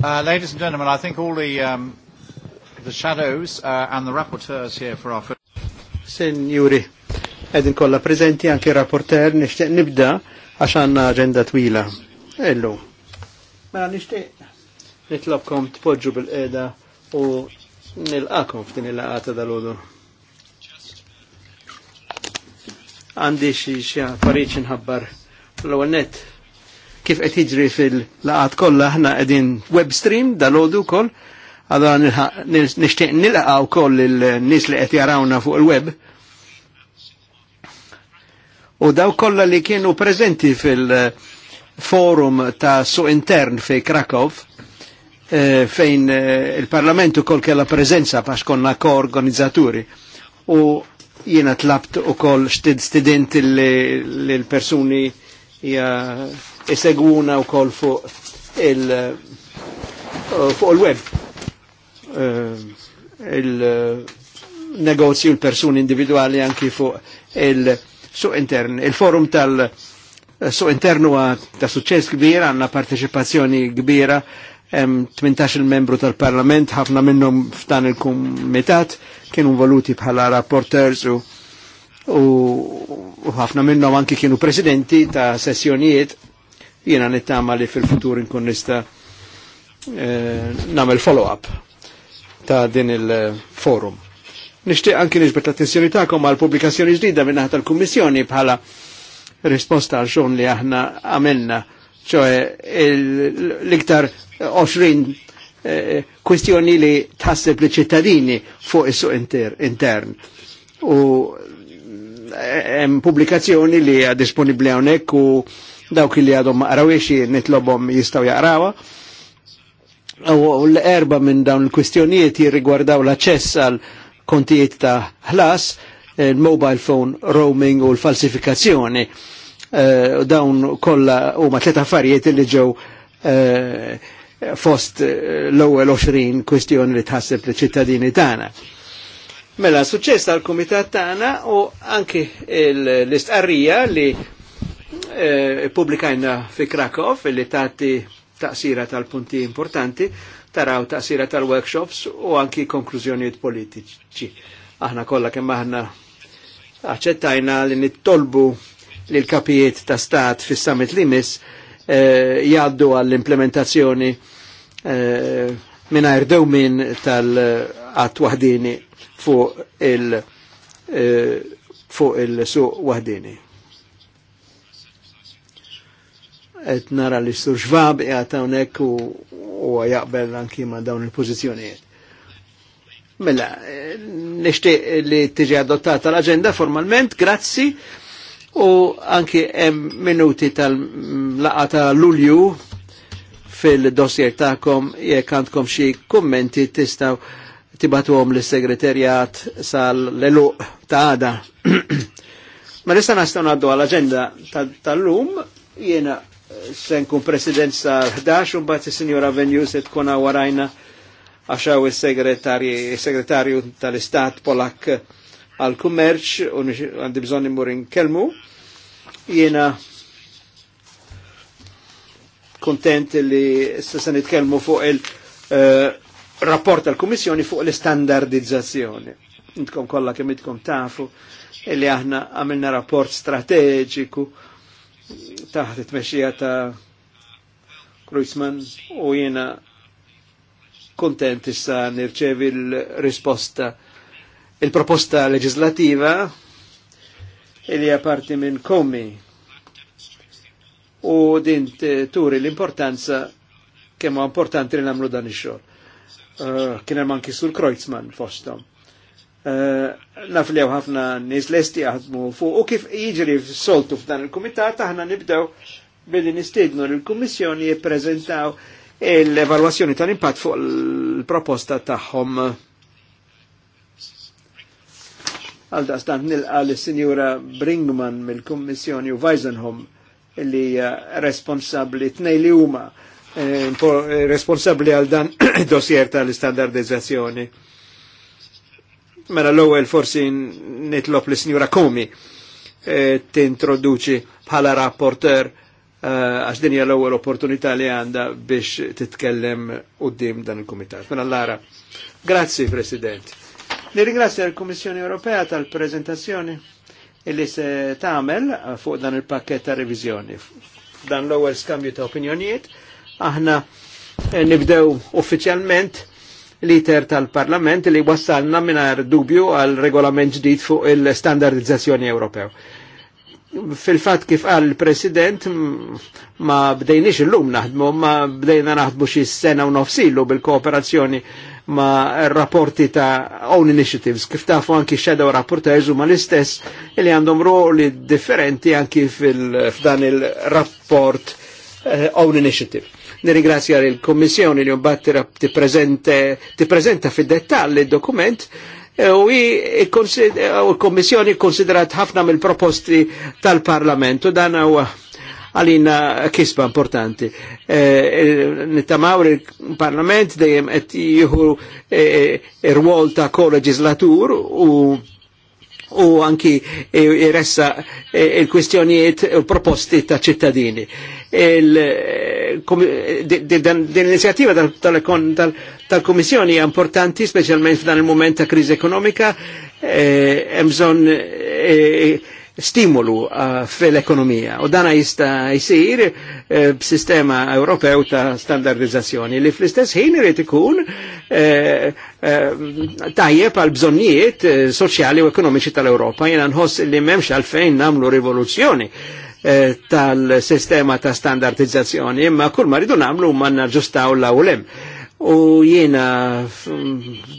Uh, ladies and gentlemen, I think all the, um, the shadows uh, and the rapporteurs here for our first... Senjuri, edin kolla presenti anche rapporteur, nishtiq nibda għax għanna agenda twila. Ellu. Mela nishtiq nitlobkom tpoġġu bil-qeda u nilqakom f'din il-laqata dal-ħodu. Għandi xie xie affarijiet nħabbar l-ewwel net kif qed jiġri fil-laqat kollha aħna qegħdin web stream dalodu wkoll għadha nixtieq nilqa' wkoll il-nies li qed jarawna fuq il-web. U daw kollha li kienu preżenti fil-forum ta' su' intern fi Krakow eh, fejn eh, il parlament kol kella preżenza pax konna ko-organizzaturi. U jiena tlabt u kol stid student l-persuni ja u wkoll fuq il eh, fuq il-web eh, il-negozju eh, l-persuni individuali anki fuq il-suq intern. Il-forum tal-suq internu ta' suċċess kbira, għanna partecipazzjoni kbira, 18 membru tal-parlament, ħafna minnhom f'dan il-kumitat, kienu voluti bħala rapporters u ħafna minnhom anki kienu presidenti ta' sessjonijiet Jiena nittama li fil-futur nkun nista eh, namel follow-up ta' din il-forum. Nishtiq anki nixbet l-attenzjoni ta'kom għal pubblikazzjoni ġdida minna naħta l-Kummissjoni bħala risposta għal xogħol li aħna għamilna, ċoħe l-iktar 20 eh, kwestjoni li tħasseb li ċittadini fuq is-suq intern. U eh, hemm pubblikazzjoni li għad disponibbli hawnhekk u dawk li għadhom ma qarawiex nitlobhom jistgħu jaqrawha. U l-erba minn dawn il-kwistjonijiet jirrigwardaw l-aċċess għal kontijiet ta' ħlas, il-mobile phone roaming u l-falsifikazzjoni. Uh, dawn kolla huma tliet affarijiet li ġew uh, fost eh, l-ewwel 20 kwistjoni li tħasseb li ċittadini tagħna. Mela, suċċess tal-Kumitat tagħna u anke l-istqarrija li Eh, publikajna fi Krakow li tati taqsira tal-punti importanti, taraw taqsira tal-workshops u anki konklużjonijiet politiċi. Aħna kollha kemm aħna aċċettajna li nittolbu li l-kapijiet ta' stat fis summit li miss eh, jaddu għall-implementazzjoni eh, dewmin tal-għat wahdini fuq il- eh, fuq il-suq wahdini. et nara li sur xvab għata unek u jaqbel anki ma dawn il pozizjoniet Mela, nishti li tiġi adottata l-agenda formalment, grazzi, u anki minuti tal laqata ta' lulju fil-dossier ta'kom jek għandkom xie kommenti tistaw tibatu għom l-segreterjat sal lelu ta' għada. Ma mela, nistan għastan għaddu għal-agenda tal-lum, jena se nkun president sal-11 un bat is-Sinjora Venju se tkun warajna għaxaw il-segretarju tal-Istat Polak għal-kummerċ u għandi bżon immur kelmu. Jena eh, kontent e li s se nitkellmu fuq il-rapport tal-Kummissjoni fuq l-standardizzazzjoni. Intkom kolla kemmitkom tafu illi aħna għamilna rapport strateġiku taħt it-mexxija ta' Kruisman u jiena kontent issa nirċevi l-risposta il-proposta leġislativa il hija parti minn komi. u din turi l-importanza kemm importanti li nagħmlu dan ix-xogħol. Uh, kien hemm anki sul Kreuzmann fosthom. Eh, naf ħafna nis lesti jaħdmu fuq u kif jiġri soltu f'dan il-komitat aħna nibdew billi nistednu l-Kummissjoni jippreżentaw l-evalwazzjoni tal-impatt fuq l-proposta tagħhom. Għal daqstant nilqa l-Sinjura Bringman mill-Kummissjoni u Weisenholm li responsabli tnej li huma eh, responsabli għal dan dosjer tal-istandardizzazzjoni Mela l-ewwel forsi nitlob li Sinjura Komi t eh, tintroduċi bħala rapporter eh, għax din hija l-ewwel opportunità li għandha biex titkellem quddiem dan il-Kumitat. Mela Lara. Grazzi President. Nirringrazzja l-Kummissjoni Ewropea tal-preżentazzjoni illi se tagħmel fuq dan il-pakket ta' reviżjoni. Dan l-ewwel skambju ta' opinjonijiet aħna eh, nibdew uffiċjalment l-iter tal-Parlament li wassalna minar dubju għal regolament ġdid fuq il-standardizzazzjoni Ewropew. Fil-fat kif għal president ma bdejnix il-lum naħdmu, ma bdejna naħdmu xi sena u nofsilu bil-kooperazzjoni ma rapporti ta' own initiatives, kif tafu anki shadow rapporters huma l-istess li għandhom ruoli differenti anki f'dan il-rapport uh, own initiative nirringrazzjar il-Kommissjoni li mbattira tippreżenta fid-dettall il-dokument e e e u il-Kommissjoni konsiderat ħafna mill-proposti tal-Parlament u dan huwa għalina kisba importanti. Nittamaw il-Parlament dejjem qed jieħu ir-rwol ta' ko-leġislatur u u anki jressa e, il-kwistjonijiet u proposti ta' ċittadini. E, din l inizjativa tal-Komissjoni hija importanti, specialment f'dan il-moment ta' kriżi ekonomika, e, hemm stimolu eh, fil-ekonomija. U dana jista jisir b eh, b'sistema Ewropew ta' standardizzazzjoni li fl-istess ħin irid ikun eh, tajjeb għal bżonnijiet soċjali u ekonomiċi tal-Ewropa. Jena nħoss li memx għalfejn namlu rivoluzzjoni tal-sistema ta' standardizzazzjoni, imma kull ma ridu namlu manna naġustaw l-awlem u jiena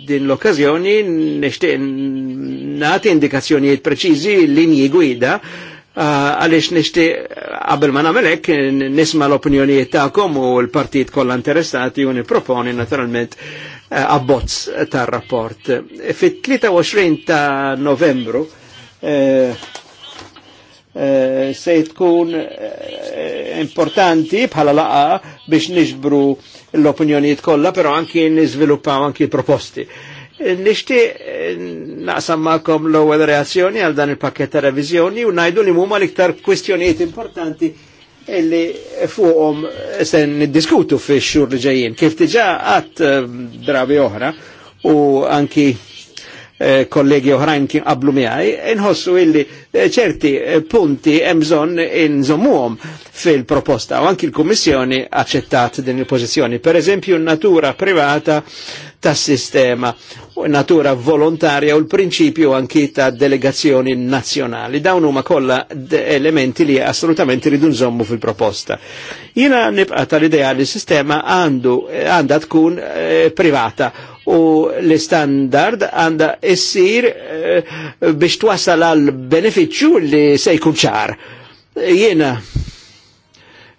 din l-okkazjoni nishtiq nagħti indikazzjonijiet preċiżi linji gwida għaliex nixtieq qabel ma nagħmel hekk nisma' l-opinjonijiet tagħkom u l-partit kollha interessati u nipproponi naturalment eh, abbozz tar-rapport. Fit-23 ta' Novembru eh, Eh, se tkun eh, importanti bħala laqa biex nixbru l-opinjonijiet kollha, però anki niżviluppaw anki proposti. Eh, Nishti naqsam ma'kom l-ewwel reazzjoni għal dan il-pakket ta' reviżjoni u ngħidu li huma l-iktar kwistjonijiet importanti illi fuqhom se niddiskutu fix-xhur li ġejjin. Kif diġà għadd drabi oħra u anki Eh, kollegi oħrajn kien qablu miħaj, inħossu illi eh, ċerti eh, punti emżon inżommuhom fil-proposta u anki l-Kommissjoni accettat din il-pozizjoni. Per eżempju, natura privata ta' sistema natura volontarja u l-prinċipju anki ta' delegazzjoni nazjonali. Dawn huma kollha elementi li assolutament ridu nżommu fil-proposta. Jina nibqa tal-idea li s-sistema għandu għandha tkun privata u l-standard għanda issir eh, biex twasal għal beneficju li sejkun ċar. Jena,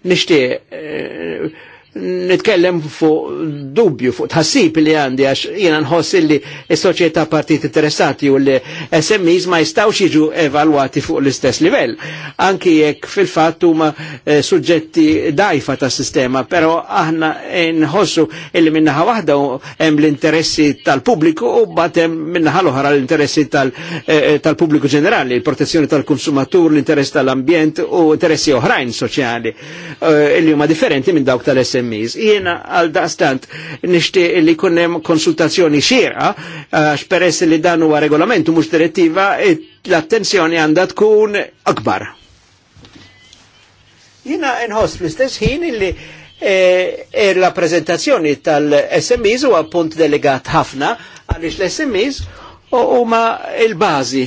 nishtie, eh, nitkellem fuq dubju, fuq tħassib li għandi għax jena nħoss li s-soċieta partit interessati u li smis ma jistawx jiġu evalwati fuq l-istess livell. Anki jekk fil-fatt huma eh, suġġetti dajfa ta' sistema, pero aħna eh, nħossu illi minnaħa waħda hemm l-interessi tal-pubbliku u batem minnaħa l-oħra l-interessi eh, tal-pubbliku ġenerali, il-protezzjoni tal-konsumatur, l-interess tal-ambjent u interessi oħrajn soċjali, illi huma differenti minn dawk tal smis smes Jiena għal daqstant nishtiq li kunnem konsultazzjoni xira, għax peress li dan huwa regolamentu mhux direttiva, l-attenzjoni għandha tkun akbar. Jiena nħoss fl-istess ħin li E, e la prezentazzjoni tal-SMEs huwa appunt delegat ħafna għaliex l-SMEs huma il bazi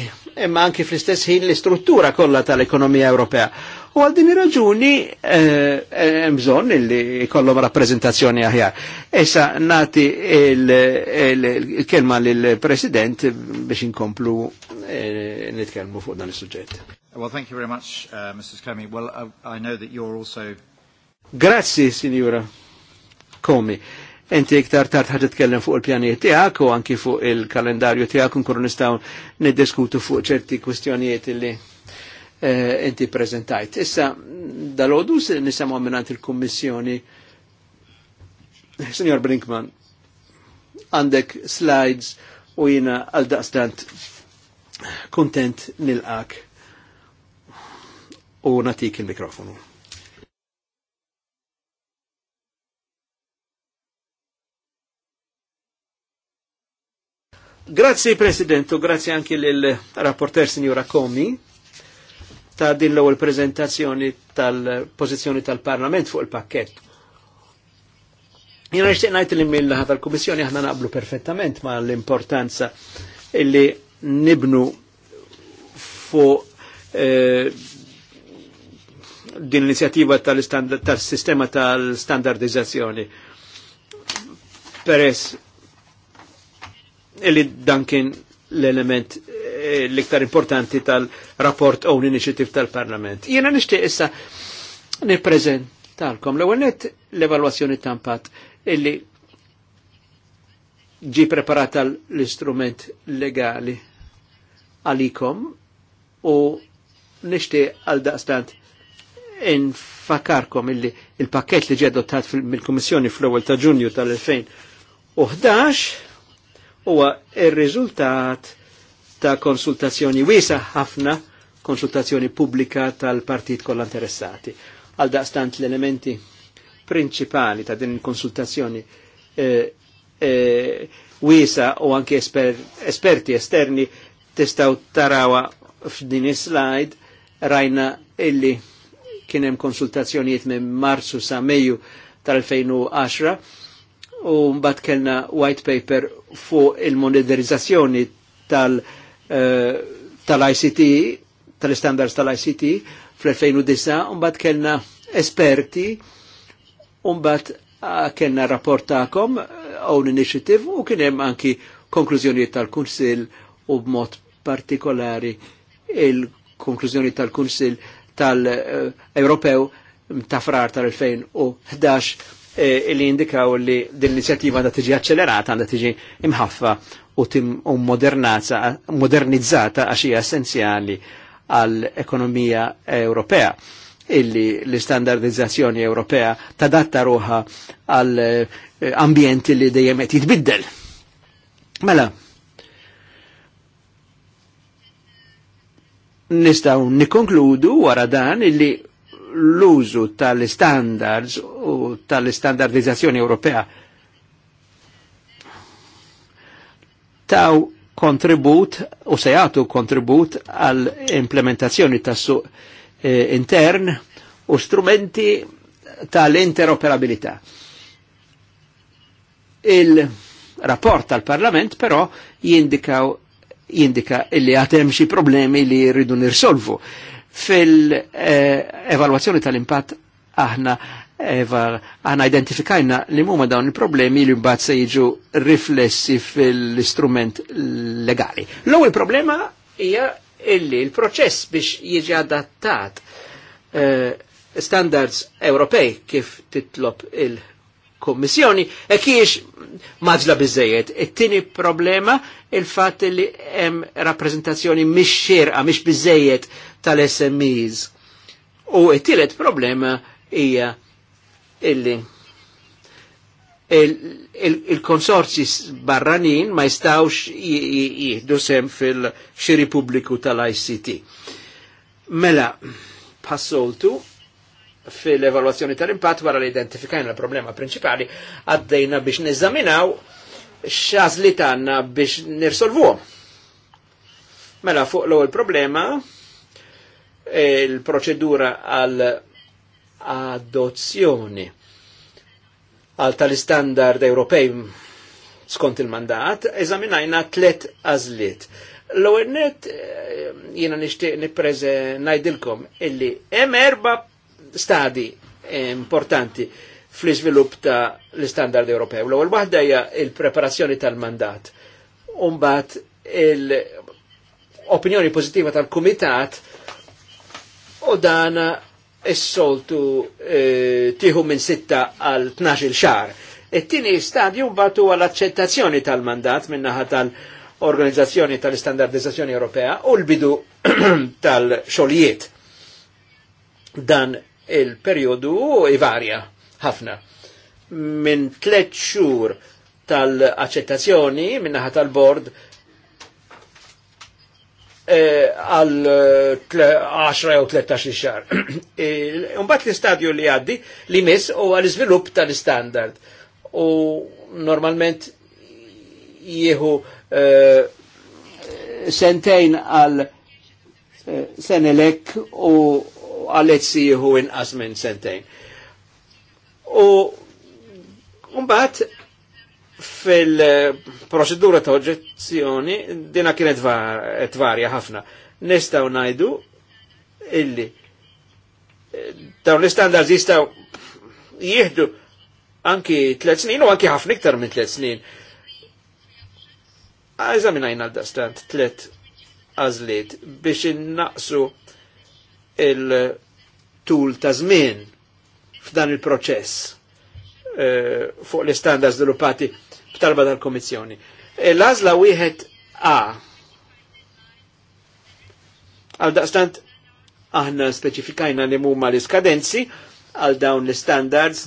imma anki fl-istess ħin l-istruttura kollha tal-ekonomija Ewropea. U għal din raġuni eh, eh, mżon illi kollom rappresentazzjoni aħjar. Issa nati il-kelma l-President biex inkomplu eh, nitkelmu fuq dan il-sujġet. Well, thank you very much, uh, Mrs. Comey. Well, uh, I know that you're also... Grazzi, Signora Comey. Enti iktar tard ħad titkellem fuq il-pjanijiet tiegħek u anki fuq il-kalendarju tiegħek nkunu nistgħu niddiskutu fuq ċerti kwistjonijiet illi Eh, inti prezentajt. Issa, dal-ħodu nisamu għamminant il-Kommissjoni. Signor Brinkman, għandek slides u jina għal daqstant kontent nil-għak u natik il-mikrofonu. Grazie President u grazie anche il rapporter signora Comi ta' din l-ewwel prezentazzjoni tal-pożizzjoni tal-Parlament fuq il pakket Jena nixtieq ngħid li mill-laħa tal-Kummissjoni aħna naqblu perfettament ma' l-importanza illi nibnu fuq eh, din l-inizjattiva tal-sistema tal-standardizzazzjoni. Peress illi dankin l-element E, l-iktar importanti tal-rapport Own Initiative tal-Parlament. Jiena nixtieq issa nippreżentalkom l-ewwel l-evalwazzjoni tampat illi ġi preparata l-istrument legali għalikom u nixtieq għal daqstant infakarkom illi il-pakket li ġeddu adottat mill-Kummissjoni fl-ewwel ta' Ġunju tal-2011 huwa ir-riżultat ta' konsultazzjoni wiesa ħafna konsultazzjoni pubblika tal-partit kollha interessati. Għal daqstant l-elementi principali ta' din konsultazzjoni eh, eh, wiesa u anke esper, esperti esterni testaw tarawa f'din slide rajna illi kienem konsultazzjonijiet minn marzu sa meju tal-2010 u mbagħad kellna white paper fuq il-monitorizzazzjoni tal-, -tal Eh, tal-ICT, tal-standards tal-ICT fl-2009, unbat kellna esperti, unbat eh, kellna rapport ta'kom, eh, Own Initiative, u kienem anki konklużjoniet tal-Kunsil u b'mod partikolari il-konklużjoni tal-Kunsil tal-Ewropew ta' frar tal-2011 li indikaw li din l-inizjattiva għandha tiġi accelerata, għandha tiġi imħaffa u tim modernizzata għax essenziali essenzjali għall-ekonomija Ewropea illi l-standardizzazzjoni Ewropea tadatta ruħa għal eh, ambjenti li dejjem qed jitbiddel. Mela, nistaw nikonkludu wara dan illi l-użu tal-standards u tal standardizzazione Ewropea taw kontribut u se jagħtu kontribut għall implementazzjoni tas su eh, intern u strumenti tal-interoperabilità. Il-rapport tal-Parlament però jindikaw jindika illi għatem xi problemi li rridu nirsolvu. fil evaluazzjoni eh, tal-impatt aħna Eva, għana identifikajna li mumma dawn il-problemi li mbagħad se jiġu riflessi fil-istrument legali. L-ewwel problema hija illi l-proċess biex jiġi adattat eh, standards Ewropej kif titlob il-Kommissjoni e kiex maġla biżejjed. It-tieni problema il-fatt li hemm rappreżentazzjoni mhix xierqa mhix biżejjed tal-SMEs. U it-tielet problema hija illi il-konsorzi il il barranin ma jistawx jihdu sem fil-xiri Publiku tal-ICT. Mela, passoltu fil-evaluazzjoni tal-impatt wara li identifikajna l-problema principali għaddejna biex nizzaminaw xaz li tanna biex nirsolvu. Mela, fuq l-ewwel problema, il-proċedura għal adozzjoni għal tal-istandard Ewropej skont il-mandat, eżaminajna tlet għazliet. l għennet eh, jena nishtiq nixtieq najdilkom ngħidilkom illi hemm erba stadi importanti fl-iżvilupp ta' l-istandard Ewropew. L-ewwel waħda hija preparazzjoni tal-mandat. Umbagħad il-opinjoni pożittiva tal-kumitat u dana is-soltu eh, tieħu minn sitta għal 12 xahar. It-tieni stadju batu għal accettazzjoni aċċettazzjoni tal-mandat min-naħa tal-Organizzazzjoni tal standardizzazzjoni Ewropea u l-bidu tal-xogħlijiet. Dan il-perjodu ivarja ħafna. Minn tlet xhur tal-aċċettazzjoni min-naħa tal-bord Eh, għal 10 u 13 xar. Unbat e, l-istadju li għaddi li mis u għal izvilup tal-standard. U normalment jieħu eh, sentejn għal eh, senelek u għal etsi jieħu inqas minn sentejn. U unbat Fil-proċedura ta' oġġezzjoni dina kienet tvarja ħafna. Nistaw najdu illi dawn l-istandards jistaw jihdu anki tlet snin u anki ħafna iktar minn tlet snin. Għazza minn għajna l-dastant tlet għazliet biex innaqsu il-tul ta' żmien f'dan il-proċess eh, fuq l-istandards sviluppati b'talba tal-Komissjoni. E, L-għażla wieħed A. Għal daqstant aħna speċifikajna li mumma l-iskadenzi għal dawn l-standards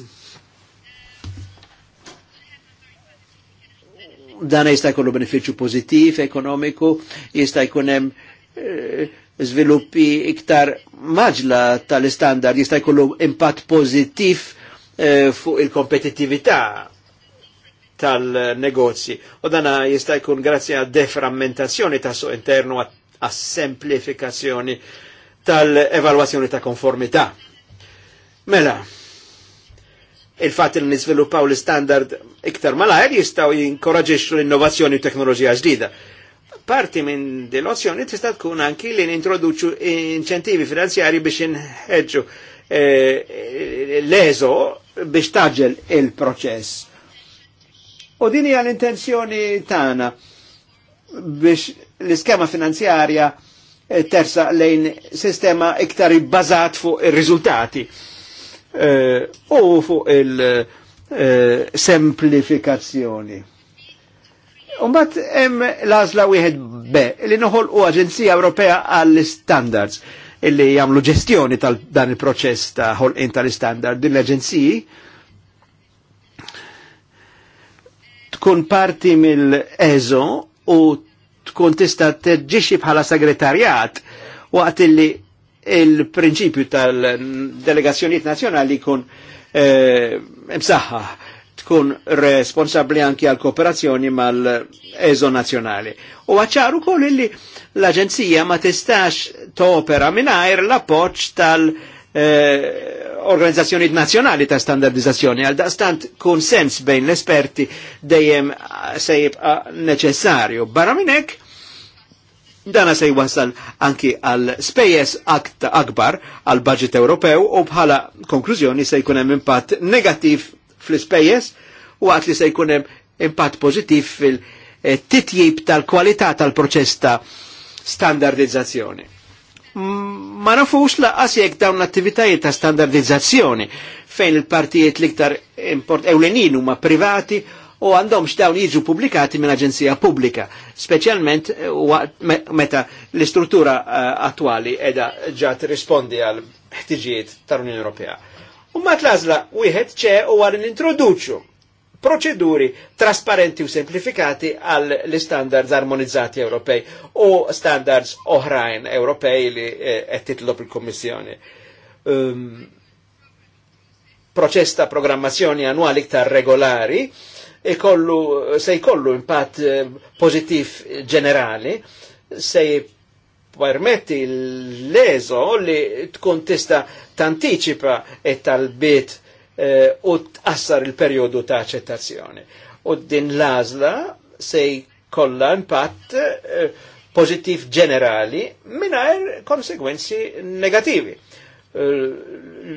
dan jista' jkollu benefiċċju pożittiv, ekonomiku, jista' jkun hemm e, eh, żviluppi iktar maġla tal-istandard, jista' jkollu impatt pożittiv e, eh, fuq il-kompetittività tal-negozji. U dana jista' jkun grazzi għad deframmentazzjoni ta' suq internu għas semplifikazzjoni tal-evalwazzjoni ta' konformità. Mela, il-fat li nisviluppaw l-standard iktar malajr jistaw jinkoraġiċu l-innovazzjoni u teknoloġija ġdida. Parti minn dil-ozzjoni tista' tkun anki li nintroduċu inċentivi finanzjari biex inħedġu eh, l ezo biex taġġel il-proċess U din hija l-intenzjoni tana biex l-iskema finanzjarja eh, tersa lejn sistema iktar bazat fuq ir-riżultati eh, u fuq il-semplifikazzjoni. Eh, Umbat hemm l-għażla wieħed B li noħolqu Aġenzija Ewropea għall-standards illi jagħmlu ġestjoni tal dan il-proċess ta' ħolqien tal-istandard din l-aġenziji tkun parti mill ezo u tkun tista' terġixxi bħala segretarjat waqt illi il-prinċipju tal-delegazzjoniet nazjonali kun eh, msaħħa tkun responsabli anki għal kooperazzjoni mal ezo nazjonali. U għacċaru kol illi l-Aġenzija ma tistax toopera minajr l-appoċ tal- eh, organizzazzjoni nazjonali ta' standardizzazzjoni għal stant konsens bejn l-esperti dejjem se jibqa neċessarju. Barra minnek, dana se jwassal anki għal spejjes akbar għal budget Ewropew u bħala konklużjoni se jkun hemm impatt negattiv fl-spejjes u għat li se jkun hemm impatt pozitiv fil-titjib tal-kwalità tal-proċess ta' standardizzazzjoni ma nafux laqas jekk dawn l-attivitajiet ta' standardizzazzjoni fejn il-partijiet liktar import ewlenin huma privati u għandhomx dawn jiġu publikati minn aġenzija pubblika, speċjalment eh, meta l-istruttura eh, attwali edha ġat rispondi għal ħtiġijiet tal-Unjoni Ewropea. U mat lażla wieħed ċe u għal nintroduċu proċeduri trasparenti u semplifikati għall standards armonizzati Ewropej u standards oħrajn Ewropej li eh, qed titlob il-Kommissjoni. Um, proċess ta' programmazzjoni annwali iktar regolari kollu, se jkollu impatt eh, pozitif ġenerali, se permetti l leżo li tkun tista' tanticipa e tal-bit Eh, u tqassar il-perjodu ta' aċċettazzjoni. U din l sej se jkollha impatt eh, pożittiv ġenerali mingħajr konsegwenzi negativi. Eh,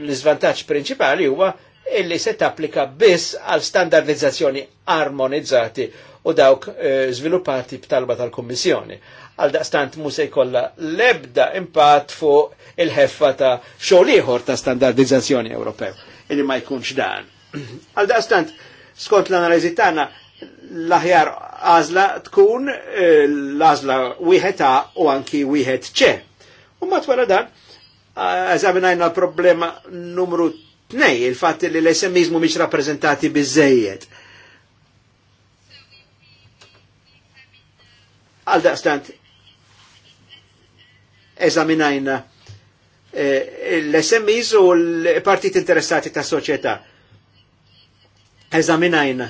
l-iżvantaġġ prinċipali huwa illi se tapplika biss għal standardizzazzjoni armonizzati u dawk żviluppati sviluppati b'talba tal-Kommissjoni. Għal daqstant mu se jkollha lebda impatt fuq il-ħeffa ta' xogħol ieħor ta' standardizzazzjoni Ewropew illi ma jkunx dan. Għal daqstant, skont l-analiżi tagħna l-aħjar għażla tkun eh, l għazla wieħed A u anki wieħed C. U matwara dan, eżaminajna l-problema numru 2, il-fatt li l-SMIs miex rappresentati bizzejiet. Għal daqstant, eżaminajna Eh, l-SMEs u l-partit interessati ta' soċieta. Eżaminajna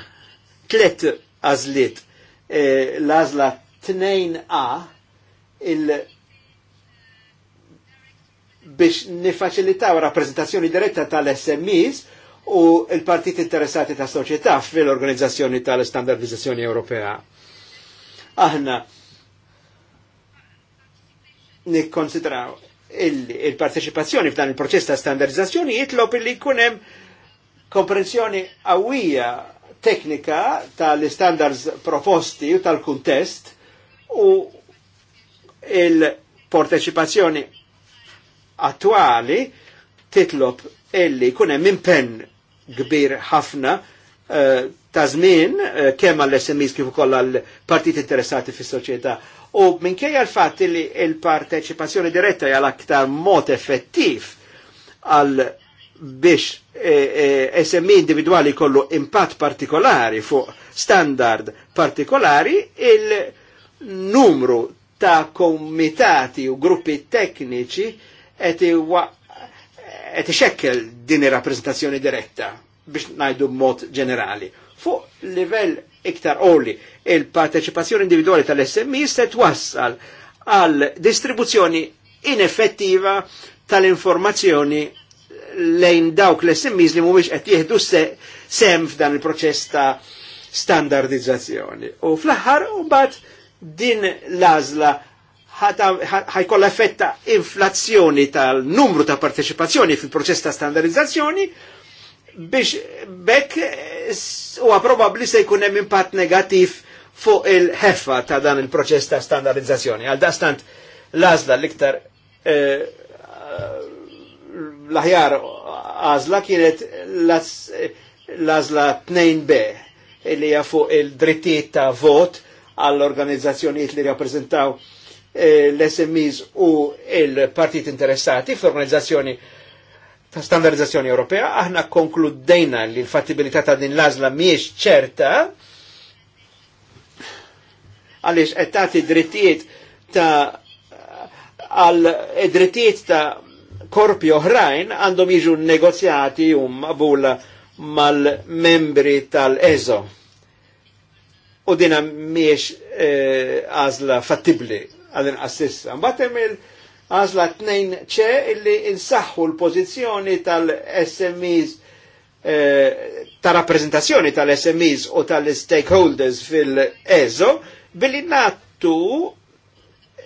tlet għażliet eh, l-għażla 2A il biex nifacilitaw rappresentazzjoni diretta tal-SMEs u l-partit interessati ta' soċjetà fil-organizzazzjoni tal-standardizzazzjoni Ewropea. Aħna nikkonsidraw il-parteċipazzjoni f'dan il-proċess ta' standardizzazzjoni jitlob li jkun hemm komprensjoni għawija teknika tal-standards proposti u tal-kuntest u il partecipazzjoni attuali titlob illi kunem impenn kbir ħafna uh, ta' żmien uh, kemm għall smis kif ukoll għall partiti interessati fis-soċjetà U minkejja l fat li il-parteċipazzjoni diretta hija aktar mod effettiv għal biex e, e, SMI individuali kollu impatt partikolari fuq standard partikolari, il-numru ta' komitati u gruppi tekniċi et xekkel din ir-rappresentazzjoni diretta biex najdu mod ġenerali. Fuq livell iktar orli. Il-parteċipazzjoni individuali tal-SMI se twassal għal distribuzzjoni ineffettiva tal-informazzjoni lejn dawk l-SMIs li mhumiex qed jieħdu sem f'dan il-proċess ta' standardizzazzjoni. U fl-aħħar u bat din l għażla ħajkolla effetta inflazzjoni tal-numru ta' parteċipazzjoni fil-proċess ta' standardizzazzjoni biex bekk huwa probabbli se jkun hemm impatt negattiv fuq il-ħeffa ta' dan il-proċess ta' standardizzazzjoni. Għal dastant l-għażla l-iktar eh, eh, l-aħjar għażla kienet l-għażla 2B li hija fuq il-drittijiet ta' vot għall-organizzazzjonijiet li rappreżentaw eh, l smis u il-partit interessati fl-organizzazzjoni ta' standardizzazzjoni Ewropea, aħna konkludejna li l-fattibilità ta' din l-azla miex ċerta, għaliex qed tagħti drittijiet ta' għal drittijiet ta' korpi oħrajn għandhom jiġu negozjati u um mal-membri tal-EZO. U dina miex eh, għazla fattibli għal-inqassissa. Mbatem il- għazla 2 ċe illi insaħħu l-pozizjoni tal-SMEs eh, ta' rappresentazzjoni tal-SMEs u tal-stakeholders fil-EZO billi nattu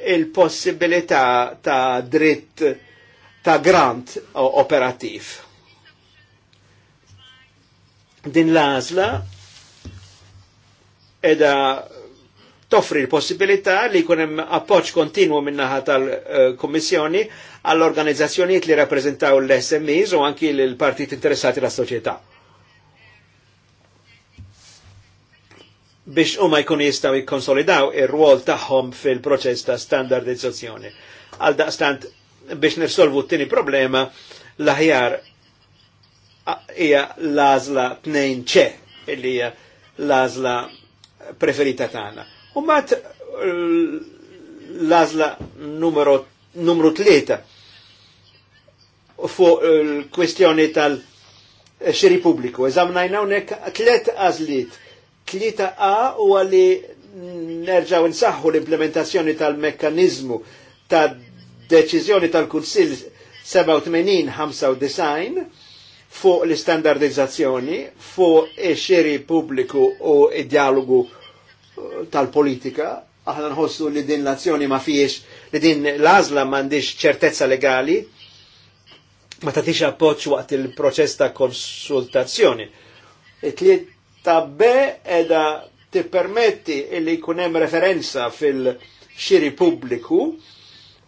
il-possibilità ta' dritt ta' grant operativ. Din l-azla edha toffri l-possibilità li jkun hemm appoġġ kontinwu min-naħa tal-Kummissjoni għall-organizzazzjonijiet li rappreżentaw l-SMEs u anki l-partit interessati la soċjetà. biex huma jkunu jistgħu jikkonsolidaw ir-rwol tagħhom fil-proċess ta' standardizzazzjoni. Għal daqstant biex nirsolvu t-tieni problema l-aħjar hija l-għażla tnejn ċe li hija l-għażla preferita tagħna. U mat l-azla numru tlieta fu l kwestjoni tal-xiri publiku. Eżamnajna unek tlet għazliet. Tlieta A u għalli nerġaw nsaħħu l-implementazzjoni tal-mekkanizmu ta' deċizjoni tal-Kunsil 87-95 fuq l-istandardizzazzjoni, fuq ix-xiri publiku u id-dialogu tal-politika, aħna nħossu li din l-azzjoni ma fiex, li din l-azla mandiġ ċertezza legali, ma tatix appoċ waqt il-proċess ta' konsultazzjoni. it ta' be edha permetti illi kunem referenza fil-xiri pubbliku,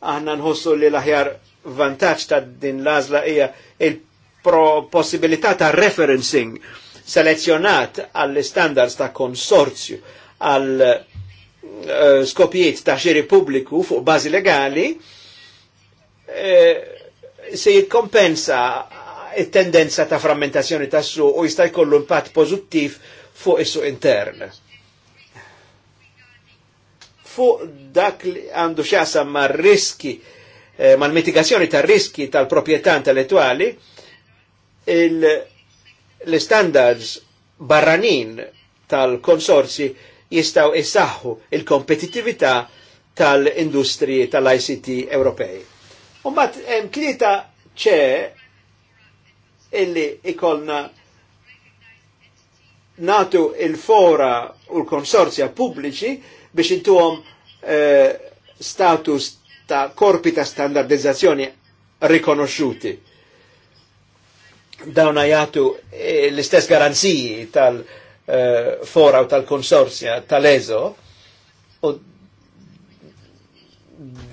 aħna nħossu li l-aħjar vantaċ ta' din l-azla hija il-possibilità ta' referencing selezzjonat għall standards ta' konsorzju għal eh, skopijiet ta' xiri publiku fuq bazi legali eh, se jitkompensa il tendenza ta' frammentazzjoni ta' su u jista' jkollu impatt pożittiv fuq is su intern. Fuq dak li għandu xasa ma' riski eh, ma' mal-mitigazzjoni ta' riski tal-proprjetà intellettuali, l-standards barranin tal-konsorzi jistaw isaħħu il-kompetitività tal-industriji tal-ICT Ewropej. Umbat, hemm tlieta ċe illi ikolna natu il-fora u l-konsorzja pubbliċi biex intuhom eh, status ta' korpi ta' standardizzazzjoni rikonosciuti. Dawna jgħatu eh, l-istess garanziji tal- eh, Eh, fora u tal-konsorzja tal-EZO u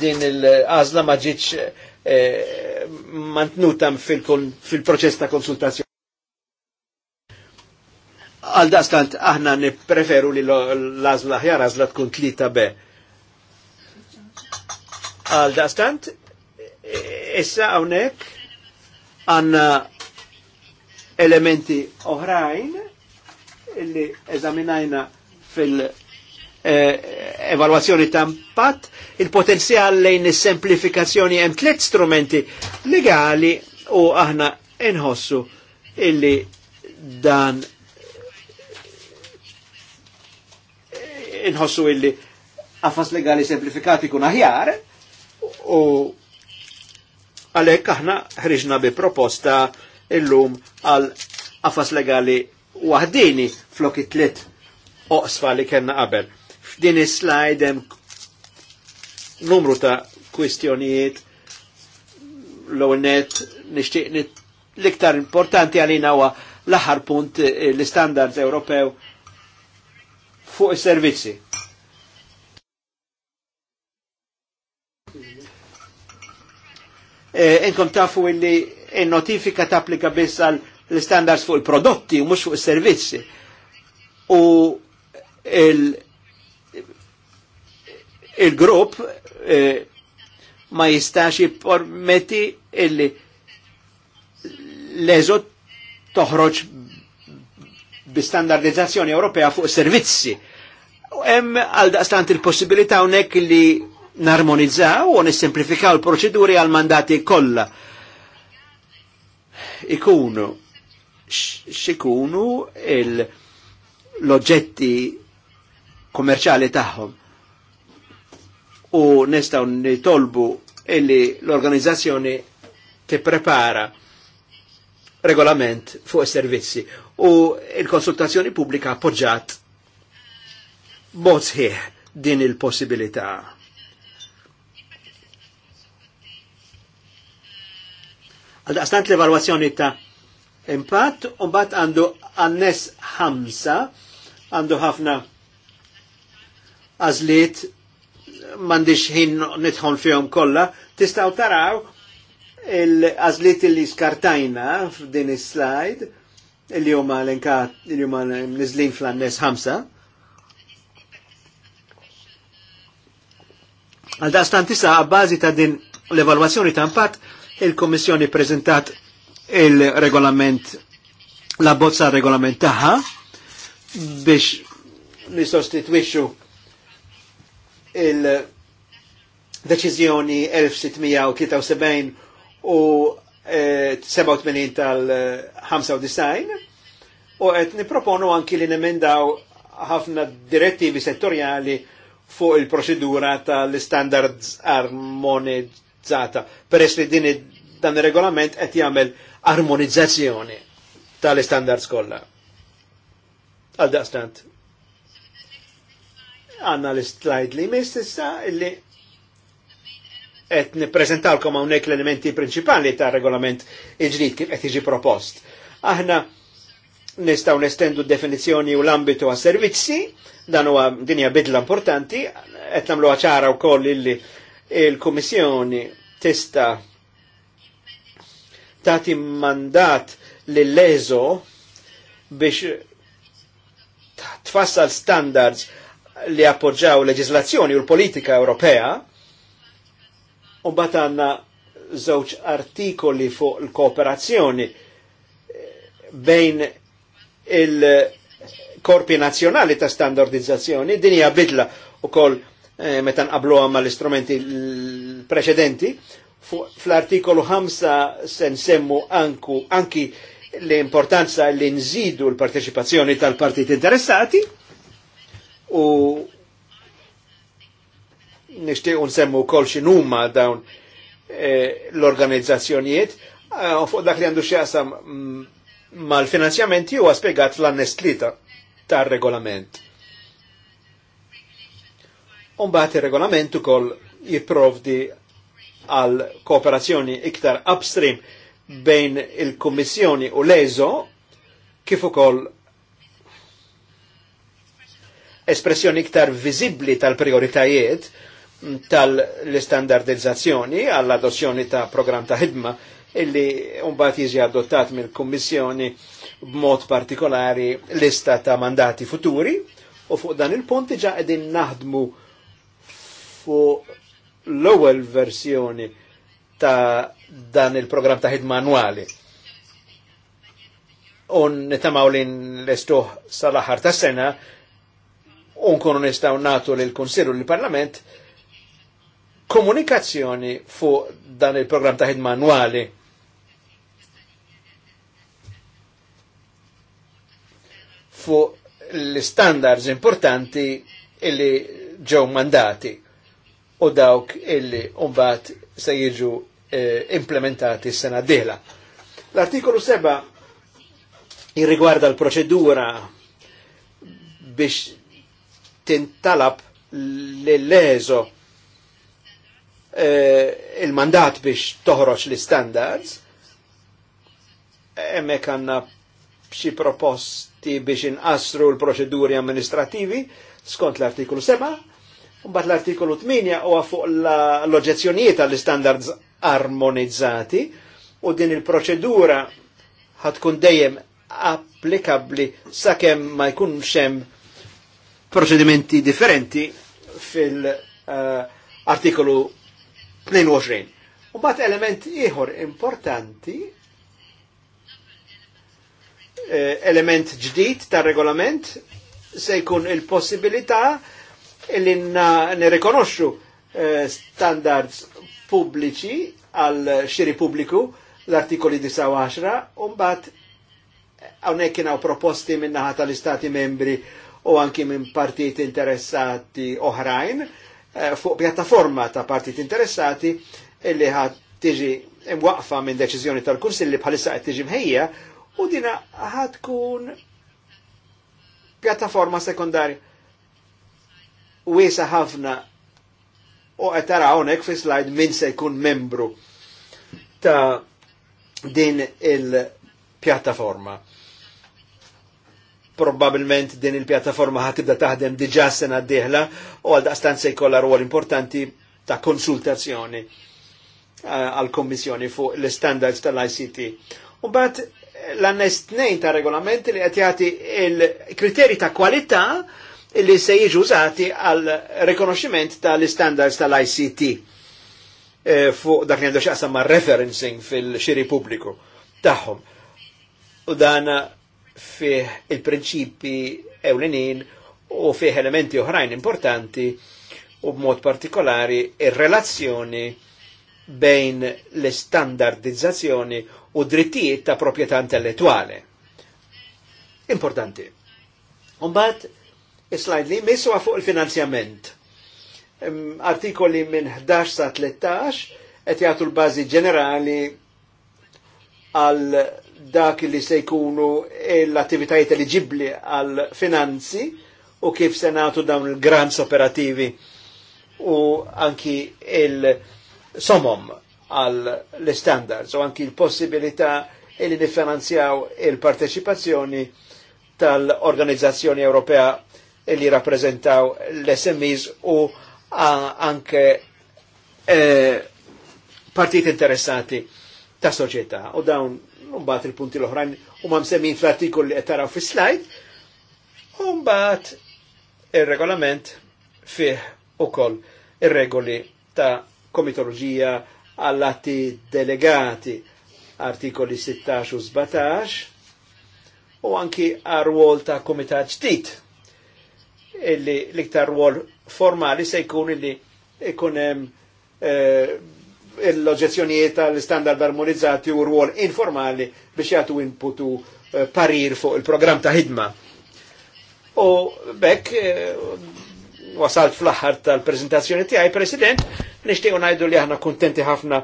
din il azla ma ġiċ eh, mantnutam fil-proċess ta' konsultazzjoni. Għal daskant aħna nipreferu li l azla ħjar azla tkun tlita be. Għal daskant, issa għawnek għanna elementi oħrajn li eżaminajna fil- eh, evalwazzjoni ta' impatt, il-potenzjal lejn is-semplifikazzjoni hemm tliet strumenti legali u aħna inħossu illi dan inħossu illi għafas legali semplifikati kun aħjar u għalek aħna ħriġna bi proposta illum għal għafas legali waħdini flokit it oqsfa li kellna qabel. F'din is-slide hemm numru ta' kwistjonijiet l-għonet nixtieq l-iktar importanti għalina huwa l-aħħar punt eh, l istandard Ewropew fuq is-servizzi. Eh, inkom tafu illi in notifika tapplika biss għal l-standards fuq il-prodotti u mux fuq il-servizzi. U il-grupp eh, ma jistax jippormeti illi l-eżot toħroġ bi-standardizzazzjoni Ewropea fuq servizzi. U hemm għal daqstant il-possibilità hawnhekk li narmonizzaw u nissimplifikaw l-proċeduri għal mandati kollha. Ikunu xikunu l-oġġetti kommerċali tagħhom. U nistgħu nitolbu illi l-organizzazzjoni tipprepara regolament fuq is-servizzi u il-konsultazzjoni pubblika appoġġat mod sħiħ din il-possibilità. Għal-daqstant l-evaluazzjoni ta' Impat, u mbagħad għandu għannes ħamsa, għandu ħafna għazliet m'għandix ħin nitħon fihom kollha, tistgħu taraw il-għażliet li skartajna f'din is-slide il huma l-inkat, il huma nizlin fl-annes ħamsa. Għal daqstan tisa għabbażi ta' din l-evalwazzjoni ta' impatt il komissjoni prezentat il-regolament, la bozza regolament taħħa biex nisostitwixxu il-deċiżjoni 1673 u 87 tal-95 u għet niproponu anki li nemendaw ħafna direttivi settorjali fuq il-proċedura tal-standards armonizzata. Peress li din dan il regolament qed jagħmel armonizzazzjoni tal-istandards kollha. Għal daqstant. Għanna l-slide li mistissa illi qed nippreżentalkom hawnhekk l-elementi prinċipali tar-regolament il-ġdid kif qed jiġi propost. Aħna nistaw nestendu definizjoni u l-ambitu għas servizzi, dan huwa dinja bidla importanti, qed nagħmlu ċara wkoll illi il-Kummissjoni tista' tati mandat l lezo biex tfassal standards li appoġġaw leġislazzjoni u l-politika Ewropea u batanna żewġ artikoli fuq l-kooperazzjoni bejn il-korpi nazjonali ta' standardizzazzjoni, dinija bidla u kol eh, metan qablu għamma l-istrumenti preċedenti fl-artikolu 5 sen semmu anku, anki l-importanza li nżidu l-parteċipazzjoni tal-partit interessati u nishtiq un semmu kol xin umma dawn eh, l-organizzazzjonijiet eh, u fuq dak li għandu xjaqsam mm, mal-finanzjamenti u għaspegat l annestlita tal-regolament. Umbat il-regolamentu kol jiprovdi għal kooperazzjoni iktar upstream bejn il-Kummissjoni u l-EZO kif ukoll espressjoni iktar viżibbli tal-prioritajiet tal-istandardizzazzjoni għall-adozzjoni ta' program ta' ħidma illi umbat jiġi adottat mill-Kummissjoni b'mod partikolari lista ta' mandati futuri u fuq dan il-punt ġa qegħdin naħdmu fuq l-ewwel versjoni ta' dan il-programm ta' ħid manwali. Un nitamaw li l sal-aħħar ta' sena, unkunu nistaw natu li l-Konsilu l-Parlament komunikazzjoni fuq dan il-programm ta' ħid manwali. fuq l-standards importanti illi ġew mandati u dawk illi umbat se jiġu eh, implementati s-sena d-dela. L-artikolu 7 jirrigwarda l-proċedura biex tintalab l lezo eh, il-mandat biex toħroċ l-standards. Emme kanna xi proposti biex inqasru l-proċeduri amministrativi skont l-artikolu 7 Mbagħad l-artikolu 8 huwa fuq l-oġezzjonijiet għall-standards armonizzati u din il-proċedura ħatkun dejjem applikabbli sakemm ma jkunx hemm proċedimenti differenti fil-artikolu eh, 22. U bat element ieħor importanti, eh, element ġdid tar regolament se jkun il-possibilità illi nirrikonoxxu eh, standards pubbliċi għal xiri pubbliku l-artikoli 19 u mbagħad eh, hawnhekk kienu proposti minnaħa tal-istati membri u anki minn partijiet interessati oħrajn eh, fuq pjattaforma ta' partijiet interessati illi ħat tiġi imwaqfa minn deċiżjoni tal-kurs illi bħalissa qed tiġi mħejja u dina ħad tkun pjattaforma sekundarja wiesa ħafna u għetara għonek fi slajd min se jkun membru ta' din il-pjattaforma. Probabilment din il-pjattaforma ħatibda taħdem diġa sena d-dieħla u għal daqstan se jkolla rwol importanti ta' konsultazzjoni eh, għal-Kommissjoni fuq l-standards tal-ICT. U bat l-annest ta' regolamenti li għatjati il-kriteri ta' kwalità li se jiġu użati għal rekonoximent tal-standards tal-ICT eh, fuq dak li għandu xaqsam ma' referencing fil-xiri pubbliku taħħom. U dan fih il-prinċipi ewlenin u fih elementi oħrajn importanti u b'mod partikolari il relazzjoni bejn l-standardizzazzjoni u drittijiet ta' proprjetà intellettuali. Importanti. Umbat, slajd li miswa fuq il-finanzjament. Artikoli minn 11 sa 13 qed jagħtu l-bażi ġenerali għal dak li se jkunu l-attivitajiet eliġibbli għal finanzi u kif se nagħtu dawn il-grants operativi u anki il-somom għal l-standards u anki l-possibilità li nifinanzjaw il-parteċipazzjoni tal-Organizzazzjoni Ewropea li rappresentaw l smis u anke eh, partit interessati ta' soċjetà. U dawn un-bat il-punti l-oħrajn huma msemmin fl-artikol li għetaraw taraw fis-slide. U mbagħad ir-regolament fih ukoll ir-regoli ta' komitoloġija għall-atti delegati artikoli 16 u 17 u anki għarwol ta' komitat ġdid illi l-iktar ruol formali se jkun illi jkun eh, l-oġezzjonijiet tal-standard armonizzati u ruol informali biex jagħtu inputu eh, parir fuq il-programm ta' ħidma. U bekk eh, wasalt fl-aħħar tal-prezentazzjoni tiegħi, President, nixtiequ ngħidu li aħna kuntenti ħafna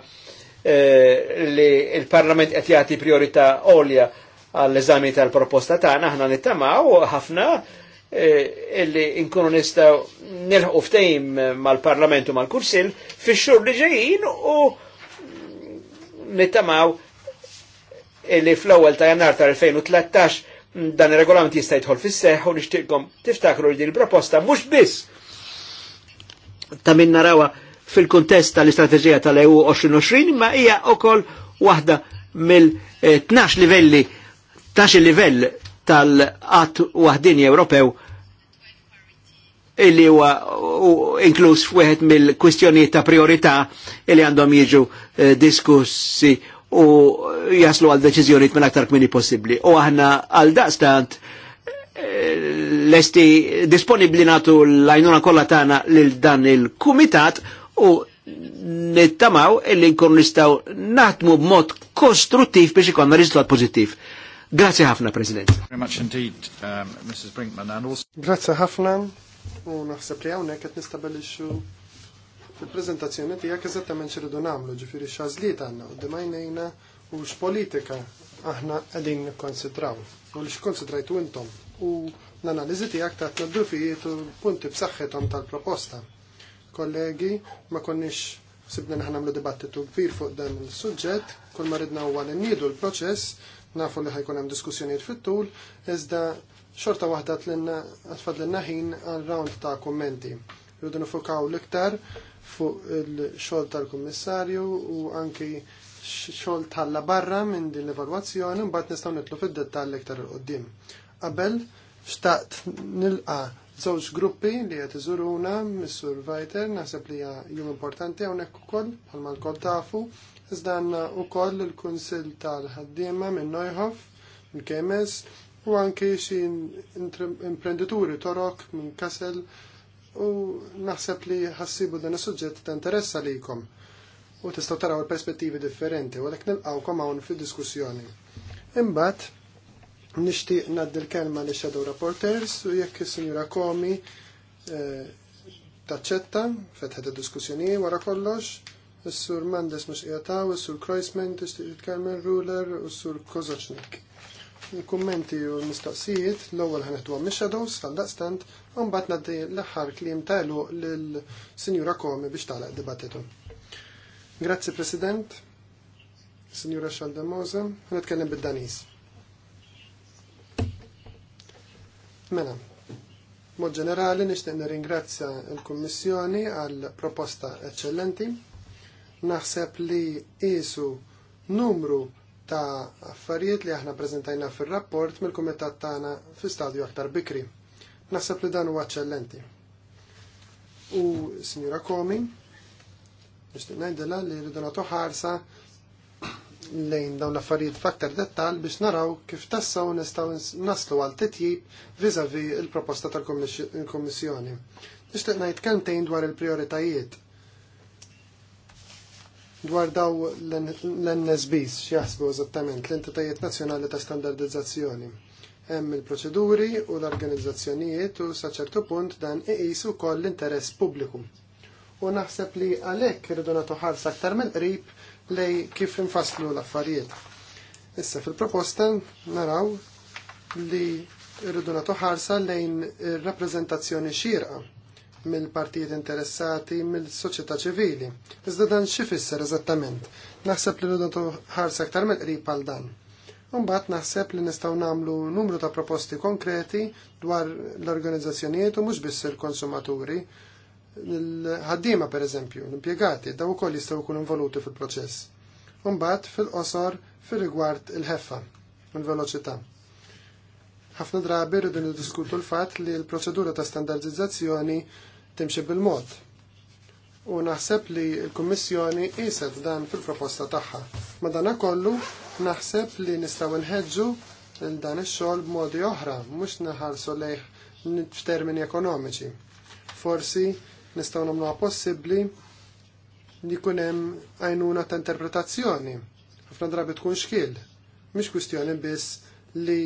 eh, li il-Parlament qed jagħti priorità għolja għall-eżami tal-proposta tagħna aħna nittamaw ħafna Eh, illi inkunu nistaw nilħu ftejm mal-Parlamentu mal-Kursil fi xur li ġejjin u nittamaw illi fl-ewwel ta' jannar ta' 2013 dan ir-regolament jista' jidħol fis-seħħ u nixtieqkom tiftakru li din il-proposta mhux biss ta' min narawa fil-kuntest tal-istrateġija tal-EU 2020 ma hija wkoll waħda mill-12 livelli 12 livell tal-qatt waħdini Ewropew illi huwa inkluż f'wieħed mill-kwistjonijiet ta' priorità illi għandhom jiġu eh, diskussi u jaslu għal deċiżjonijiet minn aktar kmini possibbli. U aħna għal daqstant eh, lesti disponibli natu l-għajnuna kollha tagħna lil dan il-kumitat u nittamaw illi nkun nistgħu naħdmu b'mod kostruttiv biex ikonna riżultat pożittiv. Grazie ħafna, President. Um, Grazie ħafna, u naħseb li hawnhekk qed nistabellixxu il prezentazzjoni ti tiegħek eżattament x'iridu nagħmlu, ġifiri x'għażliet għanna u d dimajnejna u x-politika aħna għedin konsidraw u li x-konsidrajtu intom u l-analiżi tiegħek tatna d-dufijiet u punti b-saxħetom tal-proposta. Kollegi, ma konnix sibna naħna nħanamlu dibattitu kbir fuq dan il-sujġet, kol ma ridna huwa l-nidu l-proċess, Nafu li ħajkun hemm diskussjonijiet fit-tul, iżda xorta waħda tfadlinna ħin għal round ta' kummenti. Rridu nifukaw l-iktar fuq il-xogħol tal-Kummissarju u anki xogħol tal-la barra minn din l-evalwazzjoni mbagħad nistgħu nitlu fid-dettall iktar qudiem. Qabel xtaqt nilqa' żewġ gruppi li qed iżuruna mis Vajter, naħseb li hija jum importanti hawnhekk ukoll bħalma l l-kol tafu iżda għandna wkoll il-Kunsill tal-ħaddiema minn Neuhof, minn Kemes, u anke xi imprenditori torok minn Kassel u naħseb li ħassibu dan is-suġġett ta' interess għalikom u tistgħu taraw il-perspettivi differenti, u għalhekk kom hawn fid-diskussjoni. Imbagħad nishtiq naddi l-kelma li Shadow Reporters u jekk il-Sinjura Komi eh, taċċetta, fetħet il-diskussjoni wara kollox, Is-sur Mendes mhux qiegħtaw, is-sur Kreisman tixtieq jitkelmen Ruler u s-sur Kozoċnik. Il-kummenti u l-mistoqsijiet l-ewwel ħaneħdu mix-shadows għal-daqstant u naddi ngħaddi l-aħħar kliem tagħlu lill-Sinjura Komi biex tagħlaq dibattitu. Grazzi President, Sinjura Xaldemosa, nitkellem bid-Danis. Mena, mod ġenerali nixtieq nirringrazzja l-Kummissjoni għal proposta eċċellenti naħseb li isu numru ta' affarijiet li aħna prezentajna fil-rapport mill-kumitat tagħna fi stadju aktar bikri. Naħseb li dan huwa eċċellenti. U Sinjura Komi, nixtieq ngħidilha li rridu nagħtu ħarsa lejn dawn l-affarijiet f'aktar dettal biex naraw kif tassaw nistgħu naslu għal titjib viżavi il-proposta tal-Kummissjoni. Nixtieq ngħid kantejn dwar il-prioritajiet dwar daw l-NSBs xieħsbu eżattament l-entitajiet nazzjonali ta' standardizzazzjoni. Hemm il-proċeduri u l-organizzazzjonijiet u sa ċertu punt dan iqis ukoll l-interess pubbliku. U naħseb li għalhekk irridu nagħtu ħarsa aktar mill-qrib lej kif infasslu l-affarijiet. Issa fil-proposta naraw li irridu nagħtu ħarsa lejn ir-rappreżentazzjoni xierqa mill-partijiet interessati mill-soċjetà ċivili. Iżda dan xi fisser eżattament. Naħseb li nudu ħarsa aktar mill-qrib għal dan. Imbagħad naħseb li nistgħu nagħmlu numru ta' proposti konkreti dwar l-organizzazzjonijiet u mhux biss il-konsumaturi. il ħaddiema pereżempju, l-impjegati, daw ukoll jistgħu jkunu involuti fil-proċess. Imbagħad fil-qosor fir-rigward il-ħeffa, il-veloċità ħafna drabi rridu niddiskutu l-fatt li l-proċedura ta' standardizzazzjoni timxi bil-mod. U naħseb li l-Kummissjoni qiset dan fil-proposta tagħha. Madana kollu naħseb li nistgħu nħeġġu dan ix-xogħol b'modi oħra, mhux naħarsu lejh f'termini ekonomiċi. Forsi nistgħu nagħmluha possibbli li jkun hemm għajnuna ta' interpretazzjoni. Ħafna drabi tkun xkil. Mhix kwistjoni biss li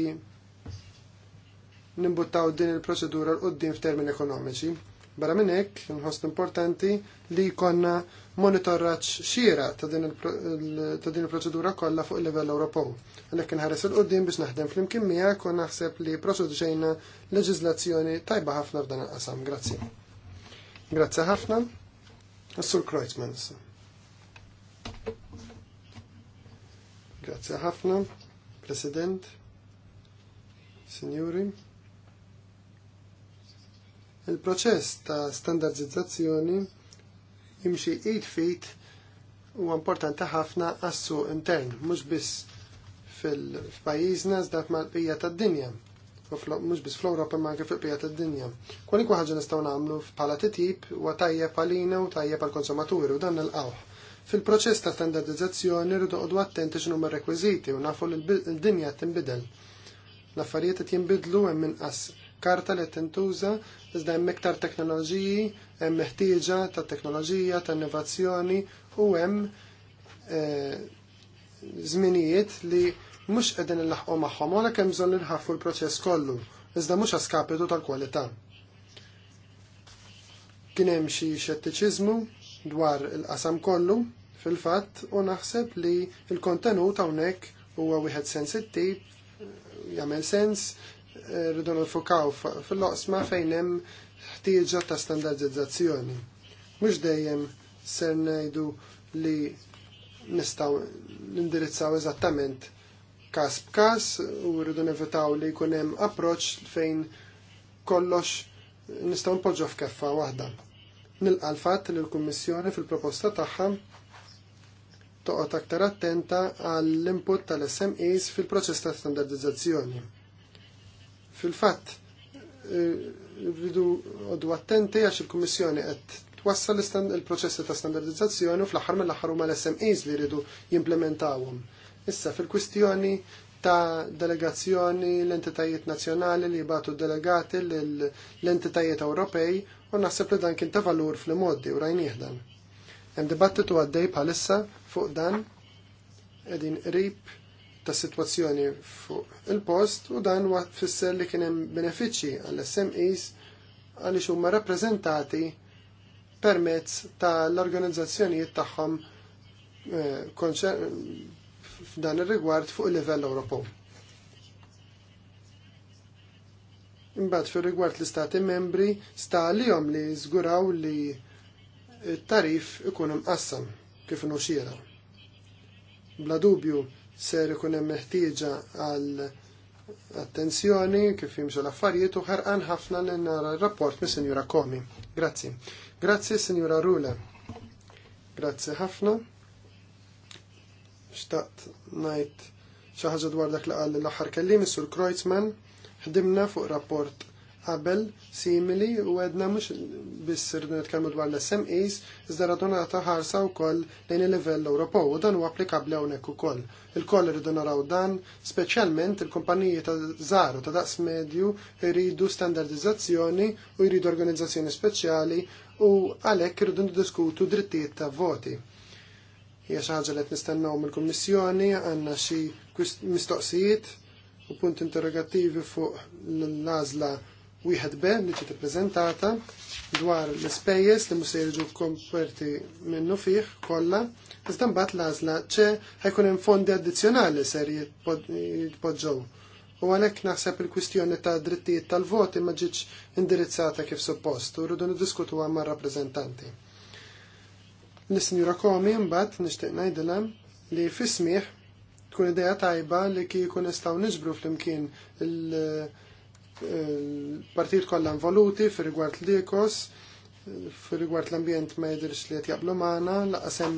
nimbuttaw din il-proċedura l-qoddim f'termini ekonomiċi Barra minn hekk importanti li konna monitorraċ xira ta' din il-proċedura kollha fuq il-livell Ewropew. Għalhekk inħares il qudiem biex naħdem flimkien miegħek u naħseb li proċedġejna leġiżlazzjoni tajba ħafna f'dan il-qasam. Grazzi. Grazzi ħafna. Assur Kreutzmann Grazzi ħafna, President, Signori. Il-proċess ta' standardizzazzjoni jimxi id fit u importanti ħafna għassu intern, mhux biss fil-pajjiżna żda mal-qija tad-dinja mux biss fl-Europa ma anke fil-pija tad-dinja. Kwalikwa ħaġa nistgħu nagħmlu t-tip huwa għatajja palina u għatajja pal konsumaturi u dan nilqgħuh. Fil-proċess ta' standardizzazzjoni rridu qogħdu attenti x'inhu rekwiziti u nafu l-dinja tinbidel. L-affarijiet qed jinbidlu hemm inqas karta li tintuża iżda hemm iktar teknoloġiji, hemm meħtieġa ta' teknoloġija, ta' innovazzjoni u hemm eh, żminijiet li mhux qegħdin ilaħqu magħhom għalhekk hemm bżonn inħaffu l-proċess kollu, iżda mhux għaskapitu tal-kwalità. Kien hemm xi xettiċiżmu dwar il-qasam kollu fil-fatt u naħseb li l kontenut hawnhekk huwa wieħed sensittiv jagħmel sens rridu nifukaw fil-loqsma fejn hemm ħtieġa ta' standardizzazzjoni. Mhux dejjem ser ngħidu li nistgħu nindirizzaw eżattament każ b'każ u rridu nevitaw li jkun hemm approċċ fejn kollox nistgħu npoġġu f'keffa waħda. Nilqa l-fatt li l-Kummissjoni fil-proposta tagħha toqgħod aktar attenta għall-input tal-SMEs fil-proċess ta' standardizzazzjoni Fil-fatt, eh, rridu għoddu attenti għax il-Kummissjoni qed twassal il-proċessi ta' standardizzazzjoni u fl-aħħar mill-aħħar huma l-SMEs li jridu jimplementawhom. Issa fil-kwistjoni ta' delegazzjoni l-entitajiet nazzjonali li jibatu delegati l-entitajiet Ewropej u naħseb li dan kien ta' valur fl-modi u rajnieh Hemm dibattitu għaddej bħalissa fuq dan qegħdin qrib ta' situazzjoni fuq il-post u dan wa fisser li kienem benefiċi għall-SMEs għalli huma rappresentati permezz tal-organizzazzjonijiet tagħhom eh, f'dan ir-rigward fuq il-livell Ewropew. Imbagħad fir rigward l-istati membri sta għalihom li żguraw li t tarif ikun imqassam kif inhu xiera. Bla dubju ser ikun hemm meħtieġa għal attenzjoni kif jimxu l-affarijiet u ħarqan ħafna li nara rapport mis Sinjura Komi. Grazzi. Grazzi Sinjura Rule. Grazzi ħafna. Xtaqt ngħid xi ħaġa dwar dak li qal l-aħħar kellim sur Kreuzman, ħdimna fuq rapport qabel simili u għedna mux biss rridu nitkellmu dwar l-SMEs, iżda radunata ħarsa wkoll lejn il-livell Ewropew u dan huwa applikabbli hawnhekk ukoll. Il-koll rridu naraw dan, speċjalment il-kumpaniji ta' żaru ta' daqs medju jridu standardizzazzjoni u jridu organizzazzjoni speċjali u għalhekk irridu diskutu drittijiet ta' voti. Hija xi ħaġa li qed mill-Kummissjoni għandna xi mistoqsijiet u punt interrogattivi fuq l-għażla wieħed B li ġiet ippreżentata dwar l-ispejjeż li mhux se jiġu komperti minnu fih kollha, iżda mbagħad l-għażla ċe ħajkun hemm fondi addizzjonali ser jitpoġġew. U għalhekk naħseb il-kwistjoni ta' drittijiet tal-voti ma ġietx indirizzata kif suppost u rridu niddiskutuha mar rappreżentanti. l sinjura Komi mbagħad nixtieq ngħidilha li fis-smieħ tkun idea tajba li kieku nistgħu niġbru flimkien il- il-partijiet kollha involuti fir rigward l-ikos, fi rigward l-ambjent ma jidirx li qed jaqblu magħna, laqasem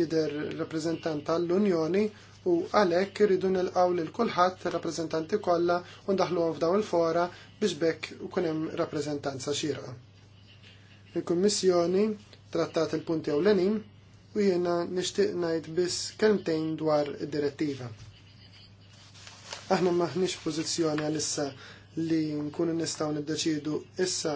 jider reprezentant tal-Unjoni u għalhekk irridu nilqgħu lil kulħadd rappreżentanti kollha u ndaħluhom fdaw il-fora biex bekk ikun hemm rappreżentanza xira. Il-Kummissjoni trattat il-punti ewlenin u jiena nixtieq ngħid biss kelmtejn dwar id-direttiva aħna maħniex pozizjoni għalissa li nkunu nistgħu niddeċidu issa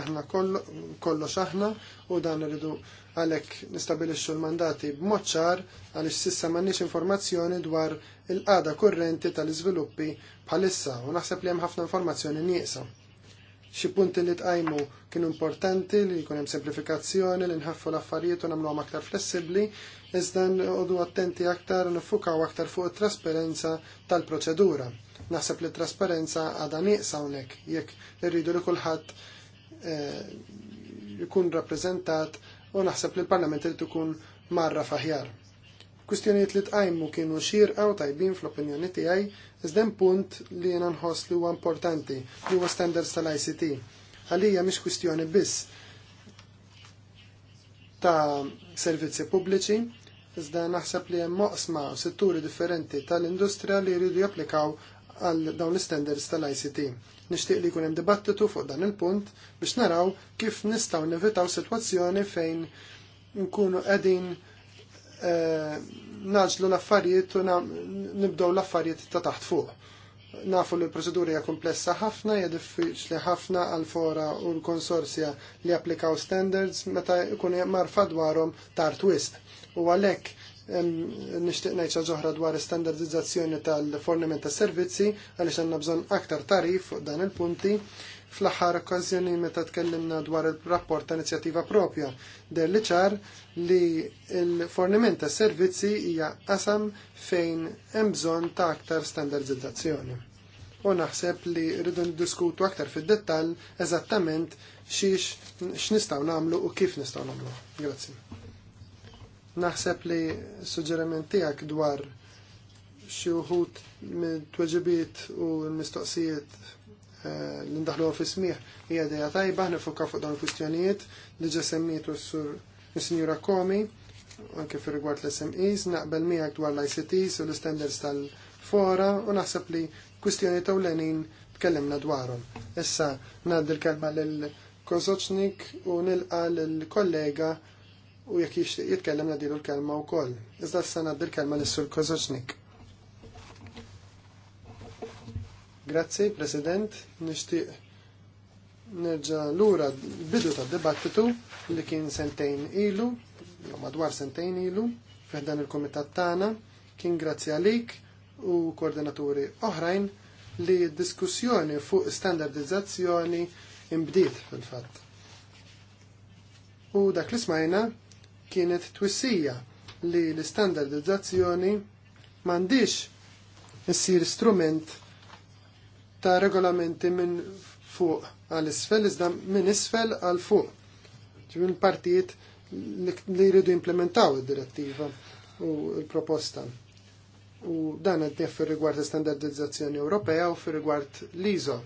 aħna kollox aħna u dan rridu għalhekk nistabilixxu l-mandati b'mod ċar għaliex sissa m'għandniex informazzjoni dwar il-qada kurrenti tal-iżviluppi bħalissa u naħseb li hemm ħafna informazzjoni nieqsa xi punti li tqajmu kienu importanti li jkun hemm semplifikazzjoni li nħaffu l-affarijiet u nagħmluhom aktar flessibbli iżda nqogħdu attenti aktar nifukaw aktar fuq it-trasparenza tal-proċedura. Naħseb li trasparenza għadha nieqsa hawnhekk jekk irridu li kulħadd eh, jkun rappreżentat u naħseb li l-Parlament irid ikun marra faħjar. Kwistjonijiet li tqajmu kienu xir u tajbin fl-opinjoni tiegħi, iżda punt li jiena nħoss li huwa importanti li huwa standards tal-ICT. Għalija mhix kwistjoni biss ta' servizzi pubbliċi, iżda naħseb li hemm moqsma u setturi differenti tal-industrija li jridu japplikaw għal dawn l-standards tal-ICT. Nixtieq li jkun hemm dibattitu fuq dan il-punt biex naraw kif nistgħu nevitaw sitwazzjoni fejn nkunu qegħdin eh, naġlu l-affarijiet u nibdew l-affarijiet ta' taħt fuq. Nafu li l proċeduri hija komplessa ħafna, hija diffiċli ħafna għal fora u l-konsorzja li applikaw standards meta jkun marfa dwarhom tard wisq u għalhekk nixtieq ngħid ġohra dwar standardizzazzjoni tal-forniment ta' servizzi għaliex għandna bżonn aktar tarif fuq dan il-punti fl-aħħar okkażjoni meta tkellimna dwar il-rapport ta' inizjattiva propja der li ċar li l-forniment ta' servizzi hija qasam fejn hemm bżonn ta' aktar standardizzazzjoni. U naħseb li rridu ndiskutu aktar fid-dettall eżattament x'nistgħu nagħmlu u kif nistgħu nagħmlu. Grazzi. Naħseb li suġġeriment dwar xi wħud tweġibiet u l-mistoqsijiet eh, l ndaħlu fi smieħ hija dejja tajba nifuka fuq dawn il-kwistjonijiet li ġa semmitu s-sur Sinjura Komi anke fir rigward l-SMEs, naqbel miegħek dwar l-ICTs u l-standards tal-fora u naħseb li kwistjoni tawlenin tkellimna dwarhom. Issa ngħaddi l-kelma l Kozoċnik u nilqa l-kollega u jekk jixtieq jitkellem nadilu l-kelma wkoll. Iżda s ngħaddi l-kelma lis sur Kozoċnik. Grazzi, President, nixtieq nerġa' lura bidu tad-dibattitu li kien sentejn ilu, jew madwar sentejn ilu, fiħdan il-Kumitat tagħna, kien grazzi għalik u koordinaturi oħrajn li diskussjoni fuq standardizzazzjoni imbdiet fil-fatt. U dak li smajna kienet twissija li l-standardizzazzjoni m'għandix jessir strument ta' regolamenti minn fuq għal isfel iżda minn isfel għal fuq. Ġivin partijiet li jridu implementaw id-direttiva u l-proposta. U dan għad fir rigward standardizzazzjoni Ewropea u fir rigward l-ISO,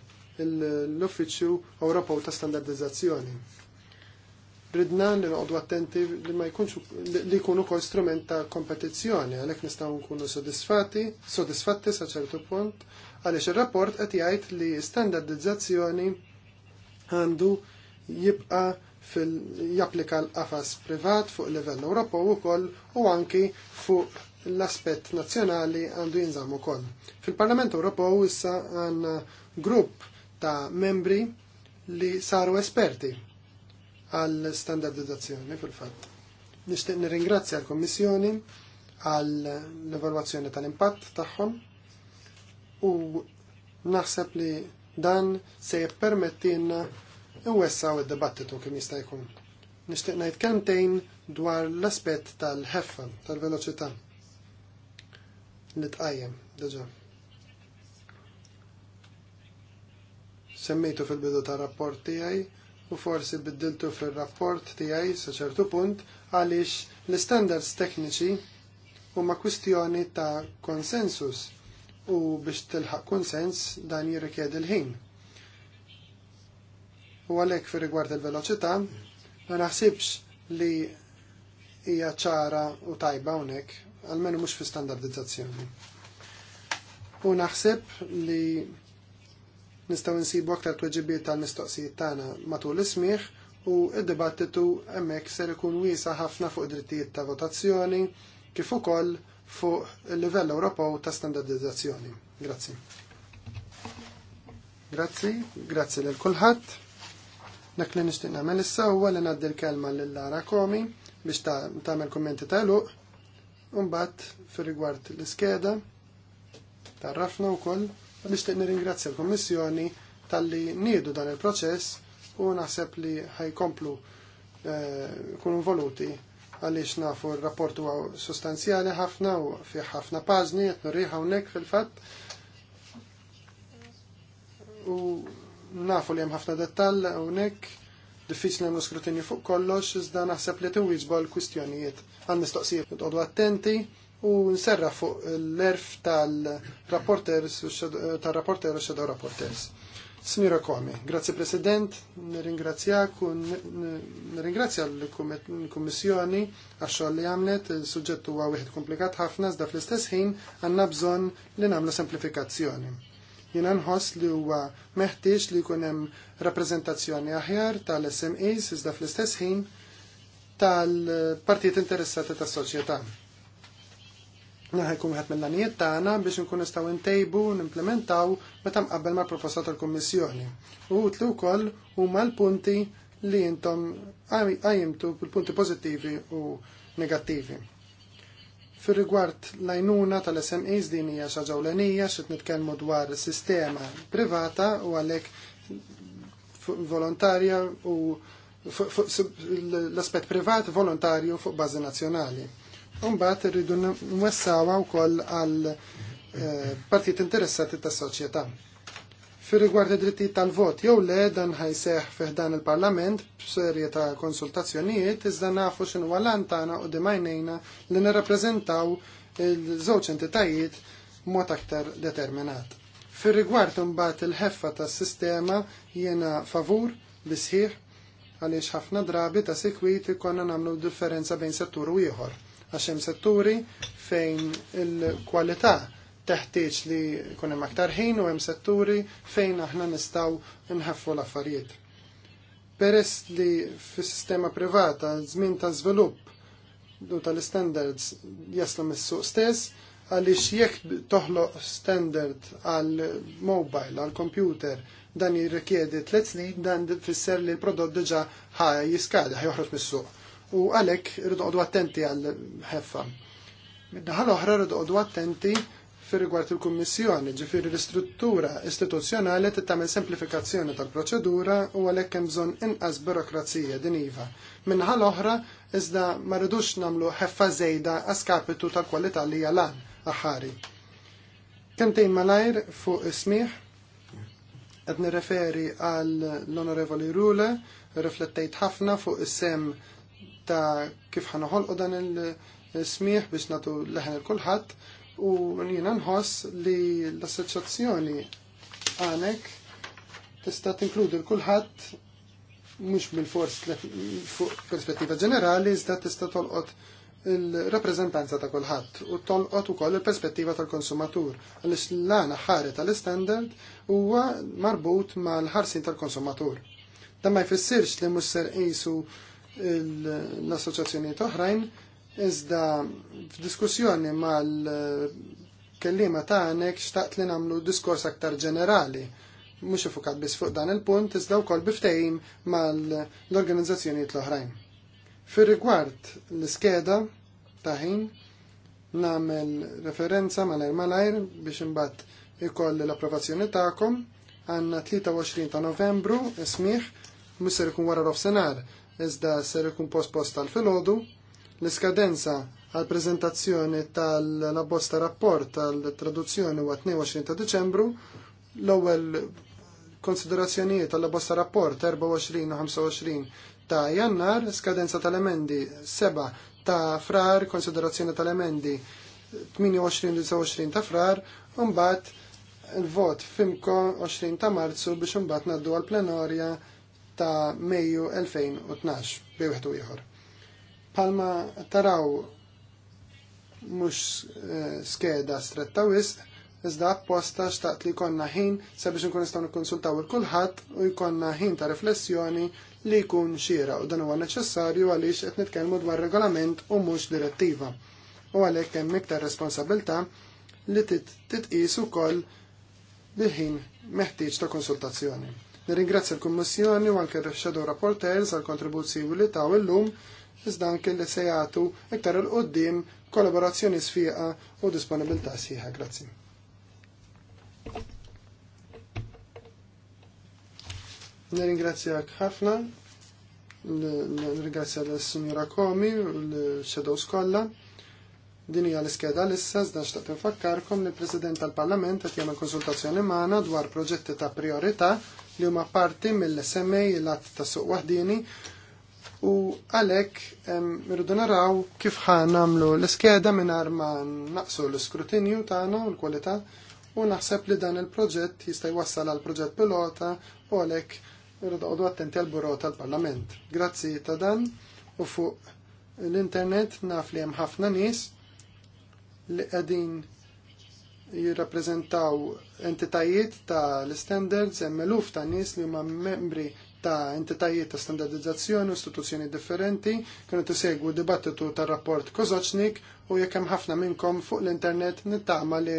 l-Uffiċċju Ewropew ta' Standardizzazzjoni ridna li noqdu attenti li ma jkunx li jkunu kol strument ta' kompetizzjoni, għalhekk nistgħu nkunu sodisfatti, sodisfatti sa' ċertu punt, għaliex ir-rapport qed jgħid li standardizzazzjoni għandu jibqa' fil japplika l-qafas privat fuq livell Ewropew ukoll u anki fuq l-aspett nazzjonali għandu jinżamm ukoll. Fil-Parlament Ewropew issa għanna grupp ta' membri li saru esperti għal standardizzazzjoni fil-fatt. Nixtieq nirringrazzja l-Kommissjoni għal l-evalwazzjoni tal-impatt tagħhom u naħseb li dan se jippermettilna iwessaw id-dibattitu kemm jista' jkun. Nixtieq ngħid kemmtejn dwar l-aspett tal-ħeffa, tal-veloċità li tqajjem diġà. Semmejtu fil-bidu tar rapport tiegħi u forsi biddiltu fil-rapport tiegħi sa ċertu punt għaliex l-standards tekniċi huma kwistjoni ta' konsensus u biex tilħaq konsens dan jirrikjedi l-ħin. U għalhekk fir rigward il-veloċità ma naħsibx li hija ċara u tajba hawnhekk, għalmenu mhux fi standardizzazzjoni. U naħseb li Nistgħu nsibu aktar tweġibiet tal-mistoqsijiet tagħna matul is u id-dibattitu hemmhekk ser ikun wiesa ħafna fuq drittijiet ta' votazzjoni kif ukoll fuq il-livell Ewropew ta' standardizzazzjoni. Grazzi. Grazzi, grazzi lil kulħadd. Dak li nixtieq nagħmel issa huwa li ngħaddi l-kelma lil Lara Komi biex tagħmel kummenti ta' luq. mbagħad fir rigward l-iskeda tarrafna wkoll nishtiq nixtieq nirringrazzja l-Kommissjoni talli niedu dan il-proċess u naħseb li ħajkomplu eh, kunu voluti għaliex nafu r-rapport huwa sostanzjali ħafna u fi ħafna pażni qed nurriħa hawnhekk fil-fatt u nafu li hemm ħafna dettall hawnhekk diffiċli nagħmlu skrutinju fuq kollox iżda naħseb li tiwieġbu l-kwistjonijiet għal mistoqsijiet qogħdu attenti u nserra fuq l-erf tal-rapporters eh, tal-rapporter u shadow rapporters. Smira Komi, grazie President, nirringrazzjak u nirringrazzja l-Kommissjoni għaxol li għamlet, il-sujġettu huwa wieħed komplikat ħafna, zda fl-istess ħin għanna bżon li namlu semplifikazzjoni. Jina nħoss li huwa meħtieġ li jkun hemm rappreżentazzjoni aħjar tal-SMEs iżda fl-istess ħin tal-partijiet interessati tas-soċjetà. Naħi kum ħat mill-għanijiet tagħna biex nkun nistgħu ntejbu nimplementaw meta mqabbel mal proposta tal-Kummissjoni. U tlu wkoll huma l-punti li intom għajimtu bil-punti pożittivi u negattivi. Fir rigward l-għajnuna tal-SMEs din hija xi ġewlenija xi nitkellmu dwar sistema privata u għalhekk volontarja u l-aspett privat volontarju fuq bażi nazzjonali Umbat irridu u wkoll għal eh, partit interessati tas-soċjetà. Fi rigward id-dritti tal-vot, jew le dan ħajseħ fiħdan il-Parlament b'serje ta' konsultazzjonijiet, iżda nafu xin għalan tagħna u dimajnejna li nirrappreżentaw il-żewġ entitajiet mod aktar determinat. Fi rigward imbagħad il-ħeffa tas-sistema jiena favur bisħiħ għaliex ħafna drabi ta' sekwit ikonna nagħmlu differenza bejn settur u ieħor għax hemm setturi fejn il-kwalità teħtieġ li jkun hemm aktar ħin u hemm setturi fejn aħna nistgħu nħaffu l-affarijiet. Peress li fis-sistema privata żmien ta' żvilupp du tal-standards jaslu mis-suq stess, għaliex jekk toħloq standard għal mobile, għal computer, dan jirrikjedi tliet snin, dan fisser li l-prodott diġà ħaj jiskada ħaj joħroġ mis-suq u għalhekk rridu qogħdu attenti għal ħeffa. Mid-daħal oħra rridu qogħdu attenti fir rigward il-Kummissjoni, ġifieri l-istruttura istituzzjonali t tagħmel semplifikazzjoni tal-proċedura u għalhekk hemm bżonn inqas burokrazija din iva. Minħal oħra iżda ma rridux nagħmlu ħeffa żejda għaskapitu tal-kwalità li hija lan aħari. Kemtejn malajr fuq ismiħ, għed nireferi għal l-Onorevoli Rule, riflettejt ħafna fuq is-sem ta' kif ħanħolqu dan il-smieħ biex natu leħen il-kulħadd u jina nħoss li l-assoċjazzjoni għanek tista' tinkludi l-kulħadd mhux mill-fors fuq perspettiva ġenerali iżda tista' tolqot il-rappreżentanza ta' kulħadd u tolqot ukoll il-perspettiva tal-konsumatur għaliex l-għana ħare tal-istandard huwa marbut mal-ħarsin tal-konsumatur. Dan ma jfissirx li mhux ser qisu l-assoċjazzjoni oħrajn, iżda f'diskussjoni mal-kellima tagħnek xtaqt li nagħmlu diskors aktar ġenerali mhux ifukat biss fuq dan il-punt iżda wkoll kol mal-organizzazzjonijiet l-oħrajn. Fir-rigward l-iskeda ta' ħin nagħmel referenza l-air biex imbagħad ikoll l-approvazzjoni tagħkom għanna 23 ta' Novembru ismiħ, musser ikun wara senar iżda ser ikun post-post tal-filodu. L-iskadenza għal prezentazzjoni tal-abbosta rapport tal-traduzzjoni huwa 22 ta' Deċembru. L-ewwel konsiderazzjonijiet tal-abbosta rapport 24 u 25 ta' jannar, skadenza tal-emendi 7 ta' frar, konsiderazzjoni tal-emendi 28-29 ta' frar, un-bat il-vot fimko 20 ta' marzu biex un-bat naddu għal-plenarja ta' Mejju 2012 bi wieħed ieħor. Palma taraw mhux eh, skeda stretta wisq, iżda apposta xtaqt li jkollna ħin sabiex nkun nistgħu nikkonsultaw il kulħadd u jkollna ħin ta' riflessjoni li jkun xira u dan huwa neċessarju għaliex qed nitkellmu dwar regolament u mhux direttiva. U għalhekk hemm iktar responsabilità li titqis ukoll bil-ħin meħtieġ ta' konsultazzjoni. Nirringrazzja l-Kummissjoni u anke r-Shadow Rapporters għal kontribuzzi u li taw illum iżda anke li se jagħtu iktar il qoddim kollaborazzjoni sfiqa u disponibilità sieħa. Grazzi. Nirringrazzjak ħafna, nirringrazzja l-Sunjura Komi, l-Shadow Skolla. Din hija l-iskeda l-issa żda xtaqt infakkarkom li l-President tal-Parlament qed jagħmel konsultazzjoni maħna dwar proġetti ta' priorità li huma parti mill-SMA l għat ta' suq waħdini u għalhekk mirudu naraw kif ħan nagħmlu l-iskeda mingħajr ma naqsu l-iskrutinju tagħna u l-kwalità u naħseb li dan il-proġett jista' jwassal għal proġett pilota u għalhekk irridu qogħdu attenti għal buro tal-Parlament. Grazzi ta' dan u fuq l-internet naf li hemm ħafna nies li qegħdin jirrappreżentaw entitajiet ta' l-standards hemm eluf ta' nies li huma membri ta' entitajiet ta' standardizzazzjoni u istituzzjoni differenti kienu tisegwu dibattitu tar rapport Kozoċnik u jekk hemm ħafna minnkom fuq l-internet nittama li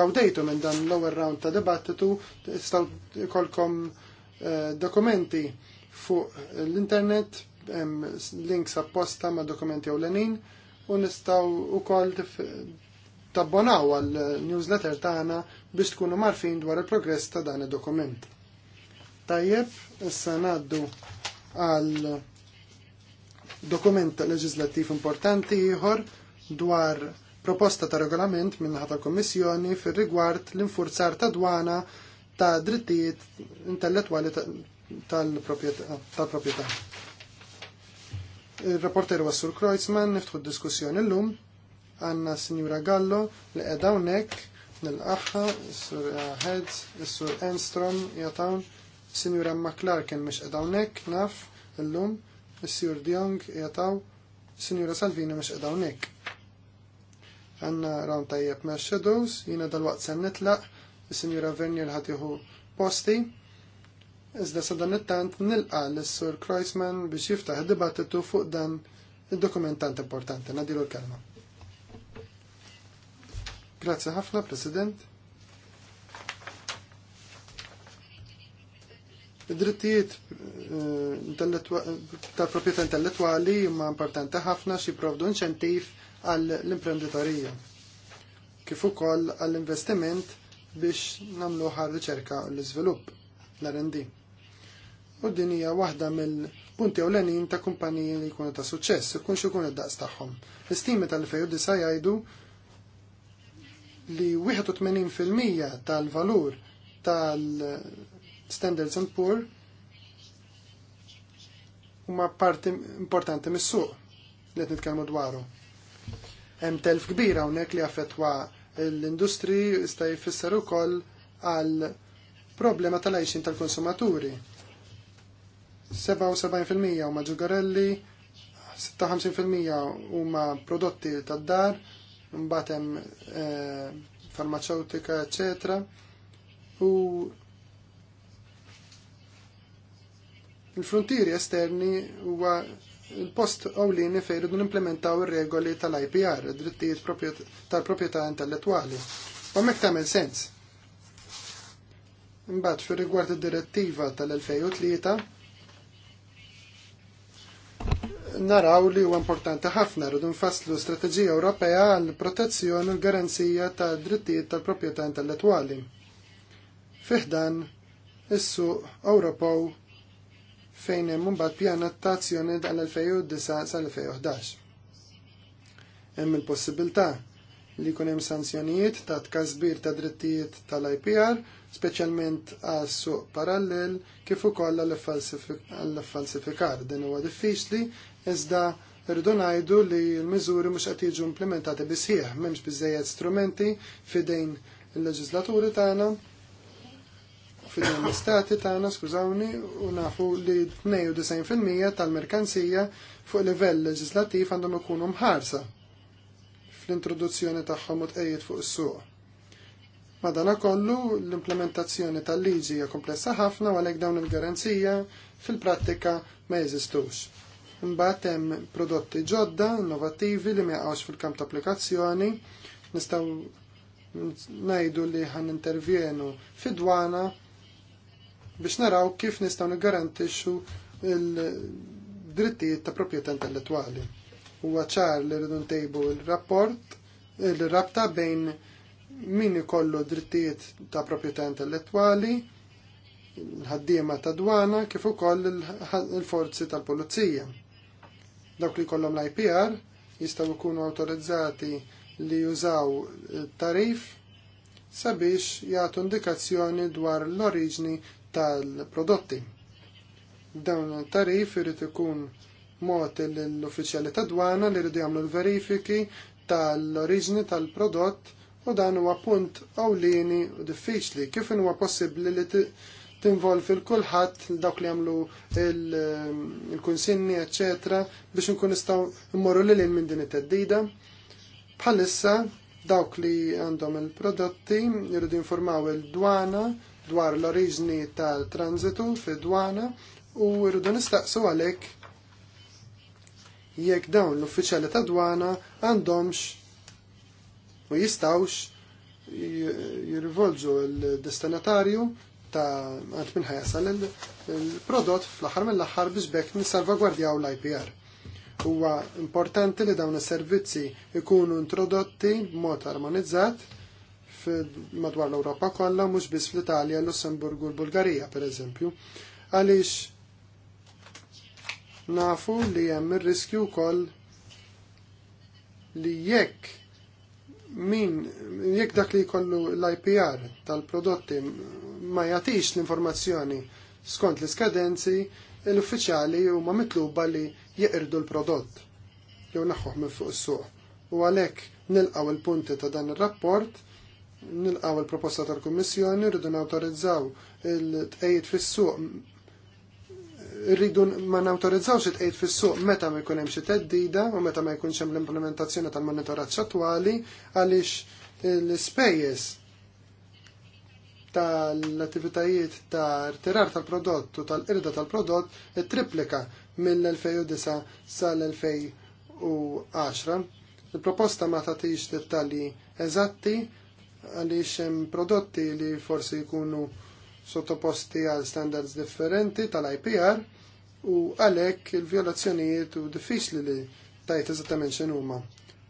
gawdejtu minn dan l-ewwel round ta' dibattitu tistgħu kolkom eh, dokumenti fuq l-internet links apposta ma' dokumenti ewlenin u nistgħu wkoll tabbonaw għal newsletter tagħna biex tkunu marfin dwar il-progress ta' dan id-dokument. Tajjeb, issa ngħaddu għal dokument leġislattiv importanti ieħor dwar proposta ta' regolament minn tal-Kommissjoni fir-rigward l-infurzar ta' dwana ta' drittijiet intellettwali tal-proprjetà. Il-rapporter Wassur Kreuzman niftħu d-diskussjoni l-lum għanna Signora Gallo li għedawnek nil-axħa, Sur Heads, Sur Enstrom jatawn, Signora McClarken mish għedawnek, naf, l-lum, Sur Diong jataw, Signora Salvini mish għedawnek. Għanna rawn tajjeb me Shadows, jina dal-waqt sen nitlaq, Signora Vernier ħatiħu posti, Iżda sa dan it-tant nilqa l-Sur Kreisman biex jiftaħ dibattitu fuq dan id-dokumentant importanti. Nadilu l-kelma. Grazzi ħafna, President. Id-drittijiet eh, tal-proprjetà intellettwali huma importanti ħafna xi provdu inċentiv għall-imprenditorija kif ukoll għall-investiment biex nagħmlu ħar riċerka u l-iżvilupp l-R&D. U din hija waħda mill-punti ewlenin ta' kumpaniji li jkunu ta' suċċess ikun xi id-daqs tagħhom. L-istimi tal disa jgħidu li 81% tal-valur tal-Standards and Poor huma parti importanti mis-suq li qed nitkellmu dwaru. Hemm telf kbira hawnhekk li affettwa l-industri jista' jfisser ukoll għal problema tal-għajxin tal-konsumaturi. 77% huma ġugarelli, 56% huma prodotti tad-dar, mbagħad hemm eh, farmaceutika, eċetera. U il-frontieri esterni huwa il-post ewlieni fejn irridu nimplementaw ir-regoli tal-IPR, drittijiet tal-proprjetà intellettwali. U hemmhekk tagħmel sens. Imbagħad fir rigward id-direttiva tal-2003 naraw li huwa importanti ħafna rridu nfasslu strateġija Ewropea għall protezzjoni u l-garanzija ta' drittijiet tal-proprjetà intellettwali. Fiħdan is-suq Ewropew fejn hemm imbagħad pjana ta' azzjoni tal-2009 sal-2011. Hemm il-possibilità li jkun hemm sanzjonijiet ta' tkasbir ta' drittijiet tal-IPR, speċjalment għas suq parallel kif ukoll għall-falsifikar. Din huwa diffiċli iżda rridu ngħidu li l-miżuri mhux qed jiġu implementati bisħieħ, m'hemmx biżejjed strumenti fidejn il-leġislaturi tagħna fidejn l-istati tagħna, skużawni, u nafu li 92% tal-merkanzija fuq livell leġislattiv għandhom ikunu mħarsa fl-introduzzjoni tagħhom u tqejjed fuq is-suq. Madanakollu l-implementazzjoni tal-liġi hija komplessa ħafna u għalhekk dawn il-garanzija fil-prattika ma jeżistux. Imbagħad hemm prodotti ġodda, innovattivi li ma fil-kamp ta' applikazzjoni. Nistgħu ngħidu li ħan intervjenu fidwana biex naraw kif nistgħu niggarantixxu il-drittijiet ta' proprjetà intellettwali. Huwa ċar li rridu ntejbu l rapport il-rabta bejn min ikollu drittijiet ta' proprjetà intellettwali l-ħaddiema ta' dwana kif ukoll il-forzi tal-pulizija. Dawk li kollom l-IPR jistgħu jkunu awtorizzati li jużaw tarif sabiex jagħtu indikazzjoni dwar l-oriġni tal-prodotti. Dawn tarif irid ikun mod l-uffiċjali ta' dwana li rridu jagħmlu l-verifiki tal-oriġni tal-prodott u dan huwa punt awlini u diffiċli kif huwa possibbli li tinvolvi l-kulħadd dawk li jagħmlu il-kunsinni, etc. biex nkun nistgħu mmorru lil minn din it-teddida. Bħalissa dawk li għandhom il-prodotti jridu informaw il-dwana dwar l-oriġni tal-transitu fid-dwana u jridu nistaqsu għalhekk jekk dawn l-uffiċjali ta' dwana għandhomx u jistawx jirvolġu l-destinatarju ta' għant minn ħajasal il-prodott fl-aħħar mill-aħħar biex bekk nissalvagwardjaw l-IPR. Huwa importanti li dawn is-servizzi ikunu introdotti b'mod armonizzat madwar l-Ewropa kollha mhux biss fl-Italja, l-Lussemburgu u l-Bulgarija pereżempju. Għaliex nafu li hemm ir-riskju wkoll li jekk min jekk dak li jkollu l-IPR tal-prodotti ma jagħtix l-informazzjoni skont l-iskadenzi, l-uffiċjali huma mitluba li jeqirdu l-prodott jew naħħuh minn fuq is-suq. U għalhekk nilqgħu il-punti ta' dan ir-rapport, nilqgħu il-proposta tal-Kummissjoni rridu nawtorizzaw il-tqejjed fis-suq rridu ma nawtorizzawx it-tqejt fis-suq meta ma jkun hemm xi teddida u meta ma jkunx hemm l-implementazzjoni tal-monitoraġġ attwali għaliex l-ispejjeż tal-attivitajiet ta' rtirar tal-prodott u tal-irda tal-prodott triplika mill-2009 sal-2010. Il-proposta ma tagħtix dettalji eżatti għaliex hemm prodotti li forsi jkunu sottoposti għal standards differenti tal-IPR u għalhekk il-vjolazzjonijiet u diffiċli li tajt eżattament x'in huma.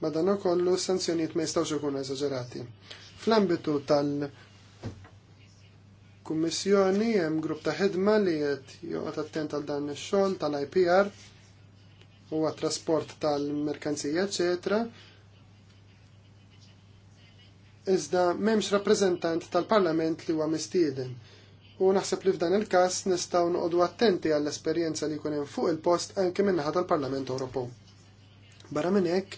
Madana kollu sanzjonijiet ma jistgħux ikunu eżaġerati. Fl-ambitu tal- kummissjoni hemm grupp ta' ħidma li qed joqgħod attent għal dan ix-xogħol tal-IPR għat trasport tal-merkanzija, ecc. Iżda m'hemmx rappreżentant tal-Parlament li huwa mistieden u naħseb li f'dan il-każ nistgħu noqdu attenti għall-esperjenza li jkun hemm fuq il-post anke min-naħa tal-Parlament Ewropew. Barra minn hekk,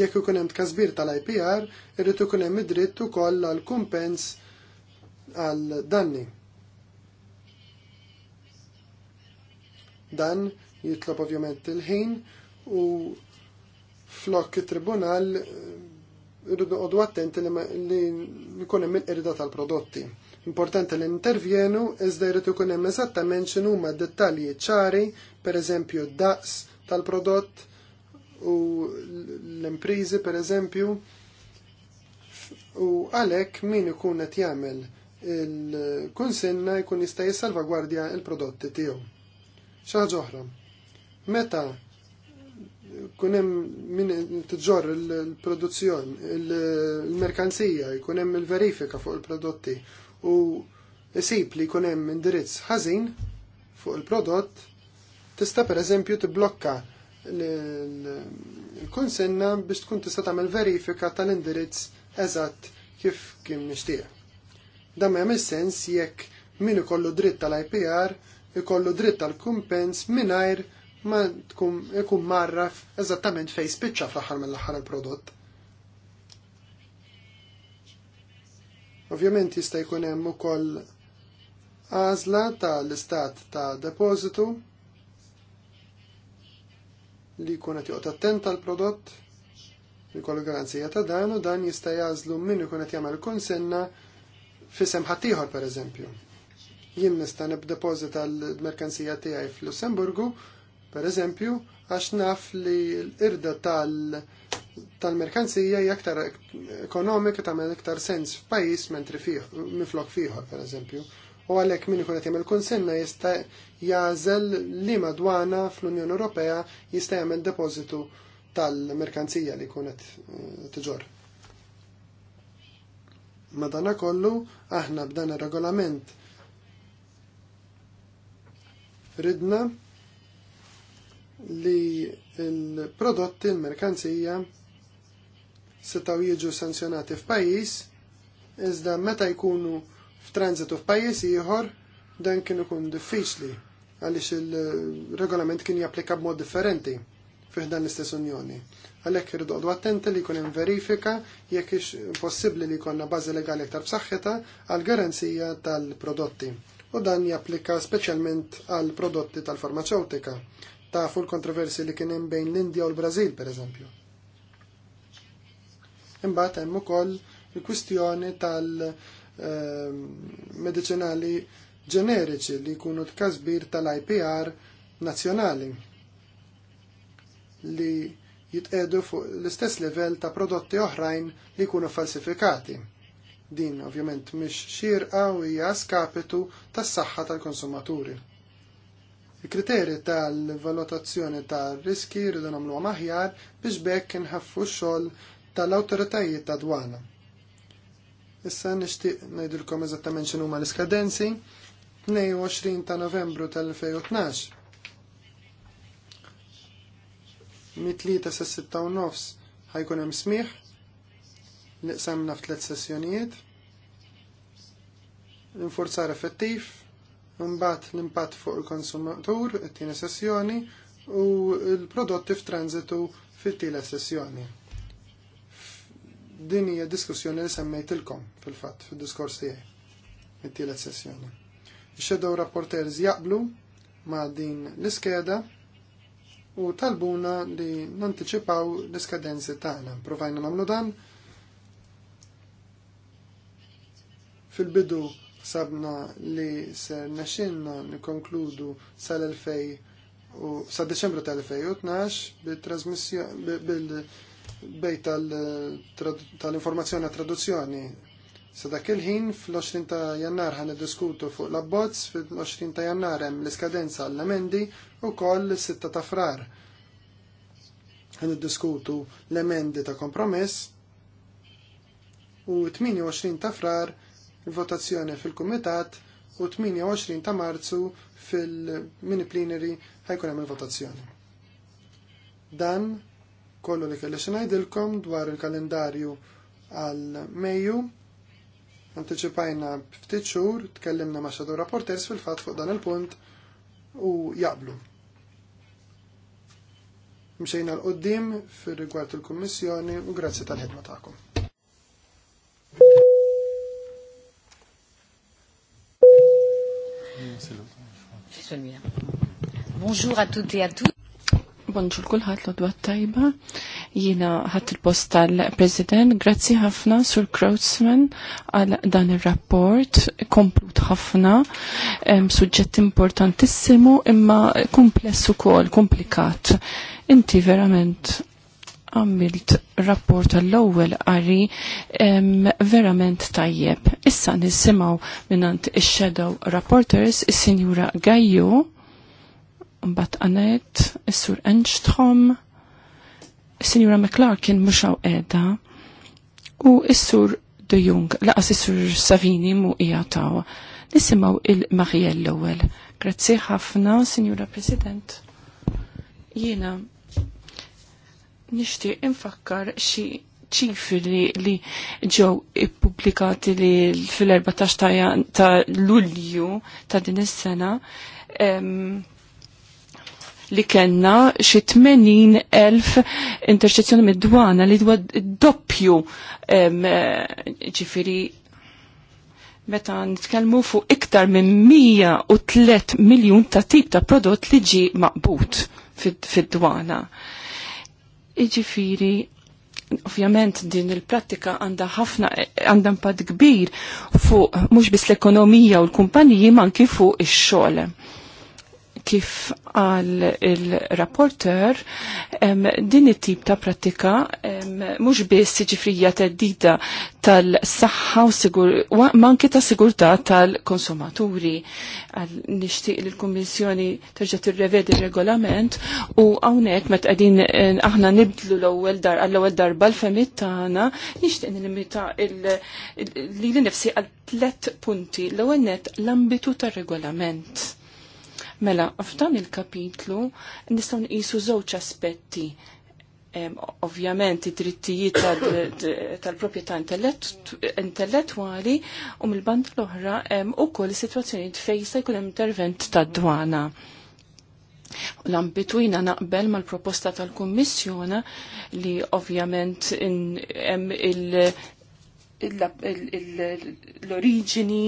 jekk ikun hemm tkasbir tal-IPR, irrid ikun hemm id-dritt ukoll għal kumpens għal danni. Dan jitlob ovvjament il-ħin u flok tribunal eh, irridu attenti li nkun hemm il-qirda tal-prodotti. Importanti li intervjenu iżda jrid ikun hemm eżattament x'inhuma dettalji ċari, pereżempju daqs tal-prodott u l-imprizi pereżempju. U għalhekk min ikun qed jagħmel il-kunsinna jkun jista' jissalvagwardja l prodotti tiegħu. Xi ħaġa oħra. Meta kunem min tġor il-produzzjon, il-merkanzija, kunem il-verifika fuq il-prodotti u isib li jkun hemm indirizz ħażin fuq il-prodott tista' pereżempju tibblokka l-konsenna biex tkun tista' tagħmel verifika tal-indirizz eżatt kif kien mixtieq. Dan ma jagħmel sens jekk min ikollu dritt tal-IPR ikollu dritt tal-kumpens mingħajr ma tkun ikun marraf eżattament fejn spiċċa fl-aħħar mill-aħħar il-prodott. Ovvjament jista' jkun hemm ukoll għażla tal-istat ta' depositu li jkun qed joqgħod attent tal prodott li garanzija ta' dan u dan jista' jażlu min ikun qed jagħmel kunsenna fisem ħaddieħor pereżempju. Jien nista' nibdeposita l-merkanzija tiegħi f'Lussemburgu Per eżempju, għax naf li l-irda tal-merkanzija hija aktar ekonomika tagħmel iktar sens f'pajjiż mentri miflok fiħor, per eżempju. U għalhekk min ikun qed jagħmel kunsenna jista' jażel li madwana fl-Unjoni Ewropea jista' jagħmel depożitu tal-merkanzija li kunet eh, tiġor. Madana kollu, aħna b'dan ir-regolament ridna li l-prodotti, l-merkanzija, setaw jiġu sanzjonati f'pajis, iżda meta jkunu f'tranzitu f'pajis ieħor dan kien ikun diffiċli għaliex il-regolament kien japplika b'mod differenti fih dan l-istess Unjoni. Għalhekk irridu għadu attenti li jkun hemm verifika jekk ix possibbli li konna bażi legali aktar b'saxħeta għal garanzija tal-prodotti. U dan japplika speċjalment għal prodotti tal-farmaceutika tafu l-kontroversi li kien hemm bejn l-Indja u l-Brażil pereżempju. Imbagħad hemm ukoll il-kwistjoni tal-medicinali ġeneriċi li jkunu tkasbir tal-IPR nazzjonali li jitqedu fuq l-istess livell ta' prodotti oħrajn li jkunu falsifikati. Din ovvjament mhix xirqa u hija skapitu tas-saħħa tal-konsumaturi. Il-kriteri tal-valutazzjoni tal-riski rridu nagħmlu aħjar biex bekk inħaffu x-xogħol tal-awtoritajiet ta' dwana. Issa nixtieq ngħidilkom eżattament x'inhu huma l-iskadenzi 22 ta' Novembru tal-2012. mit sa' sitta u nofs ħajkun hemm smih li qsamna f'tliet sessjonijiet. l-inforzar effettiv mbagħad l-impatt fuq il-konsumatur it-tieni sessjoni u l-prodotti f'transitu fit-tiela sessjoni. Din hija diskussjoni li semmejtilkom fil-fatt fid-diskors tiegħi it-tielet sessjoni. Ix-shadow rapporters jaqblu ma' din l-iskeda u talbuna li nantiċipaw l-iskadenzi tagħna. Provajna nagħmlu dan fil-bidu sabna li ser naxinna nikonkludu sal-2000 u sa' Deċembru tal-2012 bil-bej tal-informazzjoni traduzzjoni. Sa' dak il-ħin fl-20 ta' jannar ħan diskutu fuq l-abbozz, fl-20 ta' jannar hemm l-iskadenza l-emendi u koll l-6 ta' frar. Ħan diskutu l-emendi ta' kompromess u 28 ta' frar il votazzjoni fil-Kumitat u 28 ta' Marzu fil-mini plenary ħajkun hemm il-votazzjoni. Dan kollu li kelli xinajdilkom dwar il-kalendarju għal Mejju. Anticipajna ftit xhur, tkellimna ma' xadu Rapporters fil-fatt fuq dan il-punt u jaqblu. Mxejna l-qoddim fir rigward il-Kummissjoni u grazzi tal-ħidma tagħkom. Bonjour à toutes et à tous. Bonġur kulħadd l-odwa tajba. Jiena ħat il-post tal-President. Grazzi ħafna sur Krautzman għal dan ir-rapport. Komplut ħafna, suġġett importantissimu imma kumpless ukoll, komplikat. Inti verament għamilt rapport tal-ewwel qari verament tajjeb. Issa nisimgħu minnant ix-shadow rapporters is-Sinjura Gajju mbagħad Anet, is-Sur Enstrom, is-Sinjura McClarkin mhux hawn u is-Sur De Jung, laqas is-Sur Savini mu hija taw. Nisimgħu il-Mariel l-ewwel. Grazzi ħafna, Sinjura President. Jiena nishtiq infakkar xi ċifri li ġew ippubblikati li fil-14 ta' Lulju ta' din is-sena li kenna xi 80,000 interċezzjoni mid-dwana li dwa doppju ġifiri meta nitkellmu fuq iktar minn 103 miljun ta' tip ta' prodott li ġi maqbut fid-dwana. Fid Iġifiri, ovvjament din il-prattika għandha ħafna għanda impatt kbir fuq mhux biss l-ekonomija u l-kumpaniji ma anki fuq ix-xogħol kif għal il-rapporter, din it-tip ta' pratika mhux biss ġifrija dita tal-saħħa u sigur, manki ta' sigurtà tal-konsumaturi. Nixtieq li l-Kummissjoni terġa' tirrevedi r-regolament u hawnhekk meta qegħdin aħna nibdlu l-ewwel dar għall-ewwel darba l-femit tagħna nixtieq nilimita li nifsi għal tlet punti l-ewwel net l-ambitu tar-regolament Mela, f'dan il-kapitlu nistgħu nqisu żewġ aspetti ovvjament id-drittijiet tal-proprjetà intellettwali u mill-band l-oħra ukoll is-sitwazzjonijiet fejn se jkun hemm intervent tad-dwana. L-ambitu jina naqbel mal proposta tal kummissjona li ovvjament il l-oriġini,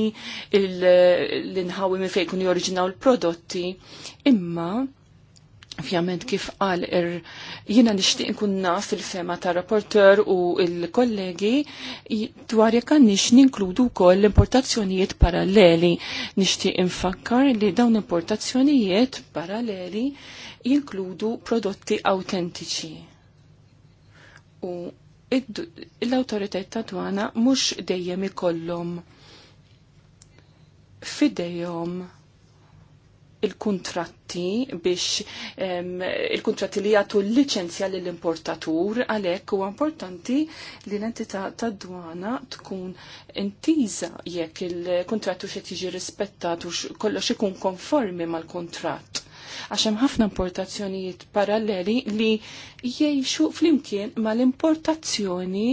l-inħawi minn fejn kun jorġinaw l-prodotti, imma ovvjament kif qal ir er, jiena nixtieq nkun naf fil-fema ta' rapporter u l-kollegi dwar jekk għandix ninkludu wkoll l-importazzjonijiet paralleli. Nixtieq infakkar li dawn importazzjonijiet paralleli jinkludu prodotti autentiċi. U l-autoritajt ta' dwana mux dejjem ikollhom fidejhom il kuntratti biex il kuntratti li jagħtu l-liċenzja lill importatur għalhekk huwa importanti li l-entità tad-dwana tkun intiża jekk il-kontrattu xi tiġi rispettat u kollox ikun konformi mal kuntratt għax hemm ħafna importazzjonijiet paralleli li jgħixu flimkien mal-importazzjoni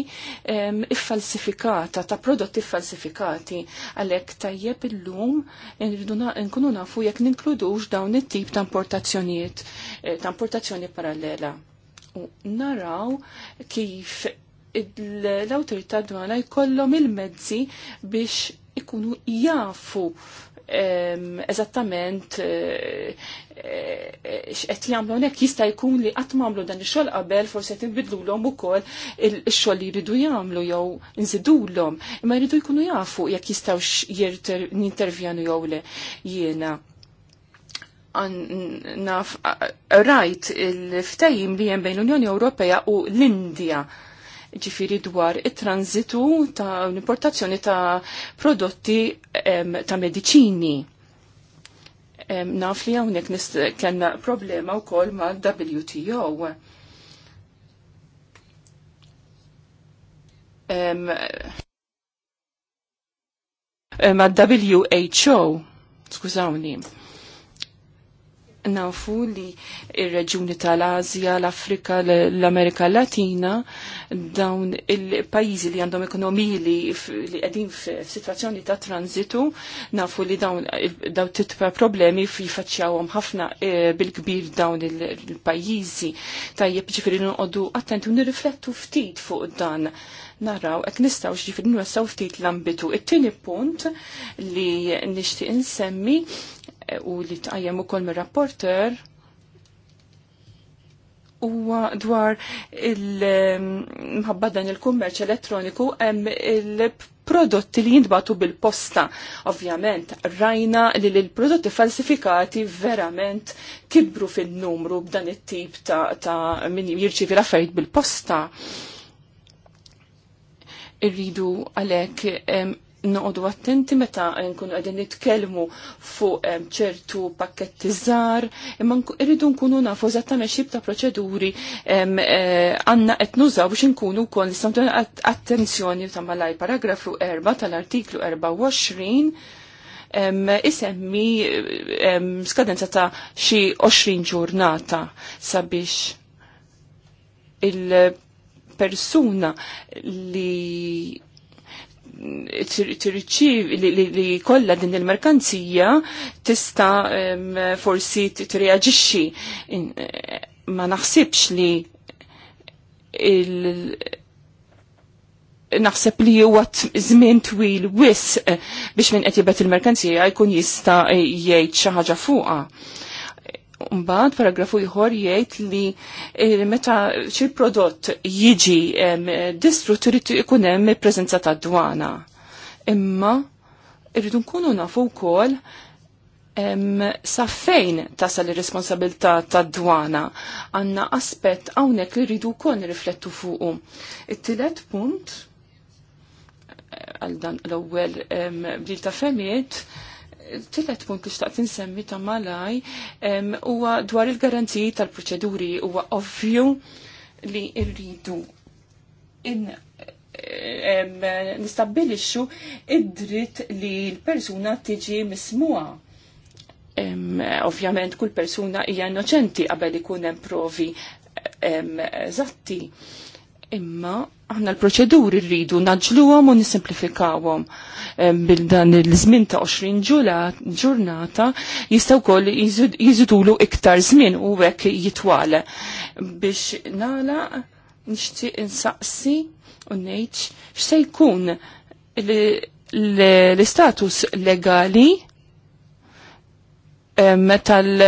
falsifikata, ta' prodotti falsifikati għalhekk tajjeb illum nkunu nafu jekk ninkludux dawn it-tip ta' importazzjonijiet eh, ta' importazzjoni parallela. U naraw kif l-autorità dwana jkollhom il-mezzi biex ikunu jafu eżattament eh, Eh, x'qed jagħmlu hekk jista' jkun li qatt m'amlu dan ix-xogħol qabel forsi qed inbidlulhom ukoll ix-xogħol li jridu jagħmlu jew om imma jridu jkunu jafu jekk jistgħux jintervjanu jew le jiena naf rajt il-ftajim li jem bejn l-Unjoni Ewropea u l-Indija ġifiri dwar it transitu ta' l-importazzjoni ta' prodotti ta' medicini. Naf li għawnek kena problema u kol ma WTO. Ma WHO, skużawni nafu li il reġuni tal-Azja, l-Afrika, l-Amerika Latina, dawn il-pajjiżi li għandhom ekonomiji li qegħdin f'sitwazzjoni ta' tranzitu, nafu li dawn daw titpa problemi jifaċċjawhom ħafna e, bil-kbir dawn il-pajjiżi. Tajjeb ġifieri nqogħdu attentu u nirriflettu ftit fuq dan naraw nistaw nistgħu n nwessaw ftit l-ambitu. It-tieni punt li nixtieq insemmi u li tqajjem ukoll mir-rapporter huwa dwar il-mħabba dan il-kummerċ elettroniku hemm il-prodotti li jintbatu bil-posta. Ovvjament, rajna li l-prodotti falsifikati verament kibru fin-numru b'dan it-tip ta', ta min jirċivi l-affarijiet bil-posta. Irridu għalek noqogħdu attenti meta nkunu qegħdin nitkellmu fuq ċertu pakketti żgħar, imma irridu nkunu nafu eżattament xib ta' proċeduri eh, għandna qed nużaw biex nkunu wkoll nistgħu attenzjoni ta' malaj paragrafu 4 tal-artiklu 24 isemmi skadenza ta' xi 20 ġurnata sabiex il-persuna li tirċiv li kollha din il-merkanzija tista' forsi tirreaġixxi. Eh, ma naħsibx li il naħseb li huwa żmien twil wis eh, biex min qed jibgħet il-merkanzija jkun jista' jgħid xi ħaġa fuqha Mbagħad paragrafu ieħor jgħid li eh, meta xi prodott jiġi distrut irid ikun hemm il-preżenza ta' dwana. Imma irridu nkunu nafu wkoll sa fejn tasal ir-responsabilità tad dwana għandna aspett hawnhekk li rridu wkoll fuqu. It-tielet punt eh, għal dan l-ewwel bdil ta' femiet Tillet punt li xtaqt insemmi ta' malaj huwa dwar il-garanziji tal-proċeduri huwa ovvju li rridu nistabbilixxu id-dritt li l-persuna tiġi mismuha ovvjament kull persuna hija innoċenti qabel ikun hemm provi eżatti. Um, Imma aħna l-proċeduri rridu naġluhom u nisimplifikawom bil dan il-żmien ta' 20 ġurnata jistgħu wkoll jiżidulu iktar żmien u hekk jitwale. Biex nala nixtieq insaqsi u ngħid x'se jkun l-istatus legali tal-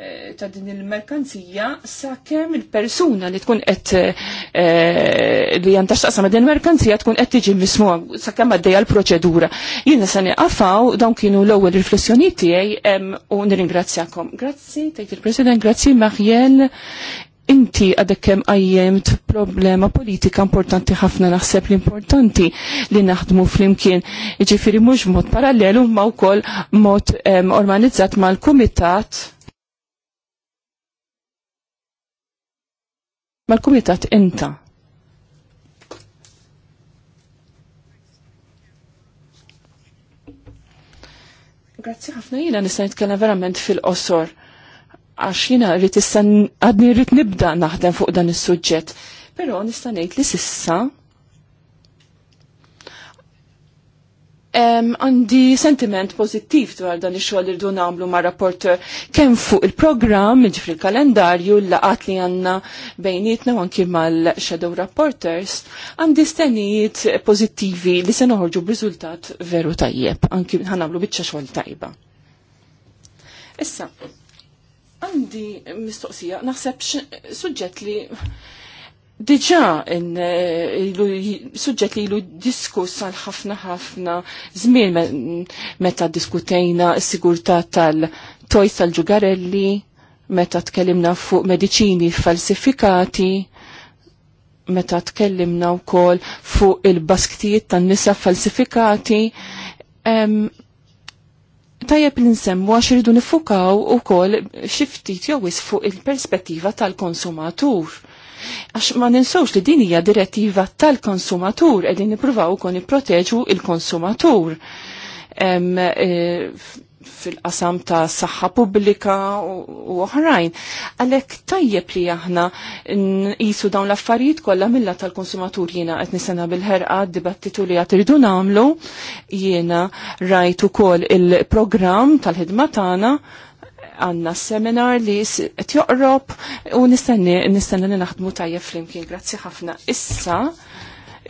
Eh, ta' din il-merkanzija sakemm il-persuna li tkun qed eh, li jantax taqsam din il-merkanzija tkun qed tiġi mismu sakemm għaddejja l-proċedura. Jiena se niqafaw dawn kienu l-ewwel riflessjoni tiegħi u nirringrazzjakom. Grazzi, tgħid il-President, grazzi Maħjel. Inti għadek kem għajjemt problema politika importanti ħafna naħseb l-importanti li naħdmu fl-imkien. Ġifiri mux mod parallelu ma' wkoll kol mod organizzat ma' l-komitat mal-kumitat inta. Grazzi ħafna jina nista' nitkellem verament fil-qosor għax jina rrit issa għadni rrit nibda naħdem fuq dan is-suġġett. Però nista' ngħid li sissa Għandi um, sentiment pozittiv dwar dan ix-xogħol irdu nagħmlu ma' rapporter kemm fuq il-programm, ġifri l-kalendarju, l-laqat li għandna bejnietna u anki mal-shadow rapporters, għandi stennijiet pozittivi li se noħorġu b'riżultat veru tajjeb, anki ħanamlu biċċa xogħol tajba. Issa, għandi mistoqsija, naħseb suġġett li Diġa eh, suġġett li l diskuss għal ħafna ħafna żmien meta diskutejna s-sigurtà tal-tojs tal-ġugarelli, meta tkellimna fuq medicini falsifikati, meta tkellimna wkoll fuq il-basktijiet tan-nisa falsifikati. Um, tajjeb li nsemmu għax irridu nifukaw ukoll xi ftit jowis fuq il-perspettiva tal-konsumatur Għax ma ninsawx li din hija direttiva tal-konsumatur qegħdin nippruvaw ukoll nipproteġu il-konsumatur e, fil-qasam ta' saħħa pubblika u oħrajn. Għalek tajjeb li aħna jisu dawn l-affarijiet kollha milla tal-konsumatur jiena qed nisena bil-ħerqa dibattitu li qed irdu nagħmlu jiena rajt ukoll il-programm tal-ħidma tagħna għanna seminar li t-joqrob u nistenni nistenni naħdmu tajja flimkien. Grazzi ħafna. Issa,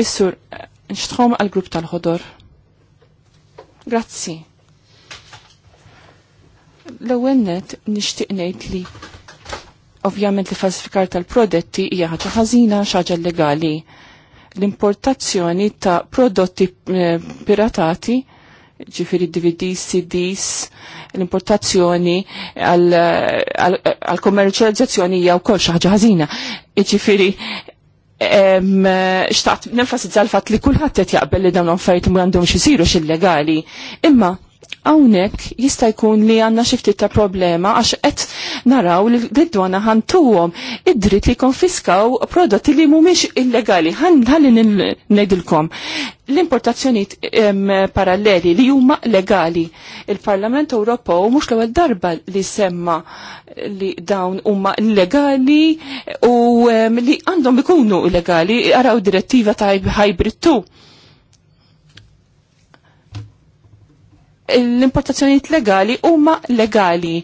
issur, eh, nxtħom għal-grupp tal-ħodor. Grazzi. l għennet nishtiqnejt ngħid li ovvjament li falsifikar tal-prodotti hija ħaġa ħażina xaġa legali. L-importazzjoni ta' prodotti eh, piratati ġifiri DVDs, CDs, l-importazzjoni għal-kommerċializzazzjoni hija wkoll xi ħaġa ħażina. Ġifiri xtaqt nenfasizza l-fatt li kulħadd qed jaqbel li dawn l-affarijiet m'għandhomx isiru x'illegali, imma Hawnhekk jista' jkun li għandna xi ftit ta' problema għax qed naraw li d-dwana ħantuhom id-dritt li konfiskaw prodotti li mhumiex illegali. Ħalli ngħidilkom l-importazzjoniet paralleli li huma legali. Il-Parlament Ewropew mhux l-ewwel darba li semma li dawn huma legali u li għandhom ikunu illegali, araw direttiva ta' hybrid 2 l-importazzjonijiet legali huma legali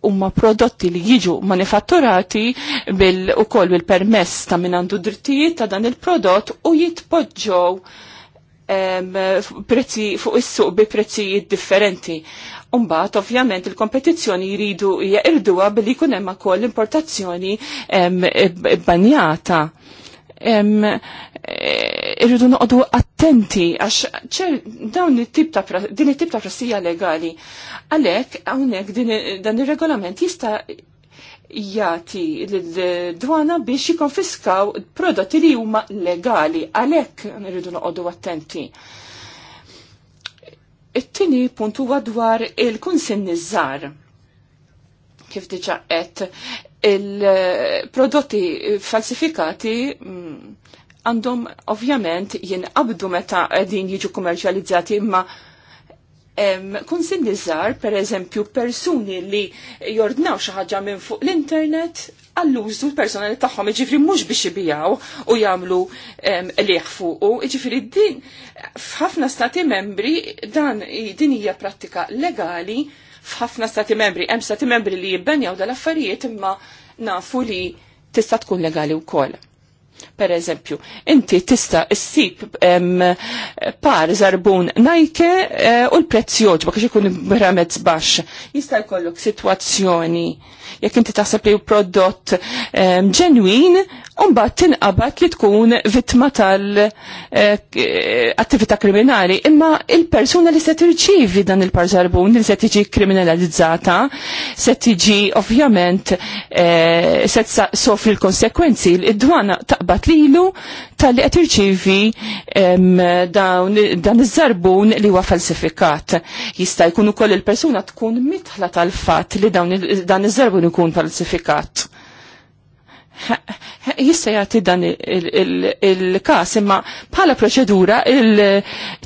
huma prodotti li jiġu manifatturati bil u koll bil-permess ta' min għandu drittijiet ta' dan il-prodott u jitpoġġow prezzi fuq is-suq bi prezzijiet differenti. Umbat, ovvjament, il-kompetizzjoni jridu jirduwa billi jkun hemm ukoll importazzjoni banjata irridu noqdu attenti għax ċer dawn it-tip ta' din it-tip ta' prassija legali. Għalhekk hawnhekk dan ir-regolament jista' jati l-dwana biex jikonfiskaw prodotti li huma legali għalhekk irridu noqogħdu attenti. It-tieni punt huwa dwar il-kunsinni żgħar kif diġa qed il-prodotti falsifikati mm, għandhom ovvjament jinqabdu meta din jiġu kummerċjalizzati imma kun sinnizzar per eżempju, persuni li jordnaw xi ħaġa minn fuq l-internet għall-użu personali tagħhom iġifri mhux biex jibijaw u jagħmlu liħ fuqu, iġifri din f'ħafna stati membri dan din hija prattika legali f'ħafna stati membri, hemm stati membri li jibbenjaw dal-affarijiet imma nafu li tista' tkun legali wkoll Per eżempju, inti tista' ssib par zarbun Nike eh, u l-prezz joġbok għax ikun b'ramezz baxx. Jista' jkollok sitwazzjoni jekk inti taħseb li prodott ehm, ġenwin, umbat tinqabad li tkun vittma tal-attività eh, kriminali. Imma il-persuna li se tirċivi dan il-parzarbun li se tiġi kriminalizzata, se tiġi ovvjament eh, se sofri l-konsekwenzi idwana taqbat taqbad lilu tal-li qed irċivi ehm, dan iż-żarbun li huwa falsifikat. Jista' jkun ukoll il-persuna tkun mitħla tal-fatt li dan iż-żarbun kun ikun falsifikat. Jista jagħti dan il-każ imma bħala proċedura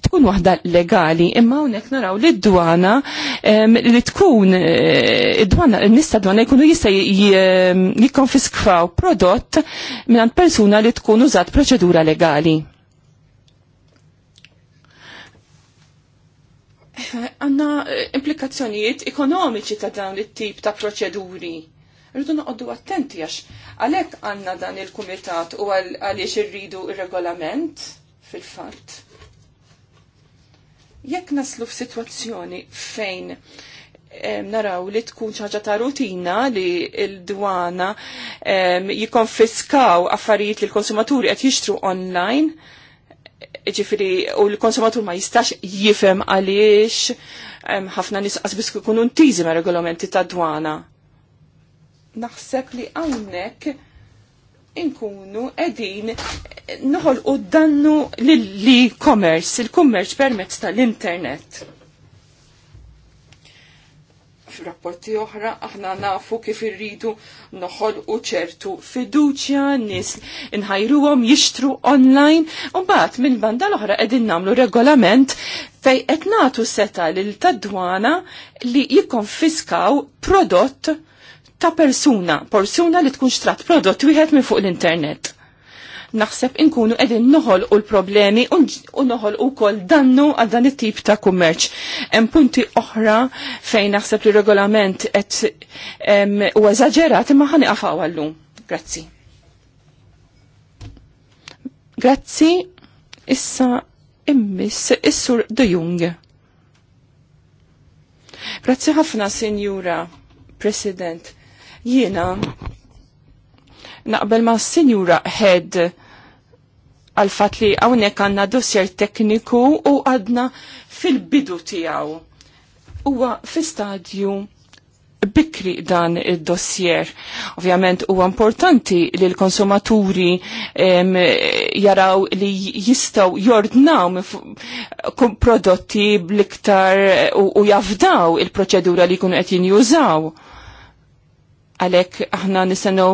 tkun waħda legali imma hawnhekk naraw li d-dwana li tkun eh, id-dwana nista dwana jkunu jista jikonfiskfaw prodott minn persuna li tkun użat proċedura legali. għanna eh, implikazzjonijiet ekonomiċi ta' dawn it-tip ta' proċeduri. Rridu noqoddu attenti għax għalek għanna dan il-kumitat u għaliex irridu il-regolament fil-fatt. Jekk naslu f'sitwazzjoni fejn naraw li tkun ċaġa ta' rutina li il-dwana jikonfiskaw affarijiet li l-konsumaturi qed jixtru online, ġifiri u l-konsumatur ma jistax jifem għaliex ħafna nisqas bis kunu ntiżi ma' regolamenti ta' dwana. Naħseb li għawnek inkunu edin noħol u dannu l commerce il-commerce permezz tal-internet F'rapporti oħra aħna nafu kif irridu noħol u ċertu fiduċja nis inħajruhom jixtru online u mbagħad minn banda l-oħra qegħdin nagħmlu regolament fej qed nagħtu seta lil tad-dwana li jikkonfiskaw prodott ta' persuna, persuna li tkun xtrat prodott wieħed minn fuq l-internet naħseb inkunu edin noħol u l-problemi u noħol u kol dannu għal dan it-tip ta' kummerċ. Em punti oħra fejn naħseb li regolament et u eżaġerat imma ħani għafaw għallu. Grazzi. Grazzi issa immiss is-sur De Jung. Grazzi ħafna, Sinjura President. Jiena naqbel ma' Sinjura Head għal-fat li għawnek għanna dossier tekniku u għadna fil-bidu tijaw. Uwa fi stadju bikri dan il-dossier. Ovvjament u importanti li l-konsumaturi jaraw li jistaw jordnaw prodotti bliktar u, u jafdaw il-proċedura li kunu għetin jinjużaw. Għalek aħna nisenu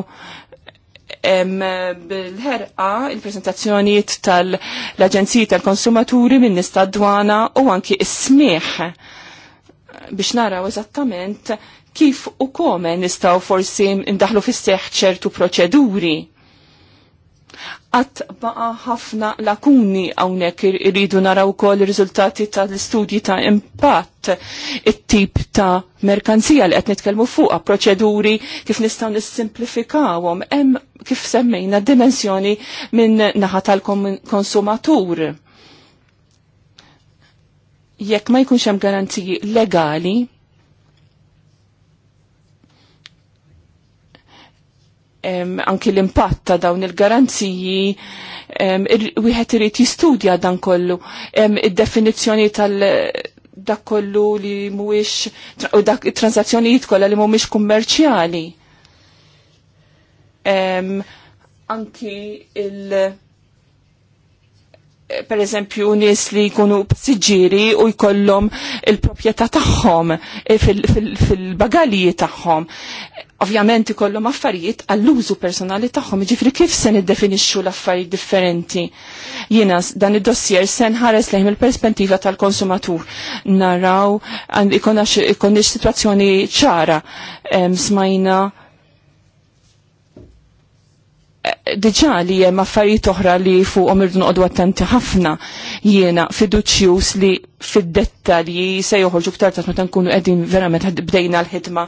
bil-ħerqa il prezentazzjoniet tal-Aġenziji tal-Konsumaturi minn nista dwana u anki is-smieħ biex naraw eżattament kif u kome nistaw forsi ndaħlu fis-seħ ċertu proċeduri għat baqa ħafna lakuni għawnek irridu naraw kol rizultati ta' l-studji ta' impatt it-tip ta' merkanzija li għet nitkelmu fuqa, proċeduri kif nistaw nissimplifikawom, em kif semmejna dimensjoni minn naħa tal-konsumatur. Jekk ma jkunx hemm garanziji legali, um, anki l-impatt ta' dawn il-garanziji um, wieħed irid jistudja dan kollu Um, id-definizzjoni tal- dak kollu li mhuwiex u dak transazzjonijiet kollha li mhumiex kummerċjali. Um, Anki il- per eżempju nies li jkunu passiġġieri u jkollhom il-proprjetà tagħhom eh, fil-bagalji tagħhom. Ovvjament ikollhom affarijiet għall-użu personali tagħhom, jiġifieri kif se niddefinixxu l-affarijiet differenti. Jiena dan id-dossier se nħares lejn il-perspettiva tal-konsumatur. Naraw ikonniex sitwazzjoni ċara smajna diġa li jem affarijiet oħra li fuqhom irdu noqogħdu attenti ħafna jiena fiduċjus li fid-dettalji se joħorġu ktar ta' meta nkunu qegħdin verament bdejna l-ħidma.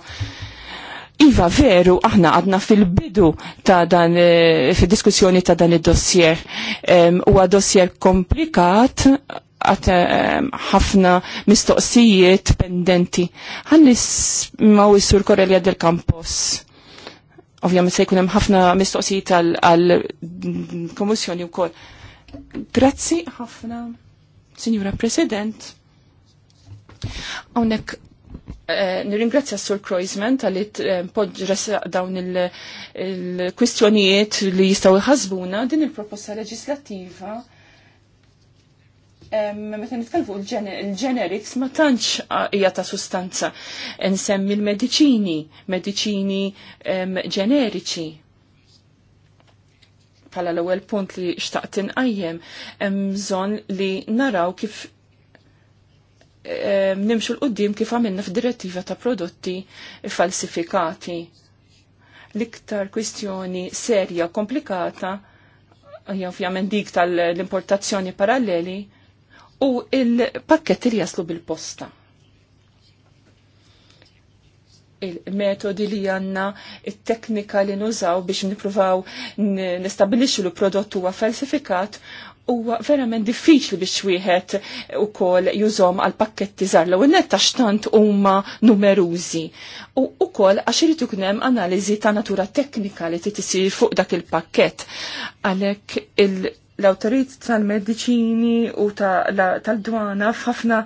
Iva veru aħna għadna fil-bidu ta' dan eh, fid-diskussjoni ta' dan id-dossier. Huwa dossier komplikat għat ħafna mistoqsijiet pendenti. Għannis ma' u sur korrelja del Campos Ovvjament se jkun hemm ħafna mistoqsijiet għall u wkoll. Grazzi ħafna, Signora President. Hawnhekk eh, nirringrazzja s-Sur Kreuzman tal-li eh, podġres dawn il-kwistjonijiet li jistaw jħasbuna din il-proposta leġislativa meta nitkellmu l-generics ma tantx hija ta' sustanza. Nsemmi l-mediċini, mediċini ġeneriċi. Pala l-ewwel punt li xtaqt inqajjem hemm bżonn li naraw kif nimxu l-qoddim kif għamilna f'direttiva ta' prodotti falsifikati. L-iktar kwistjoni serja komplikata hija ovvjament dik tal-importazzjoni paralleli u il-pakketti li jaslu bil-posta. Il-metodi li għanna, il-teknika li nużaw biex nipruvaw nistabilixu l-prodott huwa falsifikat huwa verament diffiċli biex wieħed ukoll jużom għal pakketti żarla u netta xtant huma numerużi. U ukoll għax irid ikun hemm analiżi ta' natura teknika li titisir fuq dak il-pakkett. Għalhekk il l-autorit tal-medicini u tal-dwana f'ħafna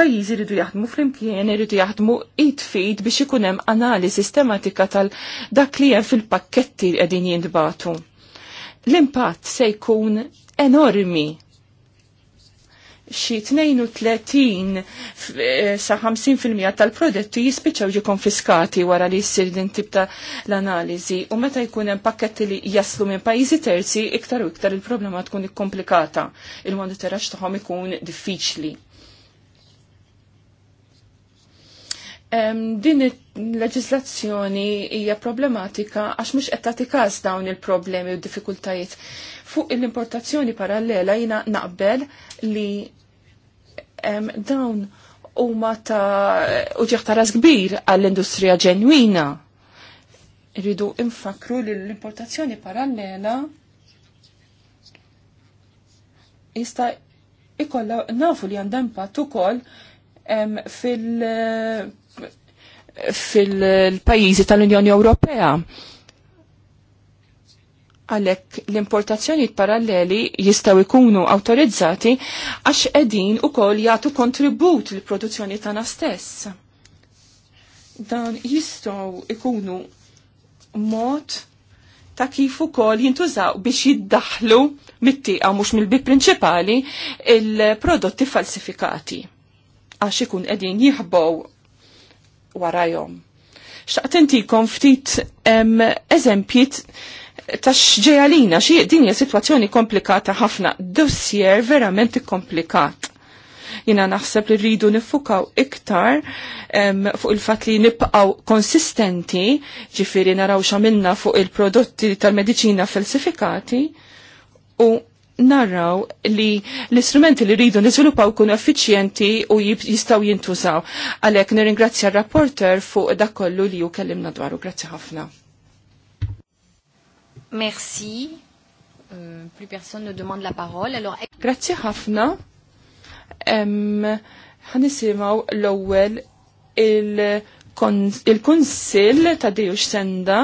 pajjiżi ridu jaħdmu flimkien, ridu jaħdmu it fid biex ikun hemm anali sistematika tal-dak li hemm fil-pakketti qegħdin jintbatu. L-impatt se jkun enormi xi 32 eh, sa 50% tal-prodotti jispiċċaw ġi konfiskati wara li jsir din tip ta' l-analiżi u meta jkun hemm pakketti li jaslu minn pajjiżi terzi iktar u iktar il-problema tkun ikkomplikata, il-monitoraġġ tagħhom ikun diffiċli. Din il-leġislazzjoni hija problematika għax mhux qed tagħti każ dawn il-problemi u d-diffikultajiet. Fuq l-importazzjoni parallela jina naqbel li dawn huma ta' uġieħ ta' ras kbir għall-industrija ġenwina. Rridu infakru li l-importazzjoni parallela jista' ikolla nafu li għandha impatt ukoll fil- fil-pajjiżi tal-Unjoni Ewropea għalek l-importazzjoni paralleli jistaw ikunu autorizzati għax edin u kol jgħatu kontribut l-produzzjoni tana stess. Dan jistaw ikunu mod ta' kif ukoll jintużaw biex jiddaħlu mit-tieqa mhux mill-bib prinċipali il-prodotti falsifikati għax ikun qegħdin jieħbow warajhom. Xtaqt intikom ftit eżempjiet tax ġejalina xie hija situazzjoni komplikata ħafna, dossier verament komplikat. Jina naħseb li rridu nifukaw iktar em, fuq il-fat li nibqaw konsistenti, ġifiri naraw xamilna fuq il-prodotti tal-medicina falsifikati, u narraw li l-istrumenti li rridu niżviluppaw kunu effiċjenti u jistaw jintużaw. Għalek nirringrazzja r-rapporter fuq dak kollu li ju kellimna dwaru. Grazzi ħafna. Merci. Euh, plus personne ne demande la parole. Alors... Grazie ħafna. Ħanisimaw l-ewwel il-Kunsill ta' Dejux Senda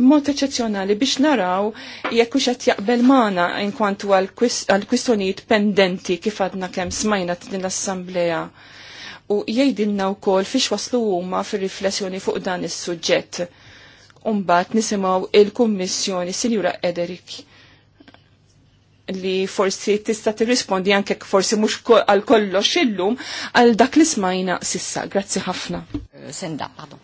mod eċezzjonali biex naraw jekk hux qed jaqbel magħna inkwantu għal-kwistjonijiet pendenti kif għadna kemm smajna din l-assembleja u jgħidilna wkoll fiex waslu huma fir-riflessjoni fuq dan is-suġġett Umbat nisimaw il-Kummissjoni Sinjura Ederik li forsi tista' tirrispondi anke forsi mhux għal kollox illum għal dak li smajna sissa. Grazzi ħafna. Eh, senda, għadu.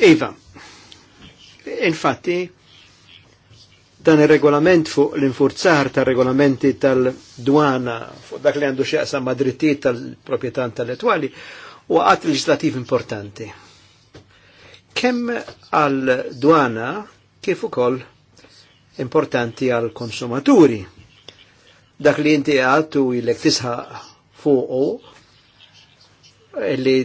Iva, infatti, dan il-regolament fuq l-infurzar ta' regolamenti tal-dwana fuq dak li għandu xieqsa madrittijiet tal tal-etwali u għat leġislativ importanti. Kemm għal-dwana kif ukoll importanti għal-konsumaturi. Dak li inti għattu jillek tisħa fuq. li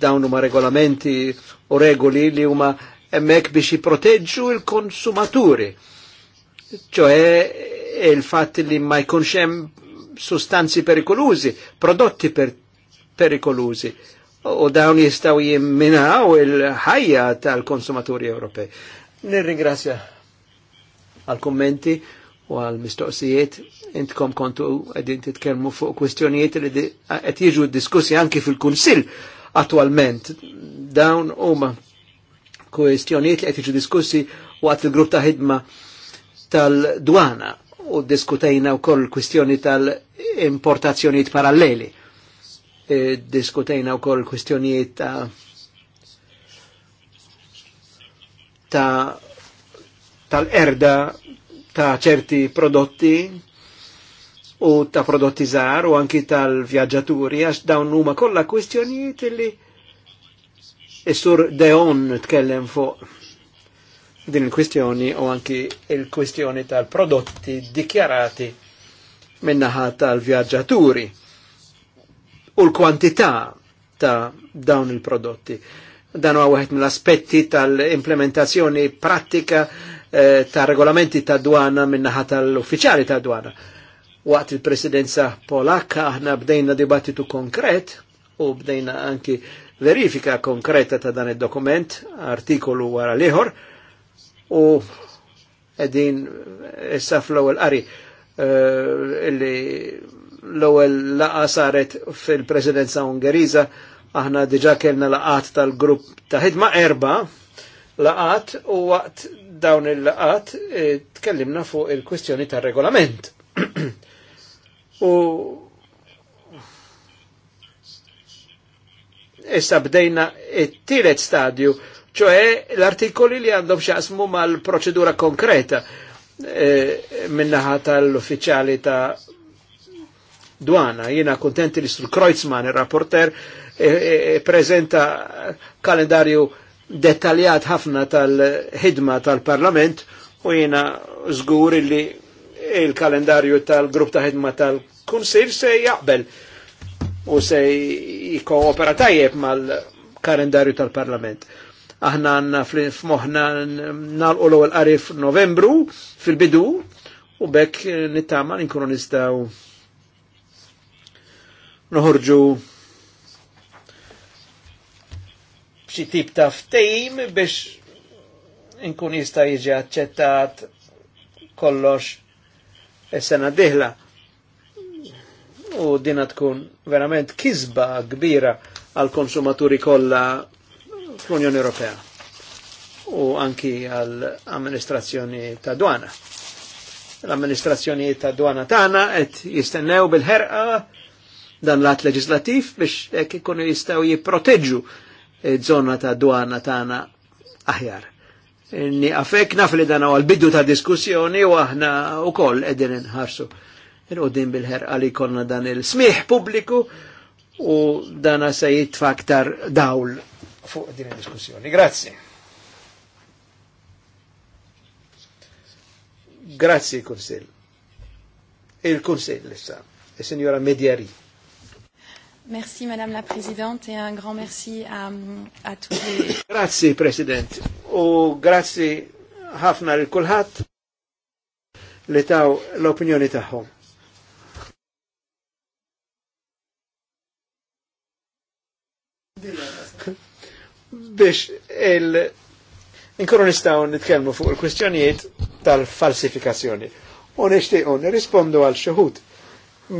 dawnu ma regolamenti u regoli li huma emmek biex jiproteġġu il-konsumaturi ċoħe il-fat li ma jkunx hemm sustanzi perikolużi, prodotti per perikolużi. U dawn jistaw jimminaw il-ħajja tal-konsumaturi Ewropej. Nirringrazzja għal-kommenti u għal-mistoqsijiet. Intkom kontu għedin titkelmu fuq kwestjonijiet li għed jiġu diskussi anki fil-Kunsil attualment. Dawn huma kwestjonijiet li għed jiġu diskussi waqt il-grupp ta' ħidma tal-dwana u diskutejna u koll kwistjoni tal-importazzjoniet paralleli. E, diskutejna u koll kwistjoniet ta' ta' tal-erda ta' ċerti prodotti u ta' prodotti zar u anki tal-vjaġġaturi għax dawn huma kollha kwistjonijiet li Is-sur Deon tkellem fuq din il-kwistjoni u anki il-kwistjoni tal-prodotti dikjarati minnaħa tal-vjaġġaturi u l-kwantità ta' dawn il-prodotti. Dan huwa wieħed mill-aspetti tal-implementazzjoni pratika eh, ta' regolamenti ta' dwana minnaħa tal-uffiċjali ta' dwana. Waqt il-presidenza Polakka aħna bdejna dibattitu konkret u bdejna anki verifika konkreta ta' dan id-dokument, artikolu wara liħor, u edin issa fl-ewwel qari eh, illi l-ewwel laqa saret fil-Presidenza Ungeriża aħna diġa kellna laqat tal-grupp ta' ħidma erba laqat u waqt dawn il-laqat eh, tkellimna fuq il-kwestjoni tar-regolament. u issa bdejna it-tielet stadju ċoħe l-artikoli li għandhom xaqsmu mal-proċedura konkreta eh, minnaħa tal-uffiċjali ta' dwana. Jena kontenti li sul Kreuzmann, il-rapporter, eh, eh, prezenta kalendarju dettaljat ħafna tal-ħidma tal-parlament u jena zgur li il-kalendarju tal-grupp ta' ħidma tal-kunsil se jaqbel u se jikoopera tajjeb mal-kalendarju tal-parlament aħna għanna f'moħna nalqu l-ewwel qari f'Novembru fil-bidu u bekk nittama nkunu nistgħu noħorġu b'xi tip ta' ftejm biex inkun jista' jiġi aċċettat kollox is-sena d-dieħla u dina tkun verament kizba kbira għal konsumaturi kollha fl-Unjoni Ewropea u anki għall-amministrazzjoni ta' dwana. L-amministrazzjoni ta' dwana tagħna qed jistennew bil-ħerqa dan l-att leġislattiv biex hekk ikunu jistgħu jipproteġġu żona ta' dwana tagħna aħjar. għafek naf li dan għal bidu ta' diskussjoni u aħna wkoll qegħdin inħarsu. Il-qudiem bil-ħerqa li konna dan il-smiħ pubbliku u dana se jitfa dawl fuq din il-diskussjoni. Grazzi. Grazzi il-Kunsil. Il-Kunsil issa, il-Signora Mediari. Merci Madame la Présidente et un grand merci à, à tous les... Grazie President O grazie Hafnar, l kulhat li taw l-opinjoni tagħhom. biex il- Inkunu nistaw nitkellmu fuq il-kwistjonijiet tal-falsifikazzjoni. U nixtiequ nirrispondu għal xuħut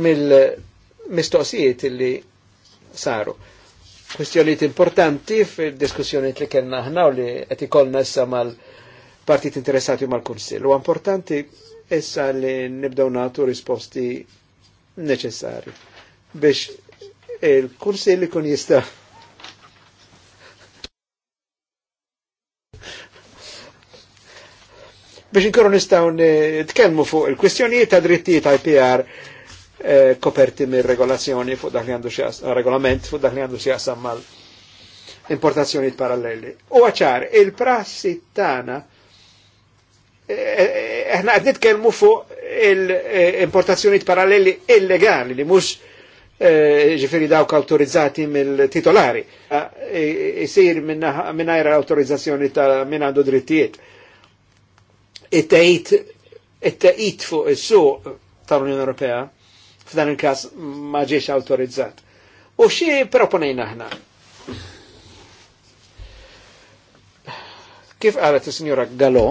mill-mistoqsijiet li saru. Kwistjonijiet importanti fil-diskussjonijiet li kellna ħna u li qed ikollna issa mal-partit interessati mal-Kunsill. U importanti issa li nibdew natu risposti neċessari biex il-Kunsill ikun jista' biex inkunu nistgħu nitkellmu fuq il-kwistjonijiet ta' drittijiet IPR eh, koperti mir regolazzjoni fuq dak li għandu regolament fuq dak li għandu xjaqsam mal importazzjoni paralleli. U għacħar, il-prassi tana eħna eh, eh, għad nitkelmu fuq il-importazzjoni paralleli illegali li mux ġifiri dawk autorizzati mill-titolari. Isir minna autorizzazzjoni ta' minn għandu drittijiet it it-tajt fuq is su tal-Unjoni Ewropea f'dan il kas ma ġiex awtorizzat. U xie proponejna ħna? Kif għalet il sinjora Gallo,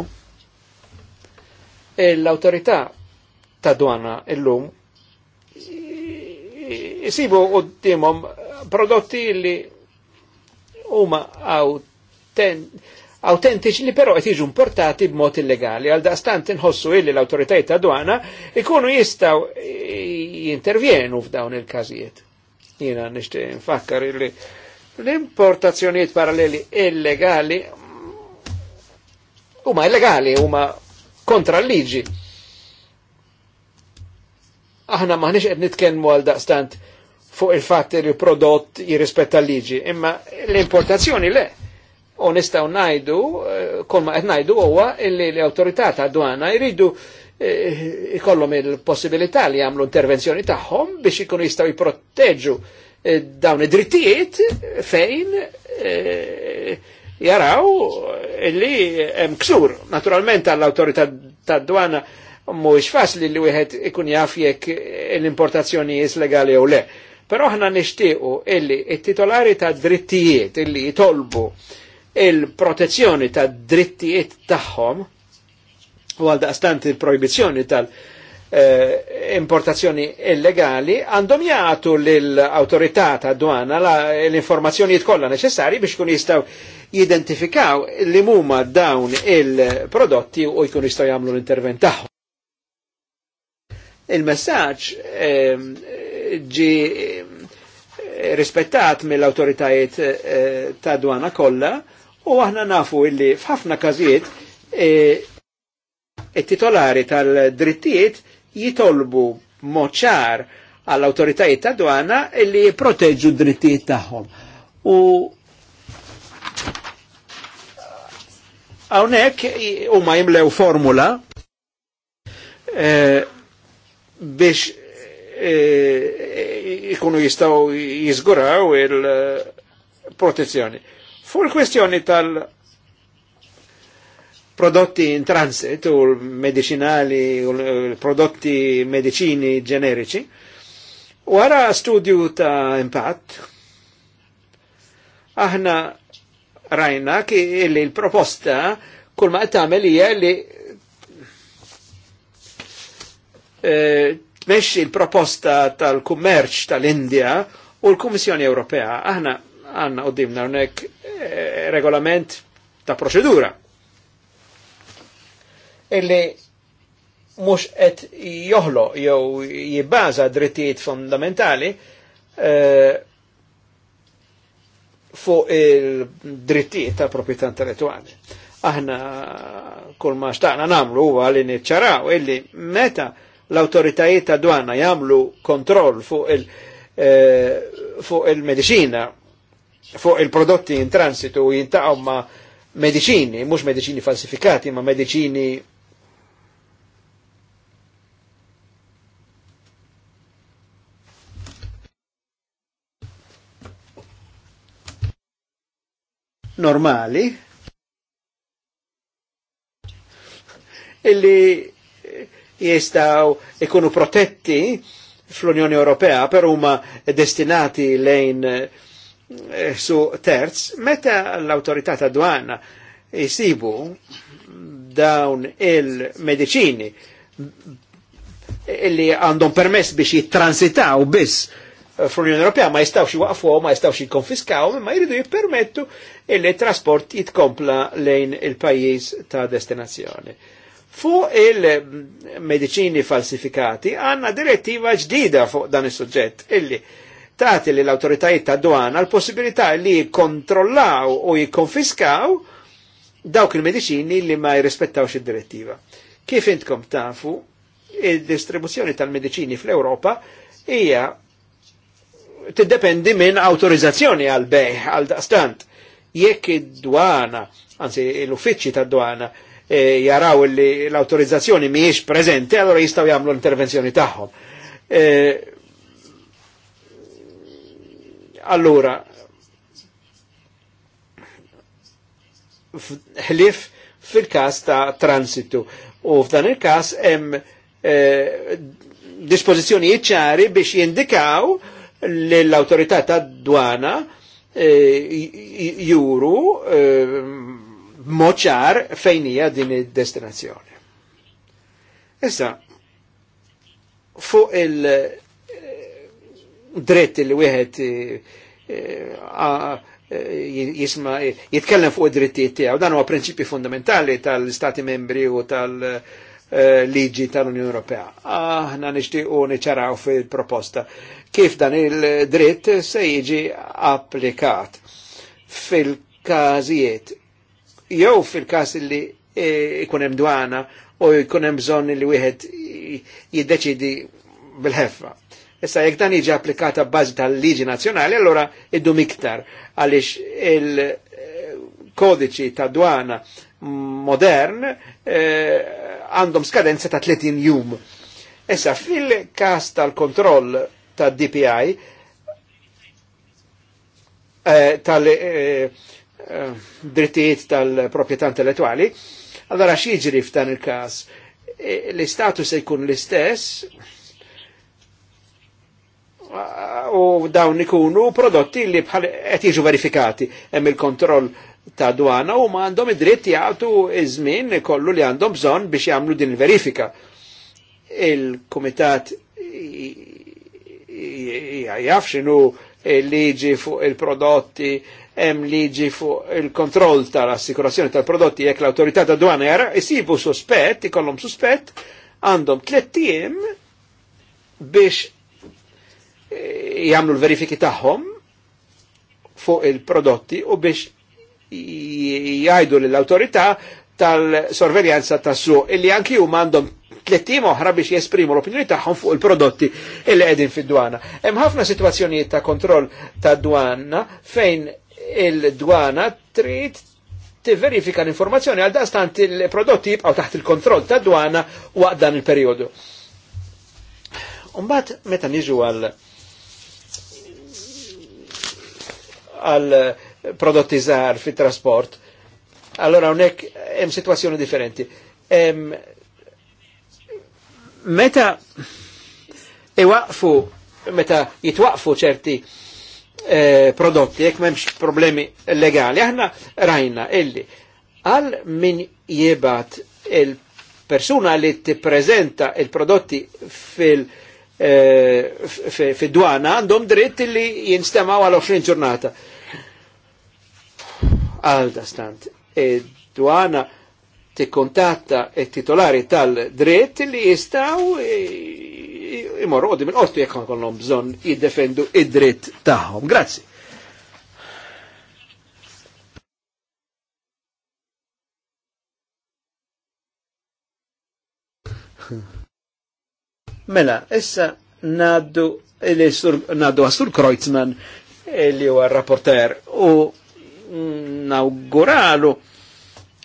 l-awtorità ta' dwana il-lum jisibu u prodotti li huma autentiċi li però qed jiġu importati b'mod illegali. Għal daqstant inħossu illi l-awtoritajiet ta' dwana ikunu jistaw jintervjenu f'dawn il-każijiet. Jiena nixtieq nfakkar illi l-importazzjonijiet paralleli illegali huma illegali, huma kontra l-liġi. Aħna maħniex qed nitkellmu għal daqstant fuq il-fatt li il prodott jirrispetta l-liġi, imma l-importazzjoni le. U nistaw najdu, eh, kolma għed qed najdu huwa illi l-awtorità ta' dwana jridu eh, ikollhom il-possibilità li jagħmlu intervenzjoni tagħhom biex ikunu jistgħu jipprotteġu eh, dawn id-drittijiet fejn jaraw illi hemm ksur. Naturalment għall-awtorità tad dwana mhuwiex faċli li wieħed ikun jaf jekk l importazzjoni legali jew le. Però aħna nixtiequ illi t-titolari ta' drittijiet illi jitolbu il-protezzjoni ta' drittijiet tagħhom u għal daqstant il proibizzjoni tal-importazzjoni eh, illegali għandhom jagħtu lill-awtorità ta' dwana l-informazzjonijiet kollha neċessarji biex kun jistgħu jidentifikaw li huma dawn il-prodotti u jkun jistgħu jagħmlu l-intervent tagħhom. Il-messaġġ ehm, ġi eh, rispettat mill awtoritajiet eh, ta' dwana kollha U aħna nafu illi f'ħafna każijiet e, it-titolari tal-drittijiet jitolbu moċar għall-autoritajiet ta' dwana illi d drittijiet tagħhom. U hawnhekk huma jimlew formula e, biex e, ikunu e, jistaw jizguraw il-protezzjoni. Fuq il-kwestjoni tal- prodotti in transit u medicinali u prodotti medicini generici Wara studju ta' impatt, aħna rajna ki li l-proposta kull ma' tagħmel hija li eh, tmexxi l-proposta tal-kummerċ tal-Indja u l-Kummissjoni Ewropea. Aħna għanna u dimna unnek eh, regolament ta' proċedura. Illi mux et joħlo jew jibbaza drittijiet fundamentali eh, fuq il-drittijiet ta' proprjetà intellettuali. Aħna kull ma xtaqna namlu u li niċċaraw illi meta l-autoritajiet ta' dwana jamlu kontroll fuq il- eh, il-medicina fuq il-prodotti in transitu jintaqgħu ma' medicini, mhux medicini falsifikati, ma' medicini normali illi jistaw ikunu protetti fl-Unjoni Ewropea per huma destinati lejn Eh, su terz, meta l-autorità ta' dwana jisibu dawn il-medicini illi għandhom permess biex jittransitaw biss fl-Unjoni Ewropea ma jistawx jwaqfu, ma jistawx jikonfiskaw, ma jridu jippermettu illi trasport jitkompla lejn il-pajjiż ta' destinazzjoni. Fu il-medicini falsifikati għanna direttiva ġdida fuq dan il suġġett illi tagħti li l-awtoritajiet ta' dwana l-possibilità li jikkontrollaw u jikkonfiskaw dawk il medicini li ma jirrispettawx id-direttiva. Kif intkom tafu, il-distribuzzjoni tal medicini fl-Europa hija tiddependi minn autorizzazzjoni għal bejħ għal daqstant. Jekk id-dwana, anzi l-uffiċċji tad-dwana, E, eh, jaraw li l-autorizzazzjoni miex prezenti, allora jistaw jagħmlu l-intervenzjoni tagħhom. E, Allura, ħlif fil-kas ta' transitu. U f'dan il-kas hemm eh, dispożizzjonijiet ċari biex jindikaw l-autorità ta' dwana eh, juru eh, moċar fejnija din il destinazzjoni Issa, fuq il- dritt li wieħed eh, eh, eh, jisma jitkellem fuq id-drittijiet tiegħu. Dan huwa prinċipji fundamentali tal-Stati membri u tal-liġi tal-Unjoni Ewropea. Aħna nixtiequ niċaraw fil-proposta kif dan il-dritt se jiġi applikat fil-każijiet jew fil-każ li ikun hemm dwana u jkun hemm bżonn li wieħed jiddeċidi bil-ħeffa. Issa jekk dan jiġi applikata bbażi tal-liġi nazzjonali, allora iddu miktar għaliex il-kodiċi eh, ta' dwana modern eh, għandhom eh, skadenza ta' 30 jum. Issa fil-kas tal-kontroll ta' DPI eh, tal-drittijiet tal eh, proprjetà intellettuali, allora xieġri f'dan il-kas? L-istatus se jkun l-istess, u dawn ikunu prodotti li bħal qed jiġu verifikati hemm il-kontroll ta' dwana u ma għandhom id-dritt jagħtu iż-żmien kollu li għandhom bżonn biex jagħmlu din il-verifika. Il-kumitat jaf x'inhu liġi fuq il-prodotti hemm liġi fuq il-kontroll tal-assikurazzjoni tal-prodotti jekk l-awtorità ta' dwana jara jsibu suspett, ikollhom suspett, għandhom tliet biex Jamlu l-verifiki tagħhom fuq il-prodotti u biex jgħidu l-autorità tal-sorveljanza tas-suq illi anki u mandom tlettim oħra biex jesprimu l-opinjoni tagħhom fuq il-prodotti illi qegħdin fid-dwana. Hemm ħafna sitwazzjonijiet ta' kontroll ta' dwana fejn il-dwana trid t-verifika l-informazzjoni għal dastant il-prodotti jibqaw taħt il-kontroll ta' dwana waqt dan il-periodu. Umbat, meta niġu għal għal prodotti żgħar fit-trasport. Allora hawnhekk hemm situazzjoni differenti. Em, meta iwaqfu, meta jitwaqfu ċerti eh, prodotti, jekk m'hemmx problemi legali, aħna rajna illi għal min jibat il-persuna li tippreżenta il-prodotti fil- eh, dwana għandhom dritt li jinstemaw għal 20 ġurnata Għal dastant, e duana ti kontatta e titolari tal-dritt li jistaw e, imorru għoddim il-qorti jekk kollom bżon jiddefendu id-dritt tagħhom. Grazzi. Mela, issa naddu għasur għastur li huwa rapporter u nawguralu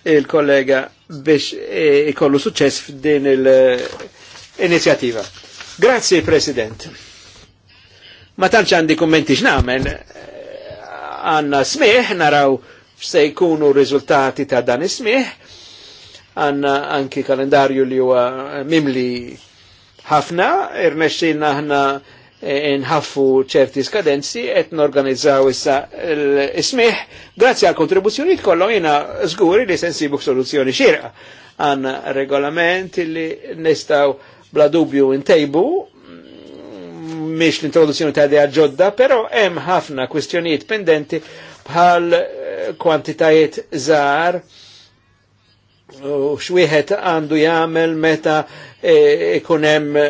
il-kollega biex e, ikollu suċċess f'din il-inizjativa. E, Grazie, President. Ma tantx għandi kummenti x'namel, e, għanna smieħ, naraw se jkunu riżultati ta' dan ismieħ, għanna anki kalendarju li huwa mimli ħafna, irnexxin aħna E, nħaffu ċerti skadenzi et norganizzaw issa l-ismiħ grazzi għal kontribuzzjoni kollom jina zguri li sensibu soluzzjoni xirqa għan regolament li nistaw bla dubju intejbu miex l-introduzzjoni ta' idea ġodda, pero hemm ħafna kwistjonijiet pendenti bħal eh, kwantitajiet zar u xwieħed għandu jagħmel meta eh, ikun e, hemm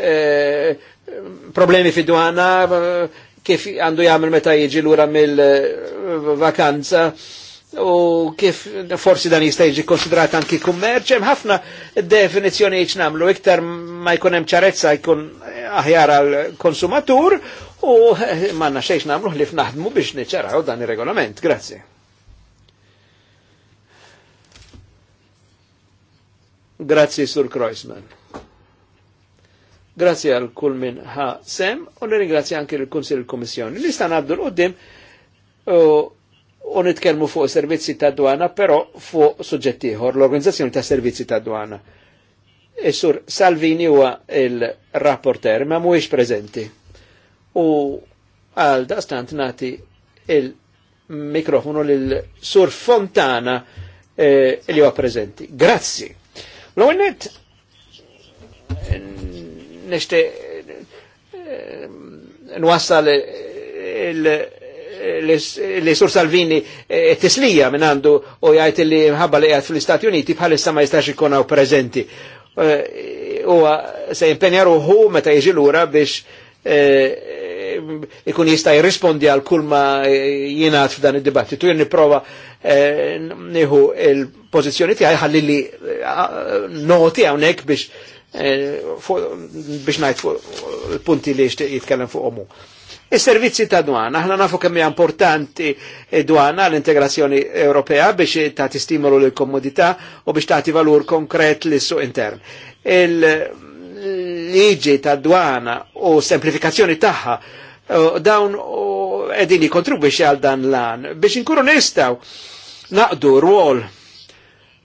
eh, problemi fi dwana kif għandu jgħamil meta jiġi lura mill-vakanza u kif forsi dan jista' jiġi konsidrat anki kummerċ, hemm ħafna definizzjonijiet nagħmlu iktar ma jkun hemm ċarezza jkun aħjar għal konsumatur u manna xejx nagħmlu li naħdmu biex niċċaraw dan ir-regolament. Grazzi. Grazzi Sur Kreuzmann. Grazzi għal kull minn ħa sem u nirringrazzja anke l-Kunsil l-Kommissjoni. Nista' ngħaddu l-qudiem u nitkellmu fuq servizzi ta' dwana, però fuq suġġetti ieħor, l-Organizzazzjoni ta' Servizzi ta' Dwana. Is-sur Salvini huwa il-rapporter ma mhuwiex preżenti. U għal daqstant nagħti il-mikrofonu lil sur Fontana eh, li huwa preżenti. Grazzi. L-għonet nishti eh, nwassal eh, li Sur Salvini eh, tislija minn għandu u jgħajt li mħabba li jgħat fil istati Uniti bħalissa ma jistax ikkuna u prezenti. U se jimpenja ruħu meta jieġi l-ura biex ikun jista jirrispondi għal kull ma jienat f'dan id-dibattitu, jien niprofa nieħu il pozizjoni tiegħi ħalli li noti hawnhekk biex Eh, biex najt fuq il-punti li jitkellem fuq omu. Is-servizzi ta' dwana, aħna nafu kemm hija importanti eh, dwana l-integrazzjoni Ewropea biex ta' stimolu l komodità u biex tagħti valur konkret l suq intern. Il-liġi eh, ta' dwana u semplifikazzjoni tagħha dawn edini kontribwixi għal dan lan biex inkunu nistaw naqdu rwol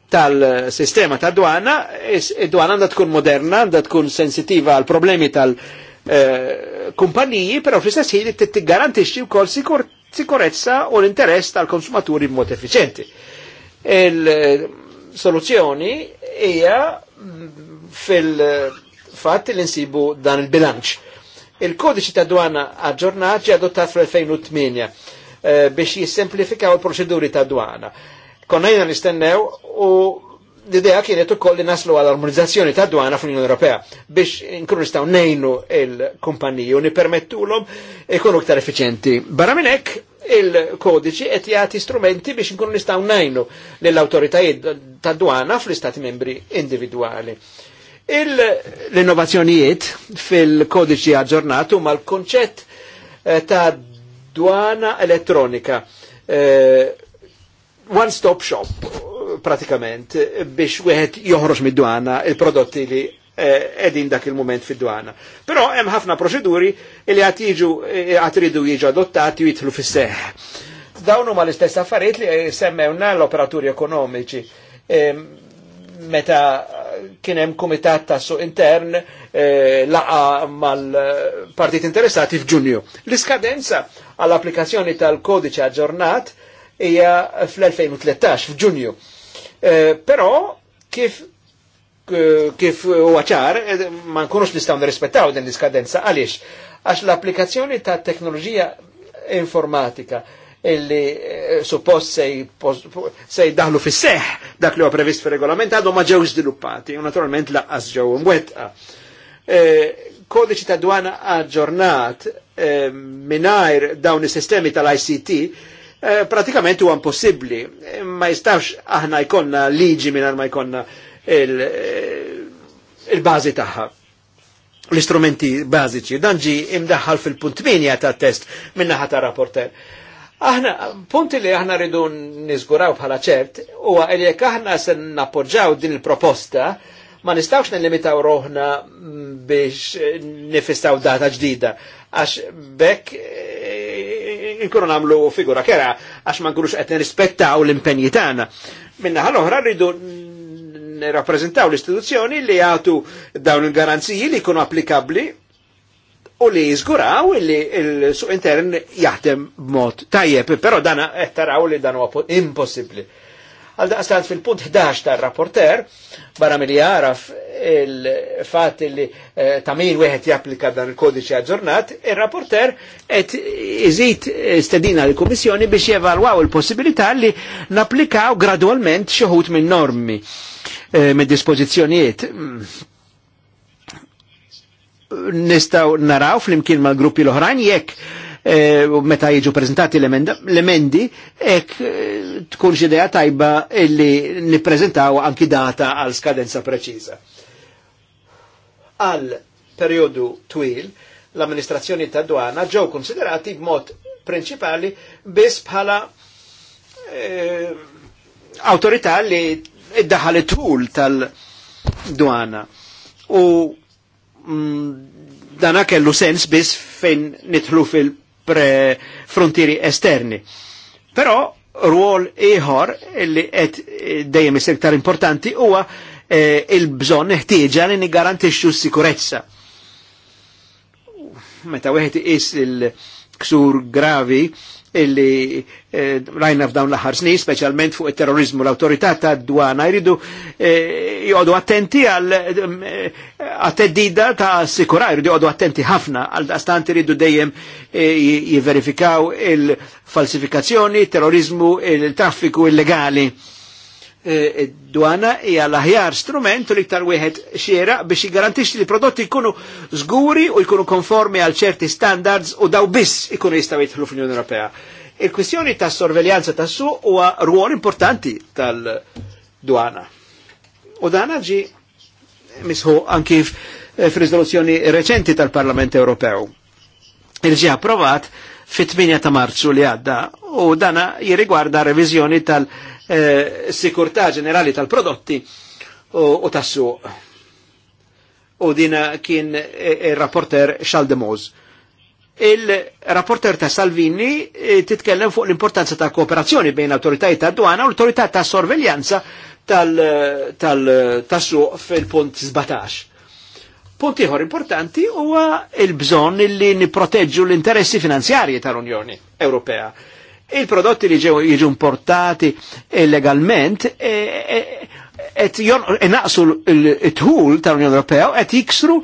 tal-sistema ta' dwana, id-dwana għandha tkun moderna, għanda tkun sensitiva għal problemi tal-kumpaniji, eh, però fl-istess ħin t u wkoll sikurezza u l-interess tal-konsumaturi mod efficienti. il eh, soluzjoni hija mm, fil fat li nsibu dan il-bilanċ. Il-kodiċi ta' dwana aġġornat ġi adottat fl-2008 eh, biex jissemplifikaw il-proċeduri ta' dwana Konnajna nistennew u l-idea kienet ukoll li naslu għal armonizzazzjoni ta' dwana fl-Unjoni Ewropea biex nkunu nistgħu nejnu il-kumpaniji u nipermettulhom ikunu iktar efficienti. Barra minnek, il-kodiċi qed jagħti strumenti biex nkunu nistaw nejnu lill autoritajiet ta' dwana fl-istati membri individuali. L-innovazzjonijiet fil-kodiċi aġġornatu mal-konċett eh, ta' dwana elettronika. Eh, one-stop shop pratikament biex wieħed joħroġ mid-dwana il-prodotti li eh, edin dak il-moment fid-dwana. Però hemm ħafna proċeduri li għat jiġu eh, għat ridu jiġu adottati u jitlu fis-seħ. Dawn huma l-istess affarijiet li semmewna l-operaturi ekonomiċi. meta kien hemm kumitat Tassu intern eh, laqa mal-partit interessati f'Ġunju. L-iskadenza għall-applikazzjoni tal-kodiċi aġġornat hija fl-2013 f'Ġunju. Eh, però kif eh, kif waċar, eh, ma nkunux nistaw nirrispettaw din l-iskadenza, għalix, għax l-applikazzjoni ta' teknoloġija informatika illi suppost sej daħlu fis seħ dak li huwa previst fir regolament għadhom ma ġew żviluppati u naturalment laqqas ġew imwettqa. Kodiċi ta' dwana aġġornat mingħajr dawn is-sistemi tal-ICT Eh, pratikament huwa impossibbli. Eh, ma jistax aħna jkollna liġi minn ma jkollna eh, il-bażi tagħha l-istrumenti bażiċi. Dan ġi imdaħħal fil-punt minja ta' test minnaħa ta' rapporter. Aħna, punti li aħna ridu nizguraw bħala ċert, huwa li jekk aħna se nappoġġaw din il-proposta, ma nistawx nelimitaw roħna biex nifistaw data ġdida, għax bekk inkunu namlu figura kera għax ma nkunux qed nirrispettaw l-impenji tagħna. Minna ħal-oħra rridu nirrappreżentaw l-istituzzjoni li għatu dawn il-garanziji li jkunu applikabbli u li jizguraw li il-suq intern jaħdem b'mod tajjeb, però dan qed taraw li dan huwa impossibbli. Għal daqstant fil-punt 11 ta' rapporter barra mill jaraf il-fat li eh, ta' min wieħed japplika dan il-kodiċi aġġornat, il-rapporter et iżid stedina l-Komissjoni biex jevalwaw il-possibilità li naplikaw gradualment xoħut minn normi, eh, me dispozizjoniet. nistaw naraw fl-imkien mal-gruppi l-oħrajn jekk Eh, u meta jiġu prezentati l-emendi, ek eh, tkun idea tajba illi nippreżentaw anki data għal skadenza preċiża. Għal periodu twil, l-amministrazzjoni ta' dwana ġew konsiderati b'mod prinċipali biss bħala eh, autorità li iddaħal tul tal-dwana. U mm, dana kellu sens biss fejn nitħlu fil- pre frontieri esterni. Però ruol ieħor li qed eh, dejjem isir iktar importanti huwa eh, il-bżonn ħtieġa li nigarantixxu s-sikurezza. Meta wieħed is il-ksur gravi illi eh, rajna f'dawn l-aħħar snin, speċjalment fuq it-terrorizmu, l-autorità ta' dwana jridu eh, jgħodu attenti għal eh, għat-teddida ta' sikura, jridu jgħodu attenti ħafna, għal stant jridu dejjem eh, jiverifikaw il-falsifikazzjoni, il-terrorizmu, il-traffiku illegali. Il id-dwana e, e, e hija l-aħjar strument li iktar wieħed xiera biex jiggarantix li prodotti jkunu żguri u jkunu konformi għal ċerti standards u daw biss ikunu jistgħu jidħlu fl-Unjoni Ewropea. Il-kwistjoni ta' sorveljanza ta' su huwa rwol importanti tal-dwana. U dan ġi misħu anki f-rizoluzzjoni reċenti tal-Parlament Ewropew. Il-ġi approvat fit-8 ta' marzu li għadda u dana jirrigwarda revizjoni tal- Eh, sikurtà ġenerali tal-prodotti u tassu. U din kien eh, eh, il-rapporter Charles de Mose il-rapporter ta' Salvini titkellem fuq l-importanza ta' kooperazzjoni bejn l-autoritajiet ta' dwana u l-autoritajiet ta' sorveljanza tal-suq fil-punt 17. Punti ieħor importanti huwa il-bżonn li nipproteġġu l-interessi finanzjarji tal-Unjoni Ewropea il-prodotti li ġew jiġu importati illegalment e, e, et naqsu l-tħul tal-Unjoni Ewropea qed jiksru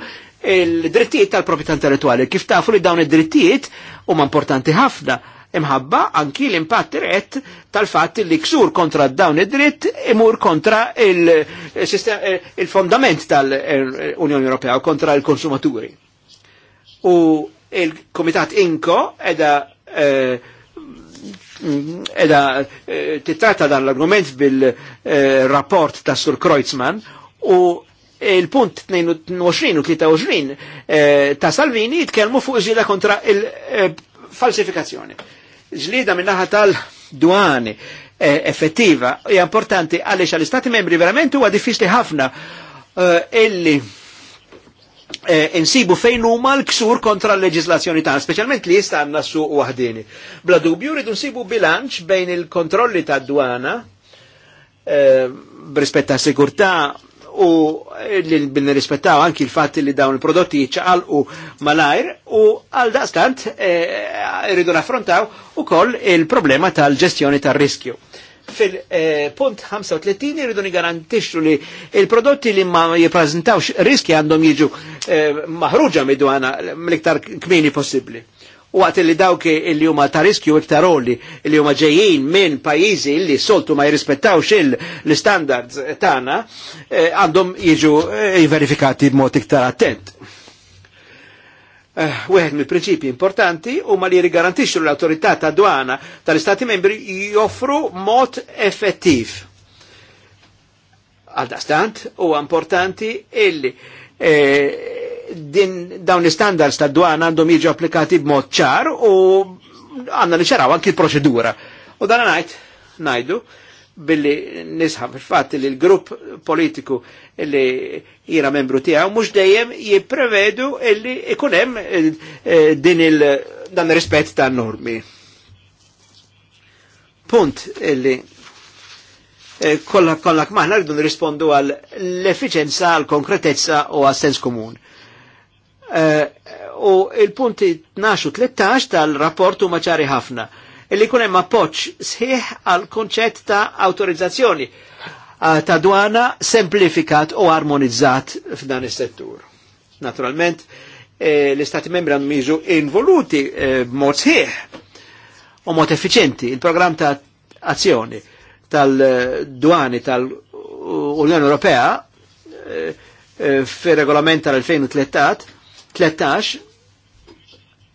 il-drittijiet tal-proprjetà intellettuali. Kif tafu li dawn id-drittijiet huma importanti ħafna imħabba anki l-impatt rett tal-fatt li ksur kontra dawn id-dritt imur kontra il-fondament il tal-Unjoni Ewropea kontra il-konsumaturi. U il-Komitat Inko edha eh, Mm, edha eh, titrata dan l-argument bil-rapport ta' Sur Kreuzmann u il-punt 22 u 23 eh, ta' Salvini jitkelmu fuq ġlida kontra il-falsifikazzjoni. Eh, ġlida minnaħa tal-dwani effettiva hija importanti għaliex għall-Istati membri verament huwa diffiċli ħafna illi eh, insibu fejn huma l-ksur kontra l-leġislazzjoni tagħna, speċjalment li jista' għandna suq waħdini. Bla dubju rridu nsibu bilanċ bejn il-kontrolli tad-dwana eh, b'rispett ta' sigurtà u li nirrispettaw anki il-fatti li dawn il-prodotti u malajr u għal daqstant irridu eh, e, naffrontaw u koll il-problema tal-ġestjoni tal-riskju fil-punt 35 irridu nigarantixxu li il-prodotti li ma jippreżentawx riski għandhom jiġu eh, maħruġa midwana mill-iktar kmini possibbli. għat li dawk li huma ta' riskju iktar oli li huma ġejjin minn pajjiżi li soltu ma jirrispettawx il-standards tagħna eh, għandhom jiġu eh, verifikati b'mod iktar attent. Uh, eh, Weħed mill-prinċipji importanti u ma li rigarantixxu l-autorità ta' dwana tal-Istati membri joffru mod effettiv. Għaldastant u importanti illi eh, din dawn l-standards ta' dwana għandhom jiġu applikati b'mod ċar u għandna li ċaraw anki l-proċedura. U dan ngħid najdu, billi nisħab il-fat li l-grupp politiku li jira membru tiegħu mhux dejjem jipprevedu illi ikun hemm eh, din il dan rispett ta' normi. Punt illi kollak eh, kollak maħna rridu nrispondu għal l-efficienza, għal konkretezza u għal sens komun. Eh, u il-punti 12 u 13 tal-rapport maċari ħafna li jkun hemm appoġġ sħiħ għal konċett ta' autorizzazzjoni eh, ta' dwana semplifikat u armonizzat f'dan is-settur. Naturalment, eh, l-Istati membri għandhom jiġu involuti eh, b'mod sħiħ u mod effiċenti. Il-programm ta' azzjoni tal-dwani tal-Unjoni Ewropea fir regolament tal-2013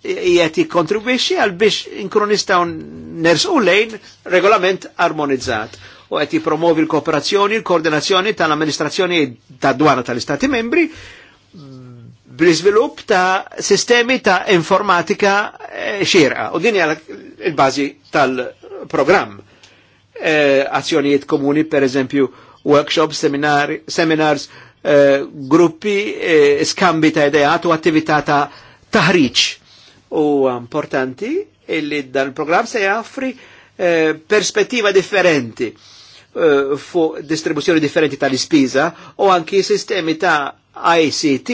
jiet jikontribwixi għal biex inkronistaw nersu lejn regolament armonizzat u għet jipromovi l-kooperazzjoni, l-koordinazzjoni tal-amministrazzjoni ta' dwana tal-Istati membri bl-izvilup ta' sistemi ta' informatika eh, xirqa. U din għal il-bazi tal-programm. Eh, azzjonijiet komuni, per eżempju, workshops, seminari, seminars, eh, gruppi, skambi ta' idejat u attività ta' taħriċ U importanti illi dan il-programm se jaffri eh, perspettiva differenti eh, fuq distribuzzjoni differenti tal-ispiża u anki sistemi ta' ICT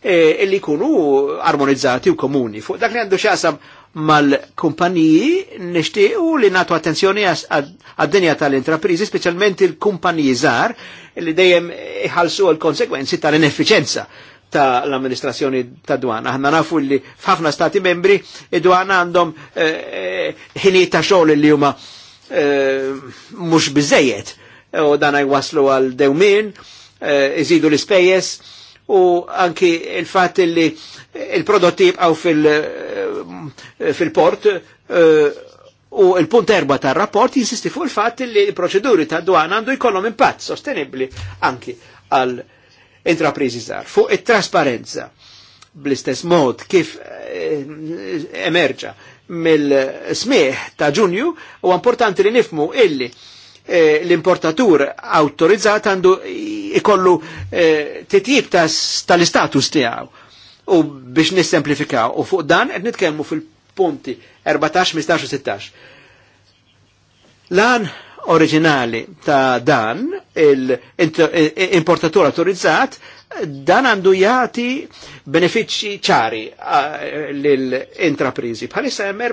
eh, illi kunu armonizzati u komuni. Fuq dak li għandu xasam mal-kumpaniji u li natu attenzjoni għad-dinja tal-intraprizi, specialment il-kumpaniji zar, li dejjem iħalsu l-konsekwenzi tal-inefficienza ta' l-amministrazzjoni ta' dwana. Aħna nafu li f'ħafna stati membri id-dwana e għandhom e, e, ħini ta' xogħol li huma mhux biżejjed u dan jwaslu għal dewmin, iżidu l-ispejjeż u anki il-fatt li il-prodotti jibqgħu fil-port u il-punt erba tar-rapport jinsisti fuq il-fatt li l-proċeduri ta' dwana għandu jkollhom impatt sostenibbli anki għal intrapreżi żgħar. Fuq it-trasparenza bl-istess mod kif eh, emerġa mill-smieħ ta' ġunju u importanti li nifmu illi eh, l-importatur autorizzat għandu ikollu eh, titjib tal-istatus tiegħu. U biex nissemplifikaw, u fuq dan qed nitkellmu fil-punti 14, 15 u 16. Lan oriġinali ta' dan, l importatur autorizzat, dan għandu jati benefiċċi ċari l-intraprizi. Bħalissa hemm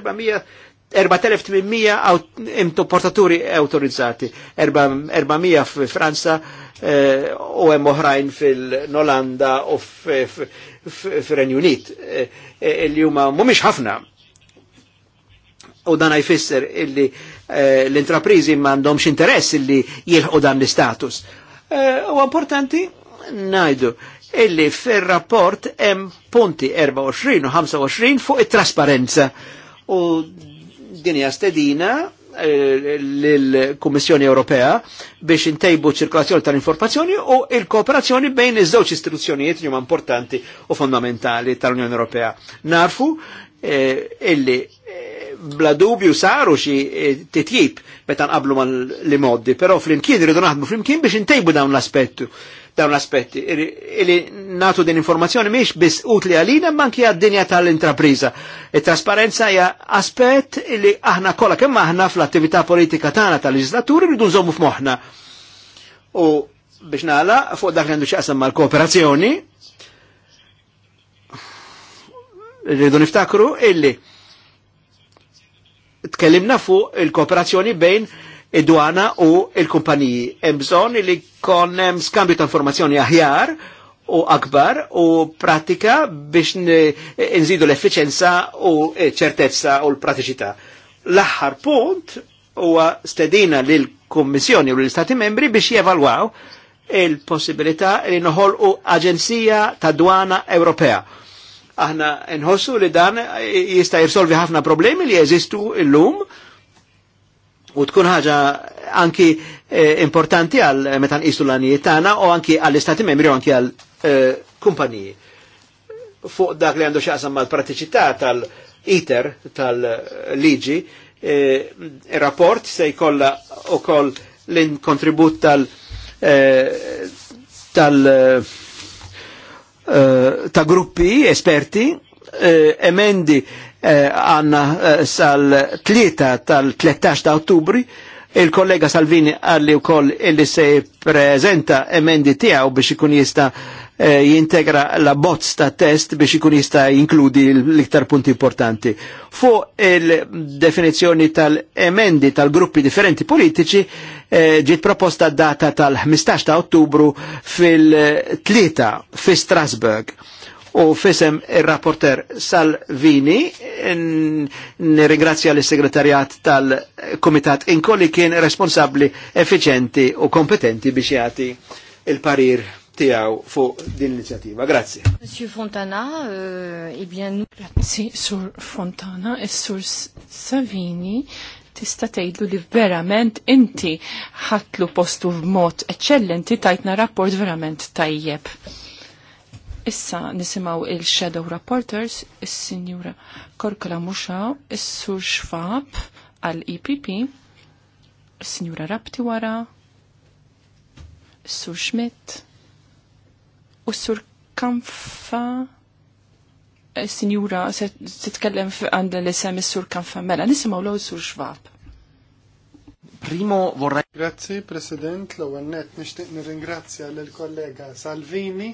4800 importaturi autorizzati, 400 fi Franza e, u jem oħrajn fil-Nolanda u fil renjunit il e, e, Li huma mhumiex ħafna u dan jfisser illi eh, l-intraprizi mandomx interess illi jilħu dan l-istatus. Eh, u importanti najdu illi fil-rapport hemm punti 24 u 25 fuq it-trasparenza. U dinja stedina eh, lill l-Kummissjoni Ewropea biex intejbu ċirkolazzjoni tal-informazzjoni u il-kooperazzjoni bejn iż-żewġ istituzzjonijiet li huma importanti u fondamentali tal-Unjoni Ewropea. Narfu Eh, illi eh, bla dubju saru xi eh, titjib meta nqablu mal li moddi, però flimkien irridu naħdmu flimkien biex intejbu dawn l-aspettu dawn l-aspetti. Illi natu din informazzjoni miex biss utli għalina manki għad-dinja tal-intrapriza. it e trasparenza hija aspett illi aħna kolla kemm aħna fl-attività politika tagħna tal-leġislaturi rridu nżommu f'moħħna. U biex nagħla fuq dak li għandu qasam mal-kooperazzjoni, rridu niftakru illi tkellimna fu il-kooperazzjoni bejn id-dwana u il-kumpaniji. Hemm bżonn li kon hemm skambju ta' informazzjoni aħjar u akbar u pratika biex nżidu l efficienza u ċertezza u l-pratiċità. L-aħħar punt huwa stedina lill kummissjoni u l-Istati membri biex jevalwaw il-possibilità li noħolqu Aġenzija ta' Dwana Ewropea Aħna nħossu li dan jista' jirsolvi ħafna problemi li jeżistu illum u tkun ħaġa anki eh, importanti għal eh, metan nqisu l-għanijiet tagħna u anki għall-istati membri u anki għal eh, kumpaniji. Fuq dak li għandu xaqsam mal-pratiċità tal-iter tal-liġi, eh, il-rapport se jkollha koll l-inkontribut tal- eh, tal- Eh, ta' gruppi esperti, eh, emendi eh, għanna sal tlieta tal-13 ta' ottubri, il-kollega Salvini għalli u koll illi se prezenta emendi tijaw biex ikun jista' Eh, jintegra la bozz ta' test biex ikun jista' jinkludi l-iktar punti importanti. Fu il-definizjoni tal-emendi tal-gruppi differenti politiċi eh, ġiet proposta data tal-15 ta' ottubru fil-3 fi Strasburg u fisem il-rapporter Salvini, nirringrazzja l segretarjat tal-Komitat inkolli kien responsabli, effiċenti u kompetenti biex jati il-parir tiegħu fuq din l-inizjattiva. Grazzi. Monsieur Fontana, euh, eh ibjen. Uh, Grazzi, Sur Fontana, e Sur Savini, tista' tgħidlu li verament inti ħatlu postu b'mod eċċellenti tajtna rapport verament tajjeb. Issa nisimaw il-Shadow Reporters, is sinjura Korkola Muxa, is sur Schwab għal-EPP, is sinjura Rapti wara, is sur Schmidt, U sur kanfa eh, sinjura se titkellem għand l-isem is-sur kanfa mela nisimaw l sur xvab. Primo vorrei Grazzi President, l għannet nishtiq nixtieq nirringrazzja lill kollega Salvini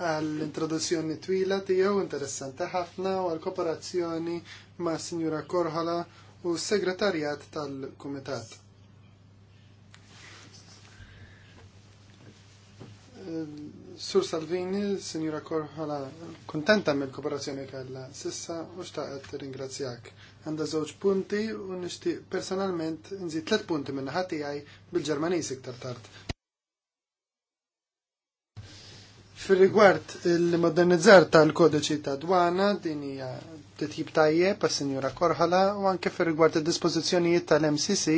għall-introduzzjoni twila tiegħu interessanti ħafna u għall-kooperazzjoni ma' Sinjura Korhola u s-segretarjat tal-Kumitat. Eh, Sur Salvini, Sinjura Korħala, kontenta mill kooperazzjoni kalla sissa u xtaqet ringrazzjak. Għanda żewġ punti u nixtieq personalment nżid tliet punti ħati għaj bil-Ġermaniż iktar tard. fir rigward il-modernizzar tal-kodiċi ta' dwana din hija titjib tajjeb għas-Sinjura Korħala u anke fir rigward id-dispożizzjonijiet tal-MCC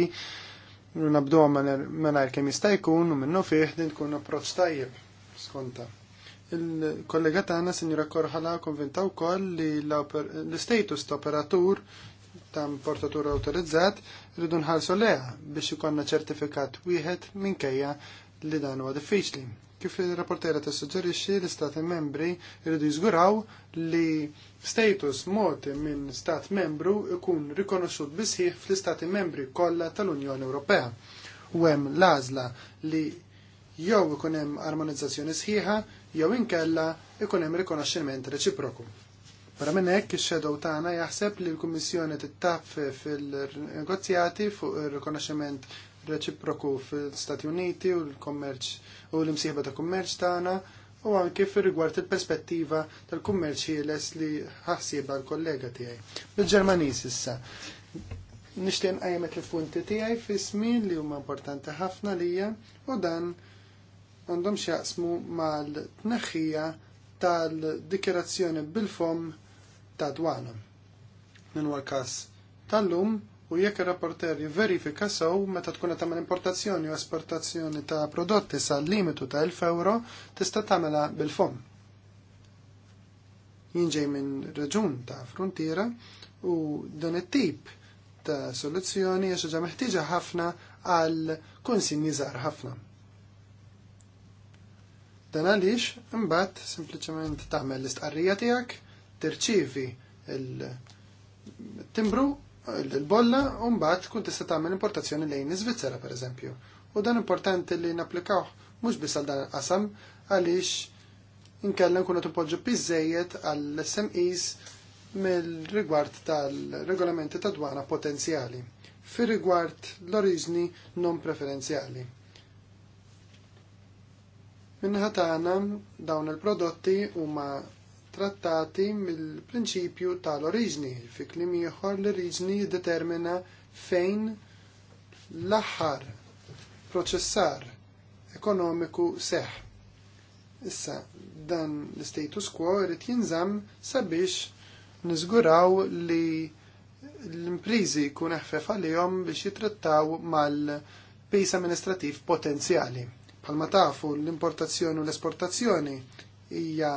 nabdu għamman kemm jista' jkun u minnu fih din tkun approċċ tajjeb skonta. Il-kollega tagħna Sinjura Korħala konvinta wkoll li l-status ta' operatur ta' importatur awtorizzat rridu nħarsu leha biex ikonna ċertifikat wieħed minkejja li dan huwa diffiċli. Kif il-rapportera tissuġġerixxi l-istati membri jridu jżguraw li status moti minn stat membru ikun rikonoxxut bisħieħ fl-istati membri kollha tal-Unjoni Ewropea u hemm l-għażla li jew ikun hemm armonizzazzjoni sħiħa jew inkella ikun hemm rikonoxximent reċiproku. Para minn hekk ix xedow tagħna jaħseb li l-Kummissjoni tittaf fil-negozjati fuq ir-rikonoxximent reċiproku fil-Stati Uniti u l kummerċ u l-imsieħba ta' kummerċ tagħna u anke fir rigward il-perspettiva tal-kummerċ ħieles li ħassiba l-kollega tiegħi. Bil-Ġermaniż issa. Nixtieq nqajjem il-punti tiegħi fi żmien li huma importanti ħafna lija u dan għandhom xjaqsmu mal-tneħħija tal-dikjerazzjoni bil-fom ta' dwana. Min kas tal-lum u jekk ir-rapporter verifika sew meta tkun qed tagħmel importazzjoni u esportazzjoni ta' prodotti sal limitu ta' 1000 euro tista' tagħmilha bil-fom. Jinġej minn reġun ta' frontiera u dan it-tip ta' soluzzjoni hija xi meħtieġa ħafna għal kunsin żgħar ħafna. Dan għaliex imbagħad sempliċement tagħmel l-istqarrija tiegħek, tirċievi il-timbru il-bolla u mbagħad tkun tista' tagħmel importazzjoni lejn iż per pereżempju. U dan importanti li napplikaw mhux biss għal dan il-qasam għaliex inkella nkunu tipoġġu biżejjed għall-SMEs mill-rigward tal-regolamenti ta' dwana potenzjali fir rigward l-oriżni non preferenzjali għana dawn il-prodotti huma trattati mill-prinċipju tal-oriġni, fi klim ieħor l-oriġni determina fejn l-aħħar proċessar ekonomiku seħ. Issa, dan l-status quo jrid jinżamm sabiex niżguraw li l-imprizi kun eħfef għalihom biex jitrattaw mal-pejs amministrativ potenzjali. Palma tafu l-importazzjoni u l-esportazzjoni hija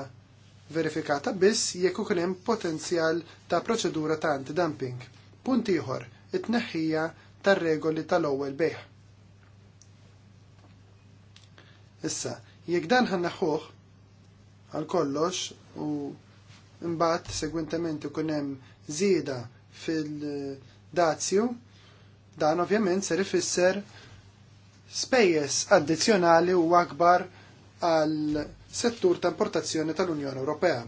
verifikata biss jekk ukoll hemm potenzjal ta' proċedura ta' antidumping. Punt ieħor, it-tneħħija tar-regoli tal-ewwel bejħ. Issa, jekk dan ħannaħuħ għal kollox u mbagħad segwentament ikun hemm żieda fil-dazju, dan ovvjament ser ifisser spejjeż addizzjonali u akbar għal settur ta' importazzjoni tal-Unjoni Ewropea.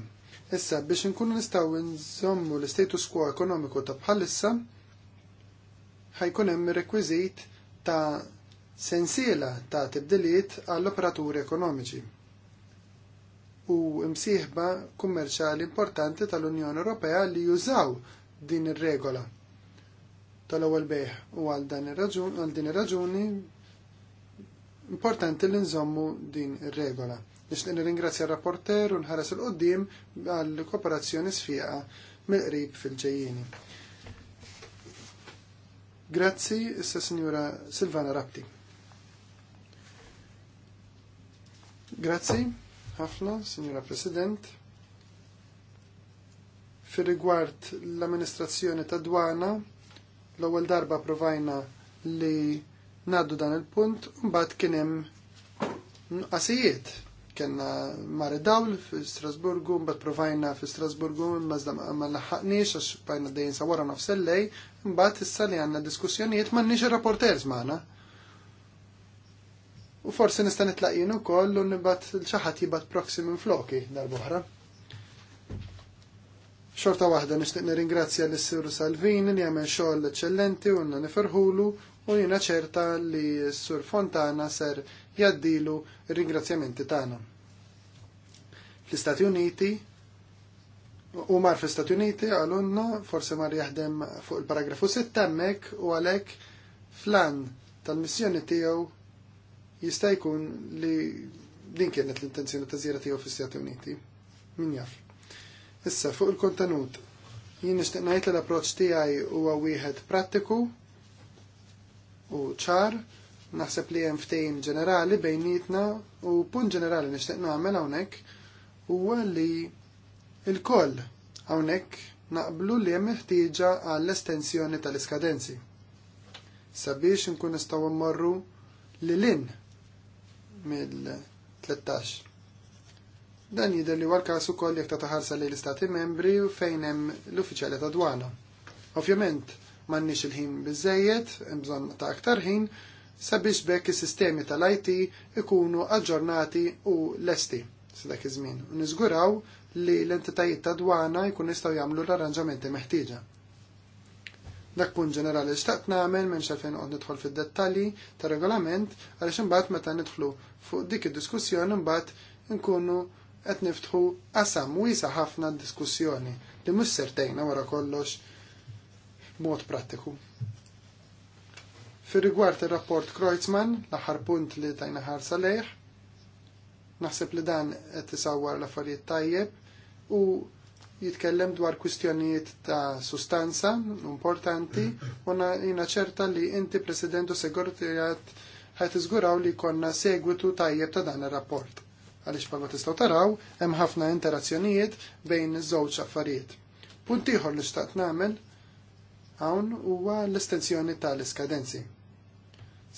Issa biex inkunu nistgħu nżommu l-status quo ekonomiku ta' bħalissa ħajkun hemm rekwiżit ta' sensiela ta' tibdiliet għall-operaturi ekonomiċi u msieħba kummerċali importanti tal-Unjoni Ewropea li jużaw din ir-regola tal-ewwel bejħ u għal din ir-raġuni importanti li nżommu din ir-regola. Nixtieq nirringrazzja r-rapporter u nħares il qudiem għall kooperazzjoni sfiqa mill-qrib fil ġejjini Grazzi, issa Sinjura Silvana Rapti. Grazzi, ħafna, Signora President. Fir rigward l-amministrazzjoni ta' dwana, l-ewwel darba provajna li naddu dan il-punt, mbagħad kien hemm qasijiet Kenna mare dawl fi Strasburgu, mbagħad provajna fi Strasburgu, mażda ma laħħaqniex għax bajna dejjin sa wara mbagħad issa li għandna diskussjonijiet m'għandniex ir-rapporters magħna. U forsi nista' nitlaqin ukoll u nibgħat xi ħadd jibgħat proxy minn floki darb'oħra. Xorta waħda nixtieq nirringrazzja lis sir Salvini li għamel xogħol eċċellenti u nifirħulu u jiena ċerta li s-sur Fontana ser jaddilu ringrazzjamenti tagħna. Fl-Istati Uniti u mar fl-Istati Uniti għalunna forse mar jaħdem fuq il-paragrafu 6 hemmhekk u għalek flan tal-missjoni tiegħu jista' jkun li din kienet l-intenzjoni ta' żjara tiegħu fl-Istati Uniti. Min jaf. Issa fuq il-kontenut jien nixtieq ngħid li l-approċċ tiegħi huwa wieħed prattiku u ċar, naħseb li hemm ftejn ġenerali bejnietna u punt ġenerali nishtiq nagħmel hawnhekk huwa li l-koll hawnhekk naqblu li hemm ħtieġa għall-estensjoni tal-iskadenzi. Sabiex nkun nistgħu mmorru l in mill-13. Dan jidher li huwa l-każ ukoll jekk ta' taħarsa li l-istati membri u fejn hemm l-uffiċjali ta' dwana. Ovvjament, m'għandniex il-ħin biżejjed, imżon bżonn ta' aktar ħin sabiex bekk is-sistemi tal-IT ikunu aġġornati u lesti s'dak iż-żmien u niżguraw li l-entitajiet ta' dwana jkun jistgħu jagħmlu l-arranġamenti meħtieġa. Dak punt ġenerali xtaqt nagħmel minn xalfejn qod nidħol fid-dettalji ta' regolament għaliex imbagħad meta nidħlu fuq dik id-diskussjoni imbagħad nkunu qed niftħu qasam wiesa' ħafna d-diskussjoni li mhux sertejna wara kollox mod prattiku. Fi rigward ir-rapport Kreuzmann, l-aħħar punt li tajna ħarsa lejh, naħseb li dan qed isawwar l-affarijiet tajjeb u jitkellem dwar kwistjonijiet ta' sustanza importanti u jina ċerta li inti President u Segurtijat ħajt iżguraw li konna segwitu tajjeb ta' dan ir-rapport. Għaliex bħalma tistgħu taraw hemm ħafna interazzjonijiet bejn iż-żewġ affarijiet. Punt ieħor li xtaqt nagħmel hawn huwa l-estensjoni tal-iskadenzi.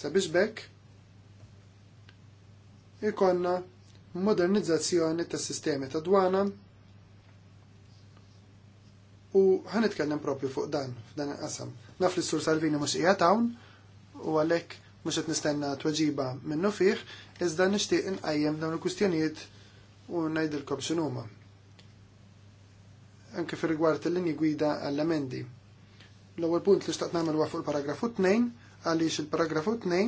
Sabiex bekk ikonna modernizzazzjoni tas sistemi ta' dwana u ħanitkellem propju fuq dan f'dan il-qasam. Naf li s-sur Salvini mhux qiegħed ta'wn u għalhekk mhux qed nistenna t-wagġiba minnu fih, iżda nixtieq nqajjem dawn il kustjonijiet u ngħidilkom x'inhuma. Anke fir rigward il-linji gwida għall-emendi L-ewwel punt li xtaqt nagħmel huwa fuq il-paragrafu 2 għaliex il-paragrafu 2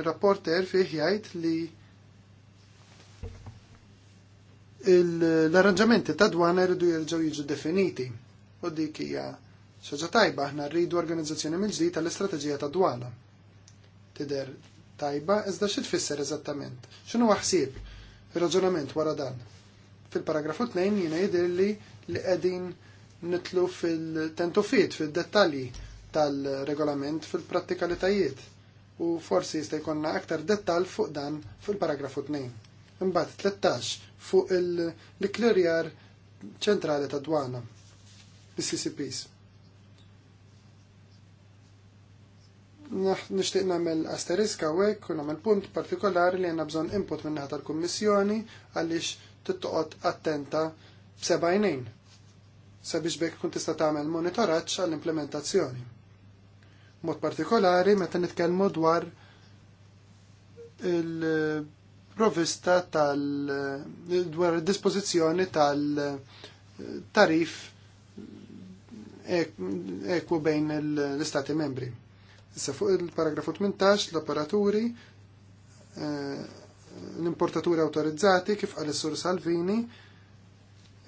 ir-rapporter fih jgħid li l-arranġamenti ta' dwana jridu jerġgħu jiġu definiti u dik hija xaġa tajba aħna rridu organizzazzjoni mill-ġdid tal-istrateġija ta' dwana. Tider tajba iżda xi tfisser eżattament. X'inhuwa ħsieb ir-raġunament wara dan? Fil-paragrafu 2 jiena jidhirli li qegħdin nitlu fil-tentufiet, fil-dettalji tal-regolament fil-prattikalitajiet u forsi jista' jkollna aktar dettal fuq dan fil-paragrafu 2. Imbagħad 13 fuq il-klirjar ċentrali ta' dwana, l ccps Nixtieq nagħmel asteriska hekk u nagħmel punt partikolari li għandna bżonn input min-naħa tal-Kummissjoni għaliex tittoqgħod attenta b'sebgħinejn sabiex bekk kun tista' tagħmel monitoraġġ għall-implementazzjoni. Mod partikolari meta nitkellmu dwar il-provista tal- dwar dispożizzjoni tal-tarif ekku bejn l-Istati membri. Issa fuq il-paragrafu 18 l operaturi eh, l-importaturi autorizzati kif għal sur Salvini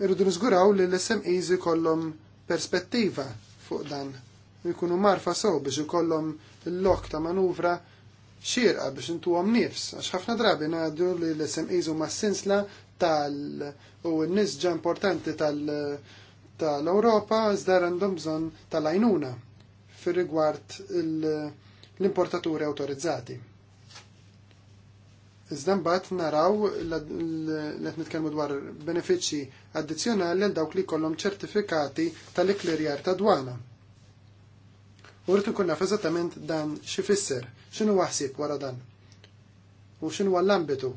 irridu niżguraw li l-SMEs jkollhom perspettiva fuq dan. Ikunu marfa sew biex ikollhom l-lok ta' manuvra xirqa biex intuhom nifs, għax ħafna drabi nadu li l-SMEs huma s-sinsla tal u n-nisġa importanti tal tal-Ewropa iżda għandhom bżonn tal-għajnuna fir rigward l-importaturi awtorizzati. Iżda mbagħad naraw qed nitkellmu dwar benefiċċji addizzjonali għal dawk li jkollhom ċertifikati tal-iklerjar ta' dwana. U rrid nkun naf eżattament dan xi fisser, x'inhu waħsib wara dan. U x'inhu l-ambitu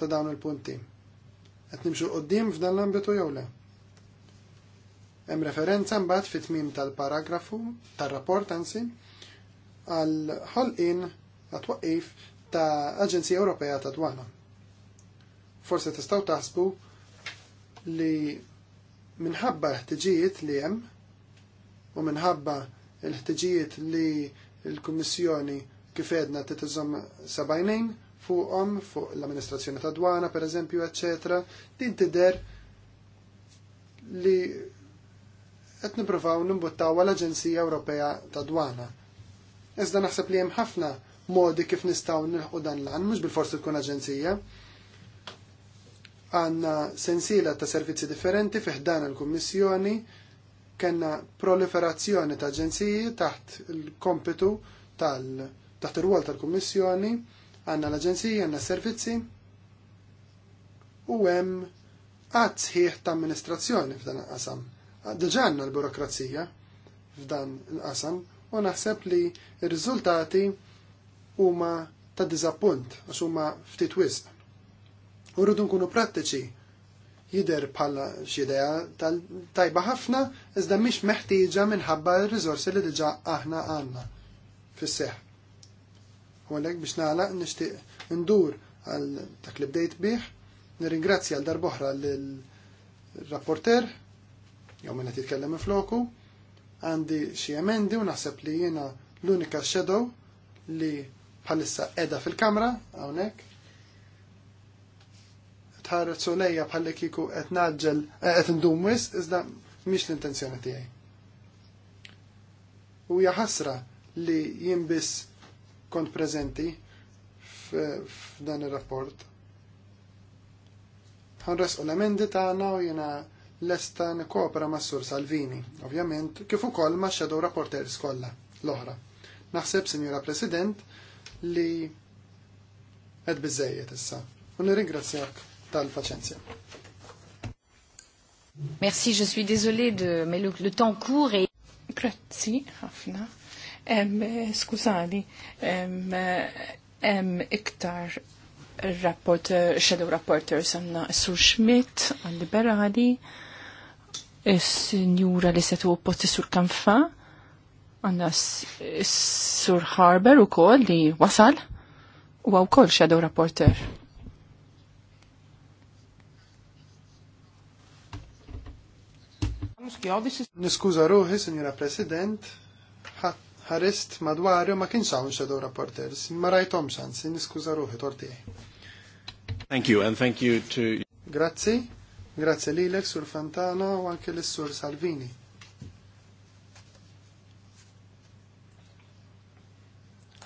ta' dawn il-punti. Qed nimxu qoddim f'dan l-ambitu jew le. Hemm referenza mbagħad fit-tmiem tal-paragrafu tar-rapport anzi għal ħolqien għat twaqqif ta' Aġenzija Ewropea ta' Dwana. Forse tistgħu taħsbu li minħabba ħtiġijiet li hemm u minħabba l-ħtiġijiet li l-Kummissjoni kif edna titiżhom sabajnejn fuqhom fuq l-amministrazzjoni ta' dwana pereżempju, eċċetera, din tidher li qed nippruvaw nimbuttaw għall aġenzija Ewropea ta' Dwana. Iżda naħseb li hemm ħafna modi kif nistaw nilħu dan l-għan, mux bil-forsi tkun aġenzija. Għanna sensila ta' servizzi differenti fiħdan il-Kummissjoni, kena proliferazzjoni ta' aġenziji taħt il-kompitu taħt ir-rwol tal-Kummissjoni, għanna l-aġenziji, għanna servizzi u hemm għad sħiħ ta' amministrazzjoni f'dan il-qasam. Dġanna l-burokrazija f'dan l qasam u naħseb li r-riżultati huma ta' diżappunt għax huma ftit wisq. Urridu nkunu prattiċi jider bħala x'idea tajba ħafna iżda mhix meħtieġa minħabba r-riżorsi li diġà aħna għandna fis-seħ. U għalhekk biex nagħlaq nixtieq ndur għal dak li bdejt bih, nirringrazzja għal darboħra l-rapporter, jew min qed jitkellem floku, għandi xi emendi u naħseb li jiena l-unika shadow li bħalissa edha fil-kamra, għawnek. t sulejja bħalli kiku qed naġġel eh, qed ndum wis, iżda mhix l-intenzjoni tiegħi. U jaħasra ħasra li jien biss kont preżenti f'dan ir-rapport. Ħanres u l-emendi tagħna u jiena lesta nikopra ma' Sur Salvini, ovvjament, kif ukoll ma' Shadow rapporteris kollha l-oħra. Naħseb, Sinjora President, li għed bizzejiet issa. U nirringrazzjak tal-paċenzja. Merci, je suis désolée de mais le, le temps court et Grazzi ħafna. Skużani, hemm iktar rapporteur shadow rapporteur sanna Sur Schmidt, għal-liberali, e signora li setu opposti sur kanfa, Għanna Sur Harber u kol li wasal u għaw kol shadow rapporter. Niskuza ruħi, Signora President, ħarist madwarju ma kien sawn shadow rapporters, ma rajtom xans, niskuza ruħi tortieħi. Thank you and thank you to Grazzi, grazzi lilek sur Fantano u anke l-sur Salvini.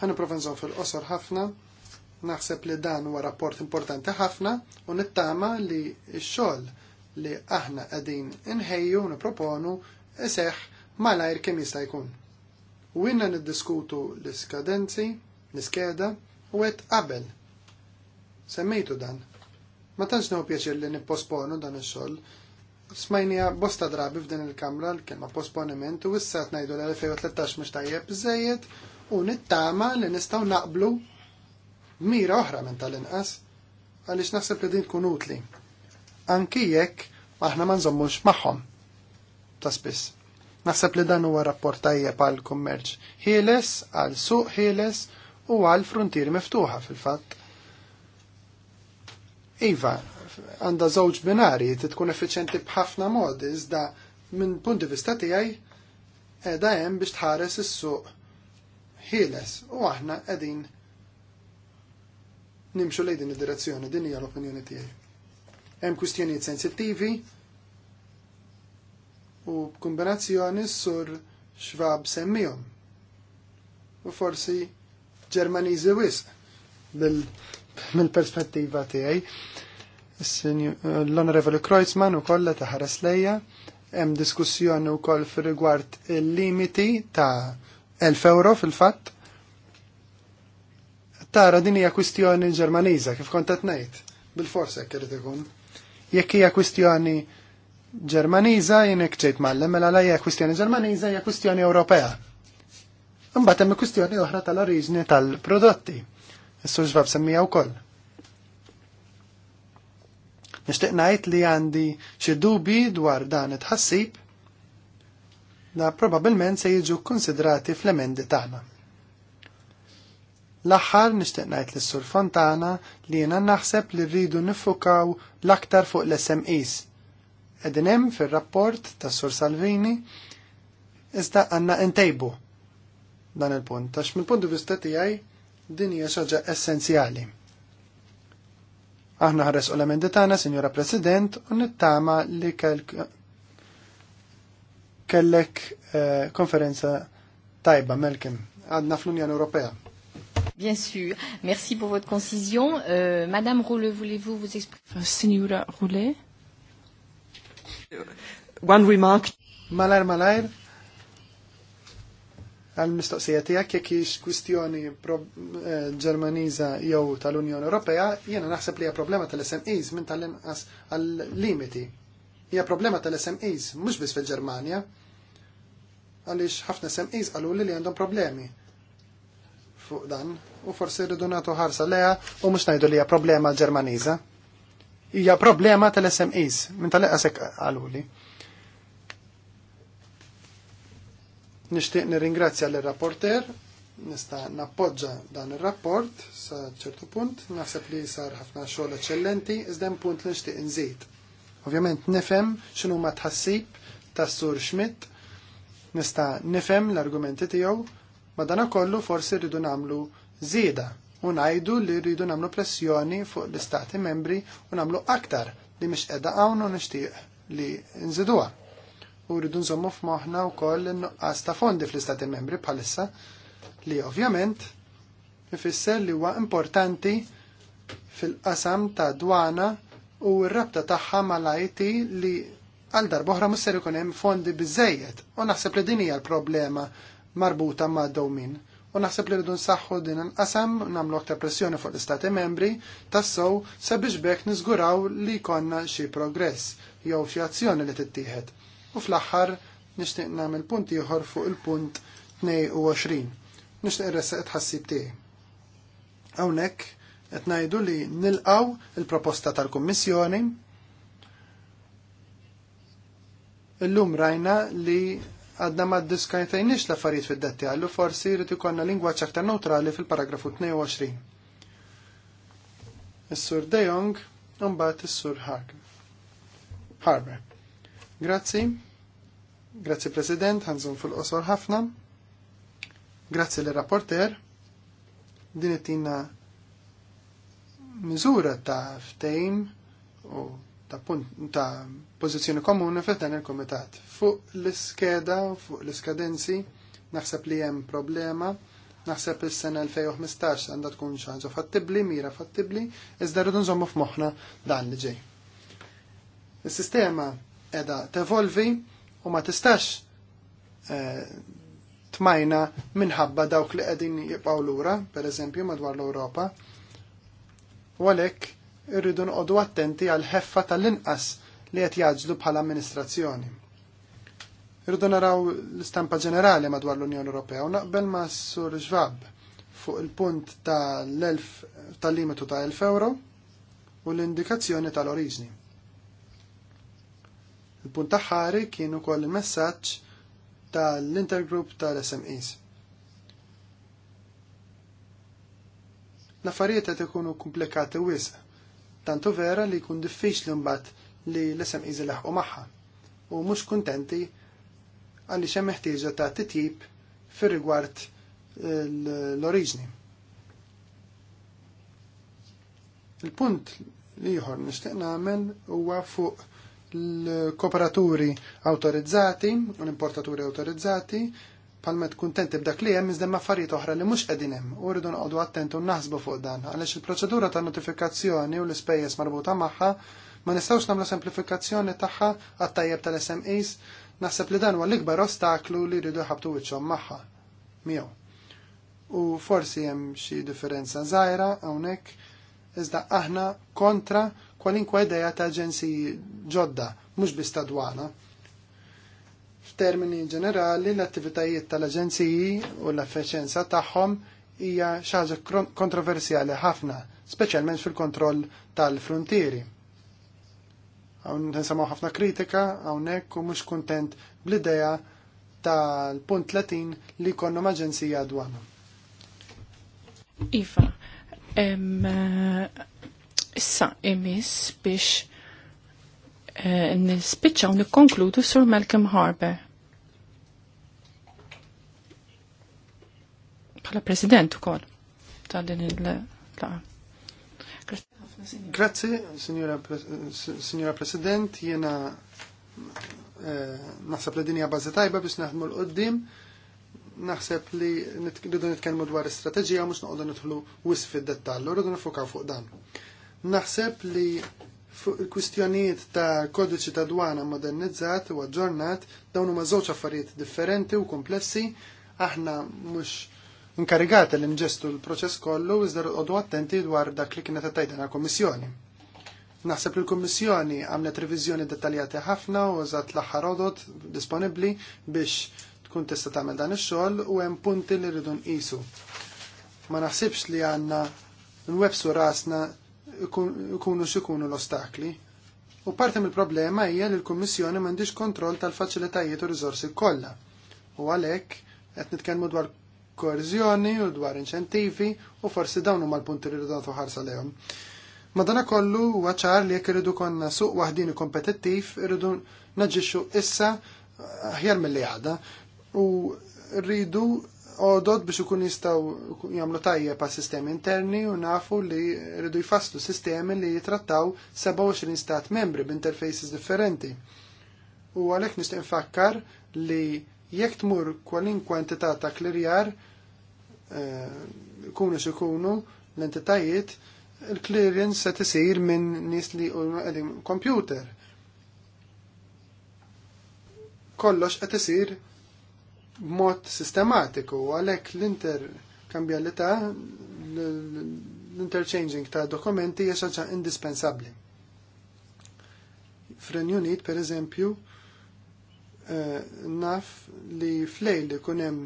Għan nipprova fil-qosor ħafna, naħseb li dan huwa rapport importanti ħafna u nittama li x-xogħol li aħna qegħdin inħejju u nipproponu iseħħ malajr kemm jista' jkun. U inna niddiskutu l-iskadenzi, l-iskeda u qed qabel. Semmejtu dan. Ma tantx neħu pjaċir li nipposponu dan ix-xogħol. Smajnija bosta drabi f'din il-kamra l-kelma posponiment u issa ngħidu l-2013 mux tajjeb żejjed u nittama li nistaw naqblu mira oħra minn tal-inqas għaliex naħseb li din tkun utli. Anki jekk aħna ma nżommux magħhom ta' spiss. Naħseb li dan huwa rapport tajjeb għal kummerċ ħieles, għal suq ħieles u għal frontier miftuħa fil-fatt. Iva, għanda żewġ binari tkun effiċenti b'ħafna modi iżda minn punti vista tiegħi qiegħda hemm biex tħares is-suq ħieles u aħna qegħdin nimxu lejn id-direzzjoni, din hija l-opinjoni tiegħi. Hemm kwistjonijiet sensittivi u kombinazzjoni sur xvab semmihom. U forsi Ġermaniżi wisq mill-perspettiva tiegħi. L-Onorevoli Kreuzmann ukoll taħares lejja hemm diskussjoni wkoll fir-rigward il-limiti ta' 1000 euro fil-fatt. Tara din hija kwistjoni Ġermaniża kif kont qed ngħid, bil-forsa irid ikun. Jekk hija kwistjoni Ġermaniża jinek hekk ġejt mallem mela hija kwistjoni Ġermaniża hija kwistjoni Ewropea. Imbagħad hemm kwistjoni oħra tal-oriġini tal-prodotti. Is-sur semmija wkoll. Nixtieq ngħid li għandi xi dubi dwar dan it-ħassib da probabilment se jiġu konsidrati fl-emendi tagħna. L-aħħar nixtieq ngħid lis sur Fontana li jiena naħseb li rridu nifukaw l-aktar fuq l-SMEs. Qegħdin hemm fir-rapport tas Sur Salvini iżda għandna ntejbu dan il-punt għax mill-punt vista tiegħi din hija xaġa essenzjali. Aħna ħares u l-emendi tagħna, Sinjura President, u nittama li kellek eh, konferenza tajba, Melkem, għadna fl-Unjoni Ewropea. Bien sûr. Merci pour votre concision. Euh, Madame Roulet, voulez-vous vous exprimer euh, Signora Roulet. Euh, one remark. Malar, malar. Għal-mistoqsija tijak, jek ix kwistjoni eh, ġermaniza jew tal-Unjoni Ewropea, jena naħseb li hija problema tal-SMEs minn tal limiti Hija problema tal-SMEs, mhux biss fil-Ġermanja, għaliex ħafna SMEs qalu li li għandhom problemi fuq dan u forsi rridu nagħtu ħarsa leha u mhux ngħidu li hija problema Ġermaniża. Hija problema tal-SMEs minn tal-eqas hekk qaluli. Nixtieq nirringrazzja lir-rapporter nista nappoġġa dan ir-rapport sa ċertu punt, naħseb li sar ħafna xogħol eċċellenti, iżda punt li nixtieq inżid. Ovvjament nifhem x'inhuma ma tħassib tas-sur Schmidt Nista' nifhem l-argumenti tiegħu, ma dana kollu forsi rridu nagħmlu żieda u ngħidu li rridu nagħmlu pressjoni fuq l-istati membri u nagħmlu aktar li mish qiegħda hawn u nixtieq li nżiduha. U rridu nżommu u wkoll l nuqqas ta' fondi fl-istati membri bħalissa li ovvjament ifisser li huwa importanti fil-qasam ta' dwana u r-rabta tagħha mal-IT li għal darboħra musser ikun hemm fondi biżejjed u naħseb li din hija l-problema marbuta ma' dawmin. U naħseb li rridu nsaħħu din inqasam nagħmlu aktar pressjoni fuq l-Istati membri tassew sabiex bekk niżguraw li jkollna xi progress jew xi azzjoni li tittieħed. U fl-aħħar nixtieq nagħmel punt ieħor fuq il-punt 22. Nixtieq irresaq tħassib tiegħi. Hawnhekk qed ngħidu li nilqaw il-proposta tal-Kummissjoni Illum rajna li għadna ma diskajtajniex la affarijiet fid-detti għallu forsi jrid ikollna lingwa aktar neutrali fil-paragrafu 22. Is-sur Dejong unbat is-sur Harber. Grazzi. Grazzi President, għanżum fil-qosor ħafna. Grazzi l rapporter Din it-tina miżura ta' ftejm u ta', ta pozizjoni komuni fil dan il-Kumitat. Fuq l-iskeda, fuq l-iskadenzi, naħseb li hemm problema, naħseb is-sena 2015 għandha tkun xi fattibli, fattibbli, mira fattibbli, iżda rridu nżommu f'moħħna dan li ġej. Is-sistema qiegħda tevolvi u ma tistax eh, tmajna minħabba dawk li qegħdin jibqgħu lura, pereżempju madwar l-Ewropa. U għalhekk irridu noqogħdu attenti għal ħeffa tal-inqas li qed jaġlu bħala amministrazzjoni. Irridu naraw l-istampa ġenerali madwar l-Unjoni Ewropea u naqbel ma' Sur Ġvab fuq il-punt tal-limitu tal ta' 1000 euro u l-indikazzjoni tal-oriġni. Il-punt taħħari kien ukoll il-messaġġ tal-intergroup tal-SMEs. L-affarijiet qed ikunu komplikati wisq tantu vera li jkun diffiċli mbagħad li l e iżi ilaħqu magħha u mhux kuntenti għaliex hemm meħtieġa ta' titjib fir-rigward eh, l-oriġni. Il-punt li ieħor nixtieq nagħmel huwa fuq l-kooperaturi autorizzati u l-importaturi autorizzati palma tkun b'dak li hemm iżda affarijiet oħra li mhux qegħdin hemm u rridu nqogħdu attentu naħsbu fuq dan għaliex il-proċedura ta' notifikazzjoni u l-ispejjeż marbuta magħha ma nistgħux nagħmlu semplifikazzjoni tagħha għat-tajjeb tal-SMEs naħseb li dan huwa l-ikbar ostaklu li rridu ħabtu wiċċhom magħha miegħu. U forsi hemm xi differenza żgħira hawnhekk iżda aħna kontra kwalinkwa idea ta' aġenziji ġodda mhux biss dwana F'termini ġenerali, l-attivitajiet tal-aġenziji u l-effiċenza tagħhom hija xi ħaġa kontroversjali ħafna, speċjalment fil-kontroll tal-frontieri Hawn nsemgħu ħafna kritika hawnhekk u mhux kuntent bl idea tal-punt 30 li jkollhom aġenzija dwana. Iva, issa imis biex Eh, nispiċċa u nikkonkludu sur Malcolm Harbour. Bħala president ukoll ta' din il-laqa. Grazzi, signora, signora President, jena eh, naħseb li dinja bażi tajba biex naħdmu l-qoddim naħseb li rridu nitkellmu dwar istrateġija mhux noqogħdu nidħlu wisfi d dettall rridu nifukaw fuq dan. Naħseb li fuq il-kwistjonijiet ta' kodiċi ta' dwana modernizzat u aġġornat dawn huma żewġ affarijiet differenti u komplessi aħna mhux inkarigati li nġestu l-proċess kollu iżda qogħdu attenti dwar dak li kienet tajtena komissjoni. Naħseb l-Kummissjoni għamlet reviżjoni dettaljati ħafna u eżatt l-aħħar odot disponibbli biex tkun tista' tagħmel dan ix-xogħol u hemm punti li rridu nqisu. Ma naħsibx li għandna nwebsu rasna ikunu xikunu l-ostakli. U parti mill-problema hija li l-Kummissjoni m'għandix kontroll tal-faċilitajiet u riżorsi kollha. U għalhekk qed nitkellmu dwar koerzjoni u dwar inċentivi u forsi dawn huma l-punti li rridu ħarsa lehom. Madana kollu huwa ċar li jekk irridu konna suq waħdini kompetittiv irridu naġixxu issa aħjar mill-li għada u rridu odod biex ikun jistgħu jagħmlu tajjeb għas sistemi interni u nafu li rridu jfasslu sistemi li jitrattaw 27 stat membri b'interfaces differenti. U għalhekk nistaw infakkar li jekk tmur kwalinkwa entità ta' klirjar ikunu eh, uh, xikunu l-entitajiet il-clearance se tisir minn nis li għedim kompjuter. Kollox qed isir b'mod sistematiku għalhekk l-interkambjalità l-interchanging ta' dokumenti hija xaġa indispensabbli. Fren Unit, per eżempju, eh, naf li flej li kunem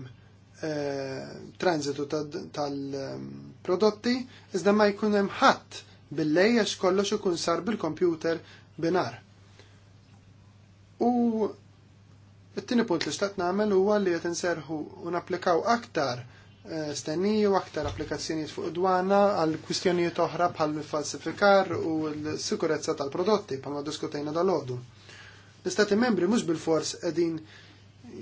eh, transitu tal-prodotti, iżda ma jkunem ħadd billej għax kollox ikun sar bil-kompjuter binar. U It-tieni punt li xtaqt nagħmel huwa li qed inserħu u napplikaw aktar eh, stenniju, aktar applikazzjonijiet fuq dwana għal kwistjonijiet oħra bħal falsifikar u l-sikurezza tal-prodotti bħalma diskutejna dal ħodu L-istati membri mhux bil-fors qegħdin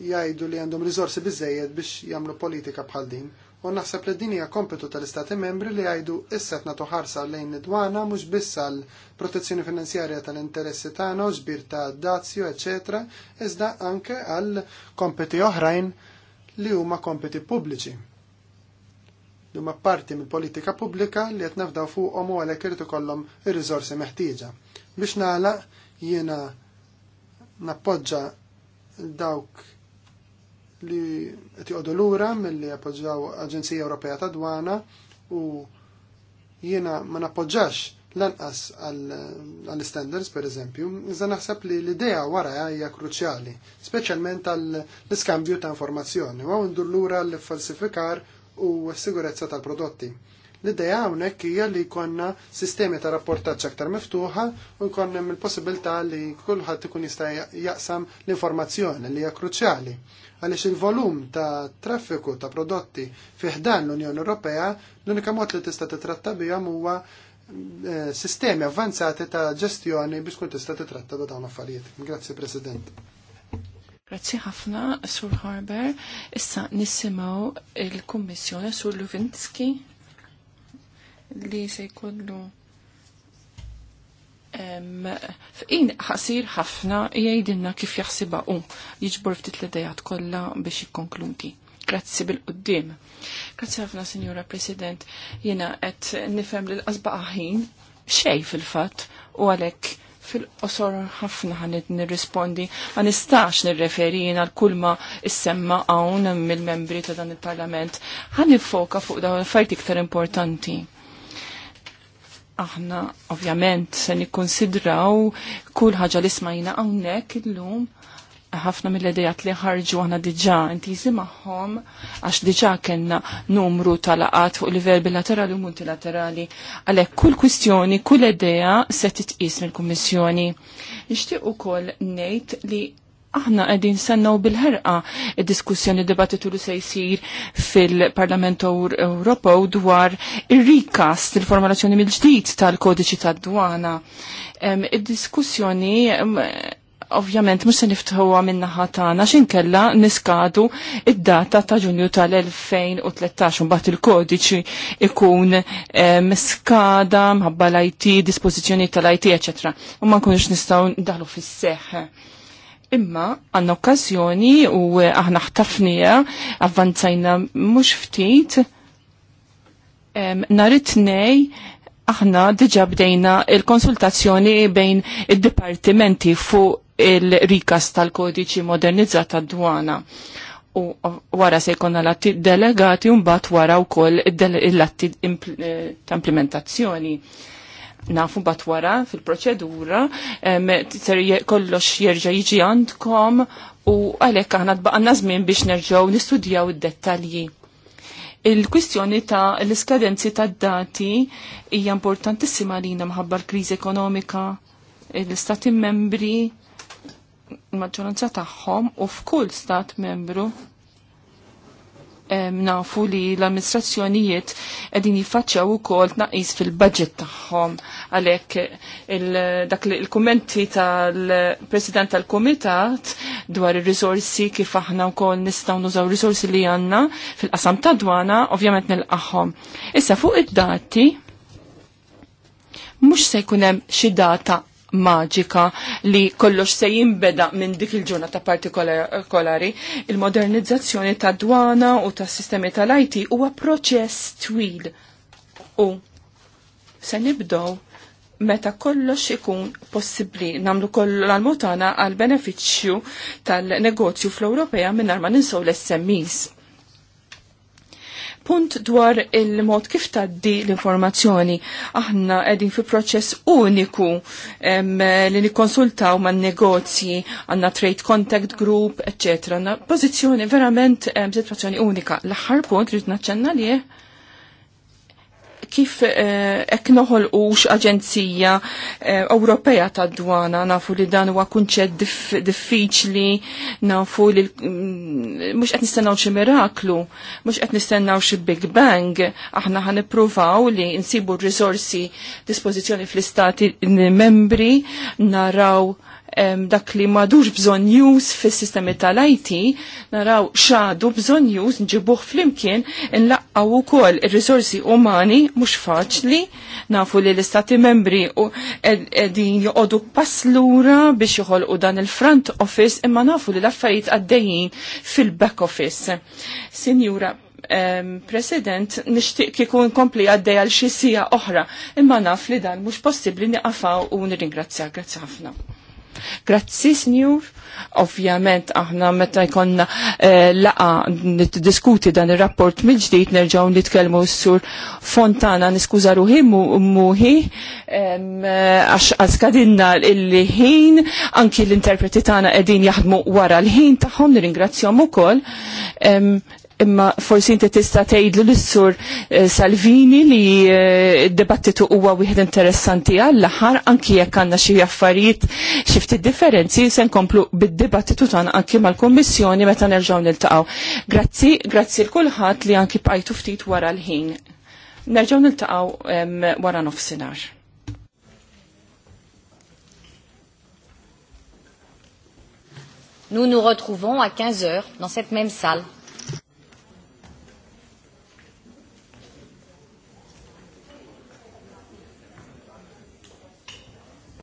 jgħidu li għandhom riżorsi biżejjed biex jagħmlu politika bħal din u naħseb li din hija kompetu tal-Istati membri li għajdu isset nagħtu ħarsa lejn id-dwana mhux biss għal protezzjoni finanzjarja tal-interessi tagħna u żbir ta' dazju, eċetera, iżda anke għal kompeti oħrajn li huma kompeti pubbliċi li huma parti mill-politika pubblika li qed nafdaw fuqhom u għalhekk irid ikollhom ir-riżorsi meħtieġa. Biex nagħlaq jiena nappoġġa dawk li qed joqogħdu lura milli appoġġjaw Aġenzija Ewropea ta' Dwana u jiena ma nappoġġax lanqas għall-standards per eżempju, iżda naħseb li l-idea wara hija kruċjali, speċjalment għall-iskambju ta' informazzjoni, u ndur lura l-falsifikar u s-sigurezza tal-prodotti. l idea hawnhekk hija li jkollna sistemi ta' rapportaġġ aktar miftuħa u jkollna il-possibilità li kulħadd ikun jista' jaqsam l-informazzjoni li hija kruċjali għaliex il-volum ta' traffiku ta' prodotti fiħdan l-Unjoni Ewropea l-unika mod li tista' titratta biha huwa eh, sistemi avvanzati ta' ġestjoni biex kun tista' titratta da' dawn affarijiet. Grazzi President. Grazzi ħafna, Sur Harber. Issa nissimaw il-Kummissjoni Sur Luvinski li se jkollu f'in ħasir ħafna jgħidilna kif jaħsiba u jiġbor ftit l-idejat kollha biex jikkonkludi. Grazzi bil-qoddim. Grazzi ħafna, Sinjora President, jiena qed nifhem li l-qasbaqa ħin xej fil-fatt u għalhekk fil-qosor ħafna ħanet nirrispondi ma nistax nirreferin għal kulma issemma hawn mill-membri ta' dan il-Parlament ħan nifoka fuq dawn l-affarijiet iktar importanti aħna ovvjament se nikkonsidraw kull ħaġa li smajna hawnhekk illum ħafna mill-idejat li ħarġu għana diġa intizi maħħom għax diġa kena numru tal għat fuq livell bilaterali u multilaterali għalek kull kwistjoni, kull ideja se titqis mill-Kummissjoni. Nixtieq ukoll ngħid li aħna qegħdin sennaw bil-ħerqa id-diskussjoni dibattitu li se jsir fil-Parlament Ewropew dwar ir-rikast il-formulazzjoni mill-ġdid tal-kodiċi tad-dwana. Id-diskussjoni ovvjament mux se niftħuwa ħatana tagħna x'inkella niskadu id-data ta' Ġunju tal-2013 bat il-kodiċi ikun miskada mħabba l-IT, dispozizjoni tal-IT, eċetera. U ma nkunux nistgħu ndaħlu fis-seħħ Imma għanna okkazjoni u aħna ħtafnija avvanzajna mhux ftit nhar it-tnej aħna diġa bdejna il-konsultazzjoni bejn id-dipartimenti fuq il-rikas tal-kodiċi modernizzat tad-dwana u wara se jkun l-atti delegati un bat wara u koll il atti eh, ta' implementazzjoni nafu batwara wara fil-proċedura, kollox jerġa' jiġi għandkom u għalhekk aħna tbaqna żmien biex nerġgħu nistudjaw id-dettalji. Il-kwistjoni ta' l-iskadenzi ta' dati hija importantissima lina mħabba l-kriżi ekonomika, l-istati membri, il-maġġoranza tagħhom u f'kull stat membru nafu li l-amministrazzjonijiet edin jifacċaw u kol naqis fil-budget taħħom. Għalek dak il-kommenti tal-president tal-komitat dwar il-risorsi kif aħna u kol nistaw nużaw risorsi li għanna fil-qasam ta' dwana, ovvjament nil-qaħħom. Issa fuq id-dati, mux se jkunem xi data maġika li kollox se jimbeda minn dik il-ġurnata partikolari. Il-modernizzazzjoni ta' dwana u ta' sistemi tal-IT huwa proċess twil. U se nibdow meta kollox ikun possibbli namlu kollu l-almutana għal beneficju tal-negozju fl-Ewropea minn ma ninsaw l-SMEs. Punt dwar il-mod kif taddi l-informazzjoni. Aħna edin fi proċess uniku em, li nikonsultaw man negozji għanna trade contact group, etc. Pozizjoni verament situazzjoni unika. L-aħħar punt li naċċenna li kif ek eh, noħol ux aġenzija eh, Ewropea ta' dwana, nafu li dan huwa kunċed diffiċli, nafu li mux mm, qed nistennaw xi miraklu, mux qed nistennaw xi Big Bang, aħna ħan ippruvaw li nsibu r-risorsi dispożizzjoni fl-istati membri naraw dak li madux bżon news fis sistemi tal-IT, naraw xadu bżon news nġibuħ flimkien nlaqqaw u kol il-risorsi umani mux faċli, nafu li l-istati membri u edin joqodu paslura biex joħolqu dan il-front office imma nafu li l-affarijiet għaddejjin fil-back office. Sinjura, um, President, nishtiq kikun kompli għaddej għal xi sija oħra, imma naf li dan mhux possibbli niqafaw u nirringrazzja, grazzi ħafna. Grazzi, Sinjur. Ovvjament, aħna meta jkonna eh, laqa diskuti dan il-rapport mill-ġdijt nerġaw nitkelmu s-sur Fontana niskuza ruħi muħi eh, għax għaskadinna il-ħin anki l-interpreti tana edin jaħdmu wara l-ħin tagħhom nir-ingrazzjom u koll imma forsi inti tista' tgħidlu lis-sur eh, Salvini li eh, d-dibattitu huwa wieħed interessanti għall-aħħar anki jekk għandna xi affarijiet xi ftit differenzi se nkomplu bid-dibattitu tagħna anki mal-Kummissjoni meta nerġgħu niltaqgħu. Grazzi, grazzi l kulħadd li anki bqajtu ftit wara l-ħin. Nerġgħu niltaqgħu wara nofsinhar. Nous nous retrouvons à 15h dans cette même salle.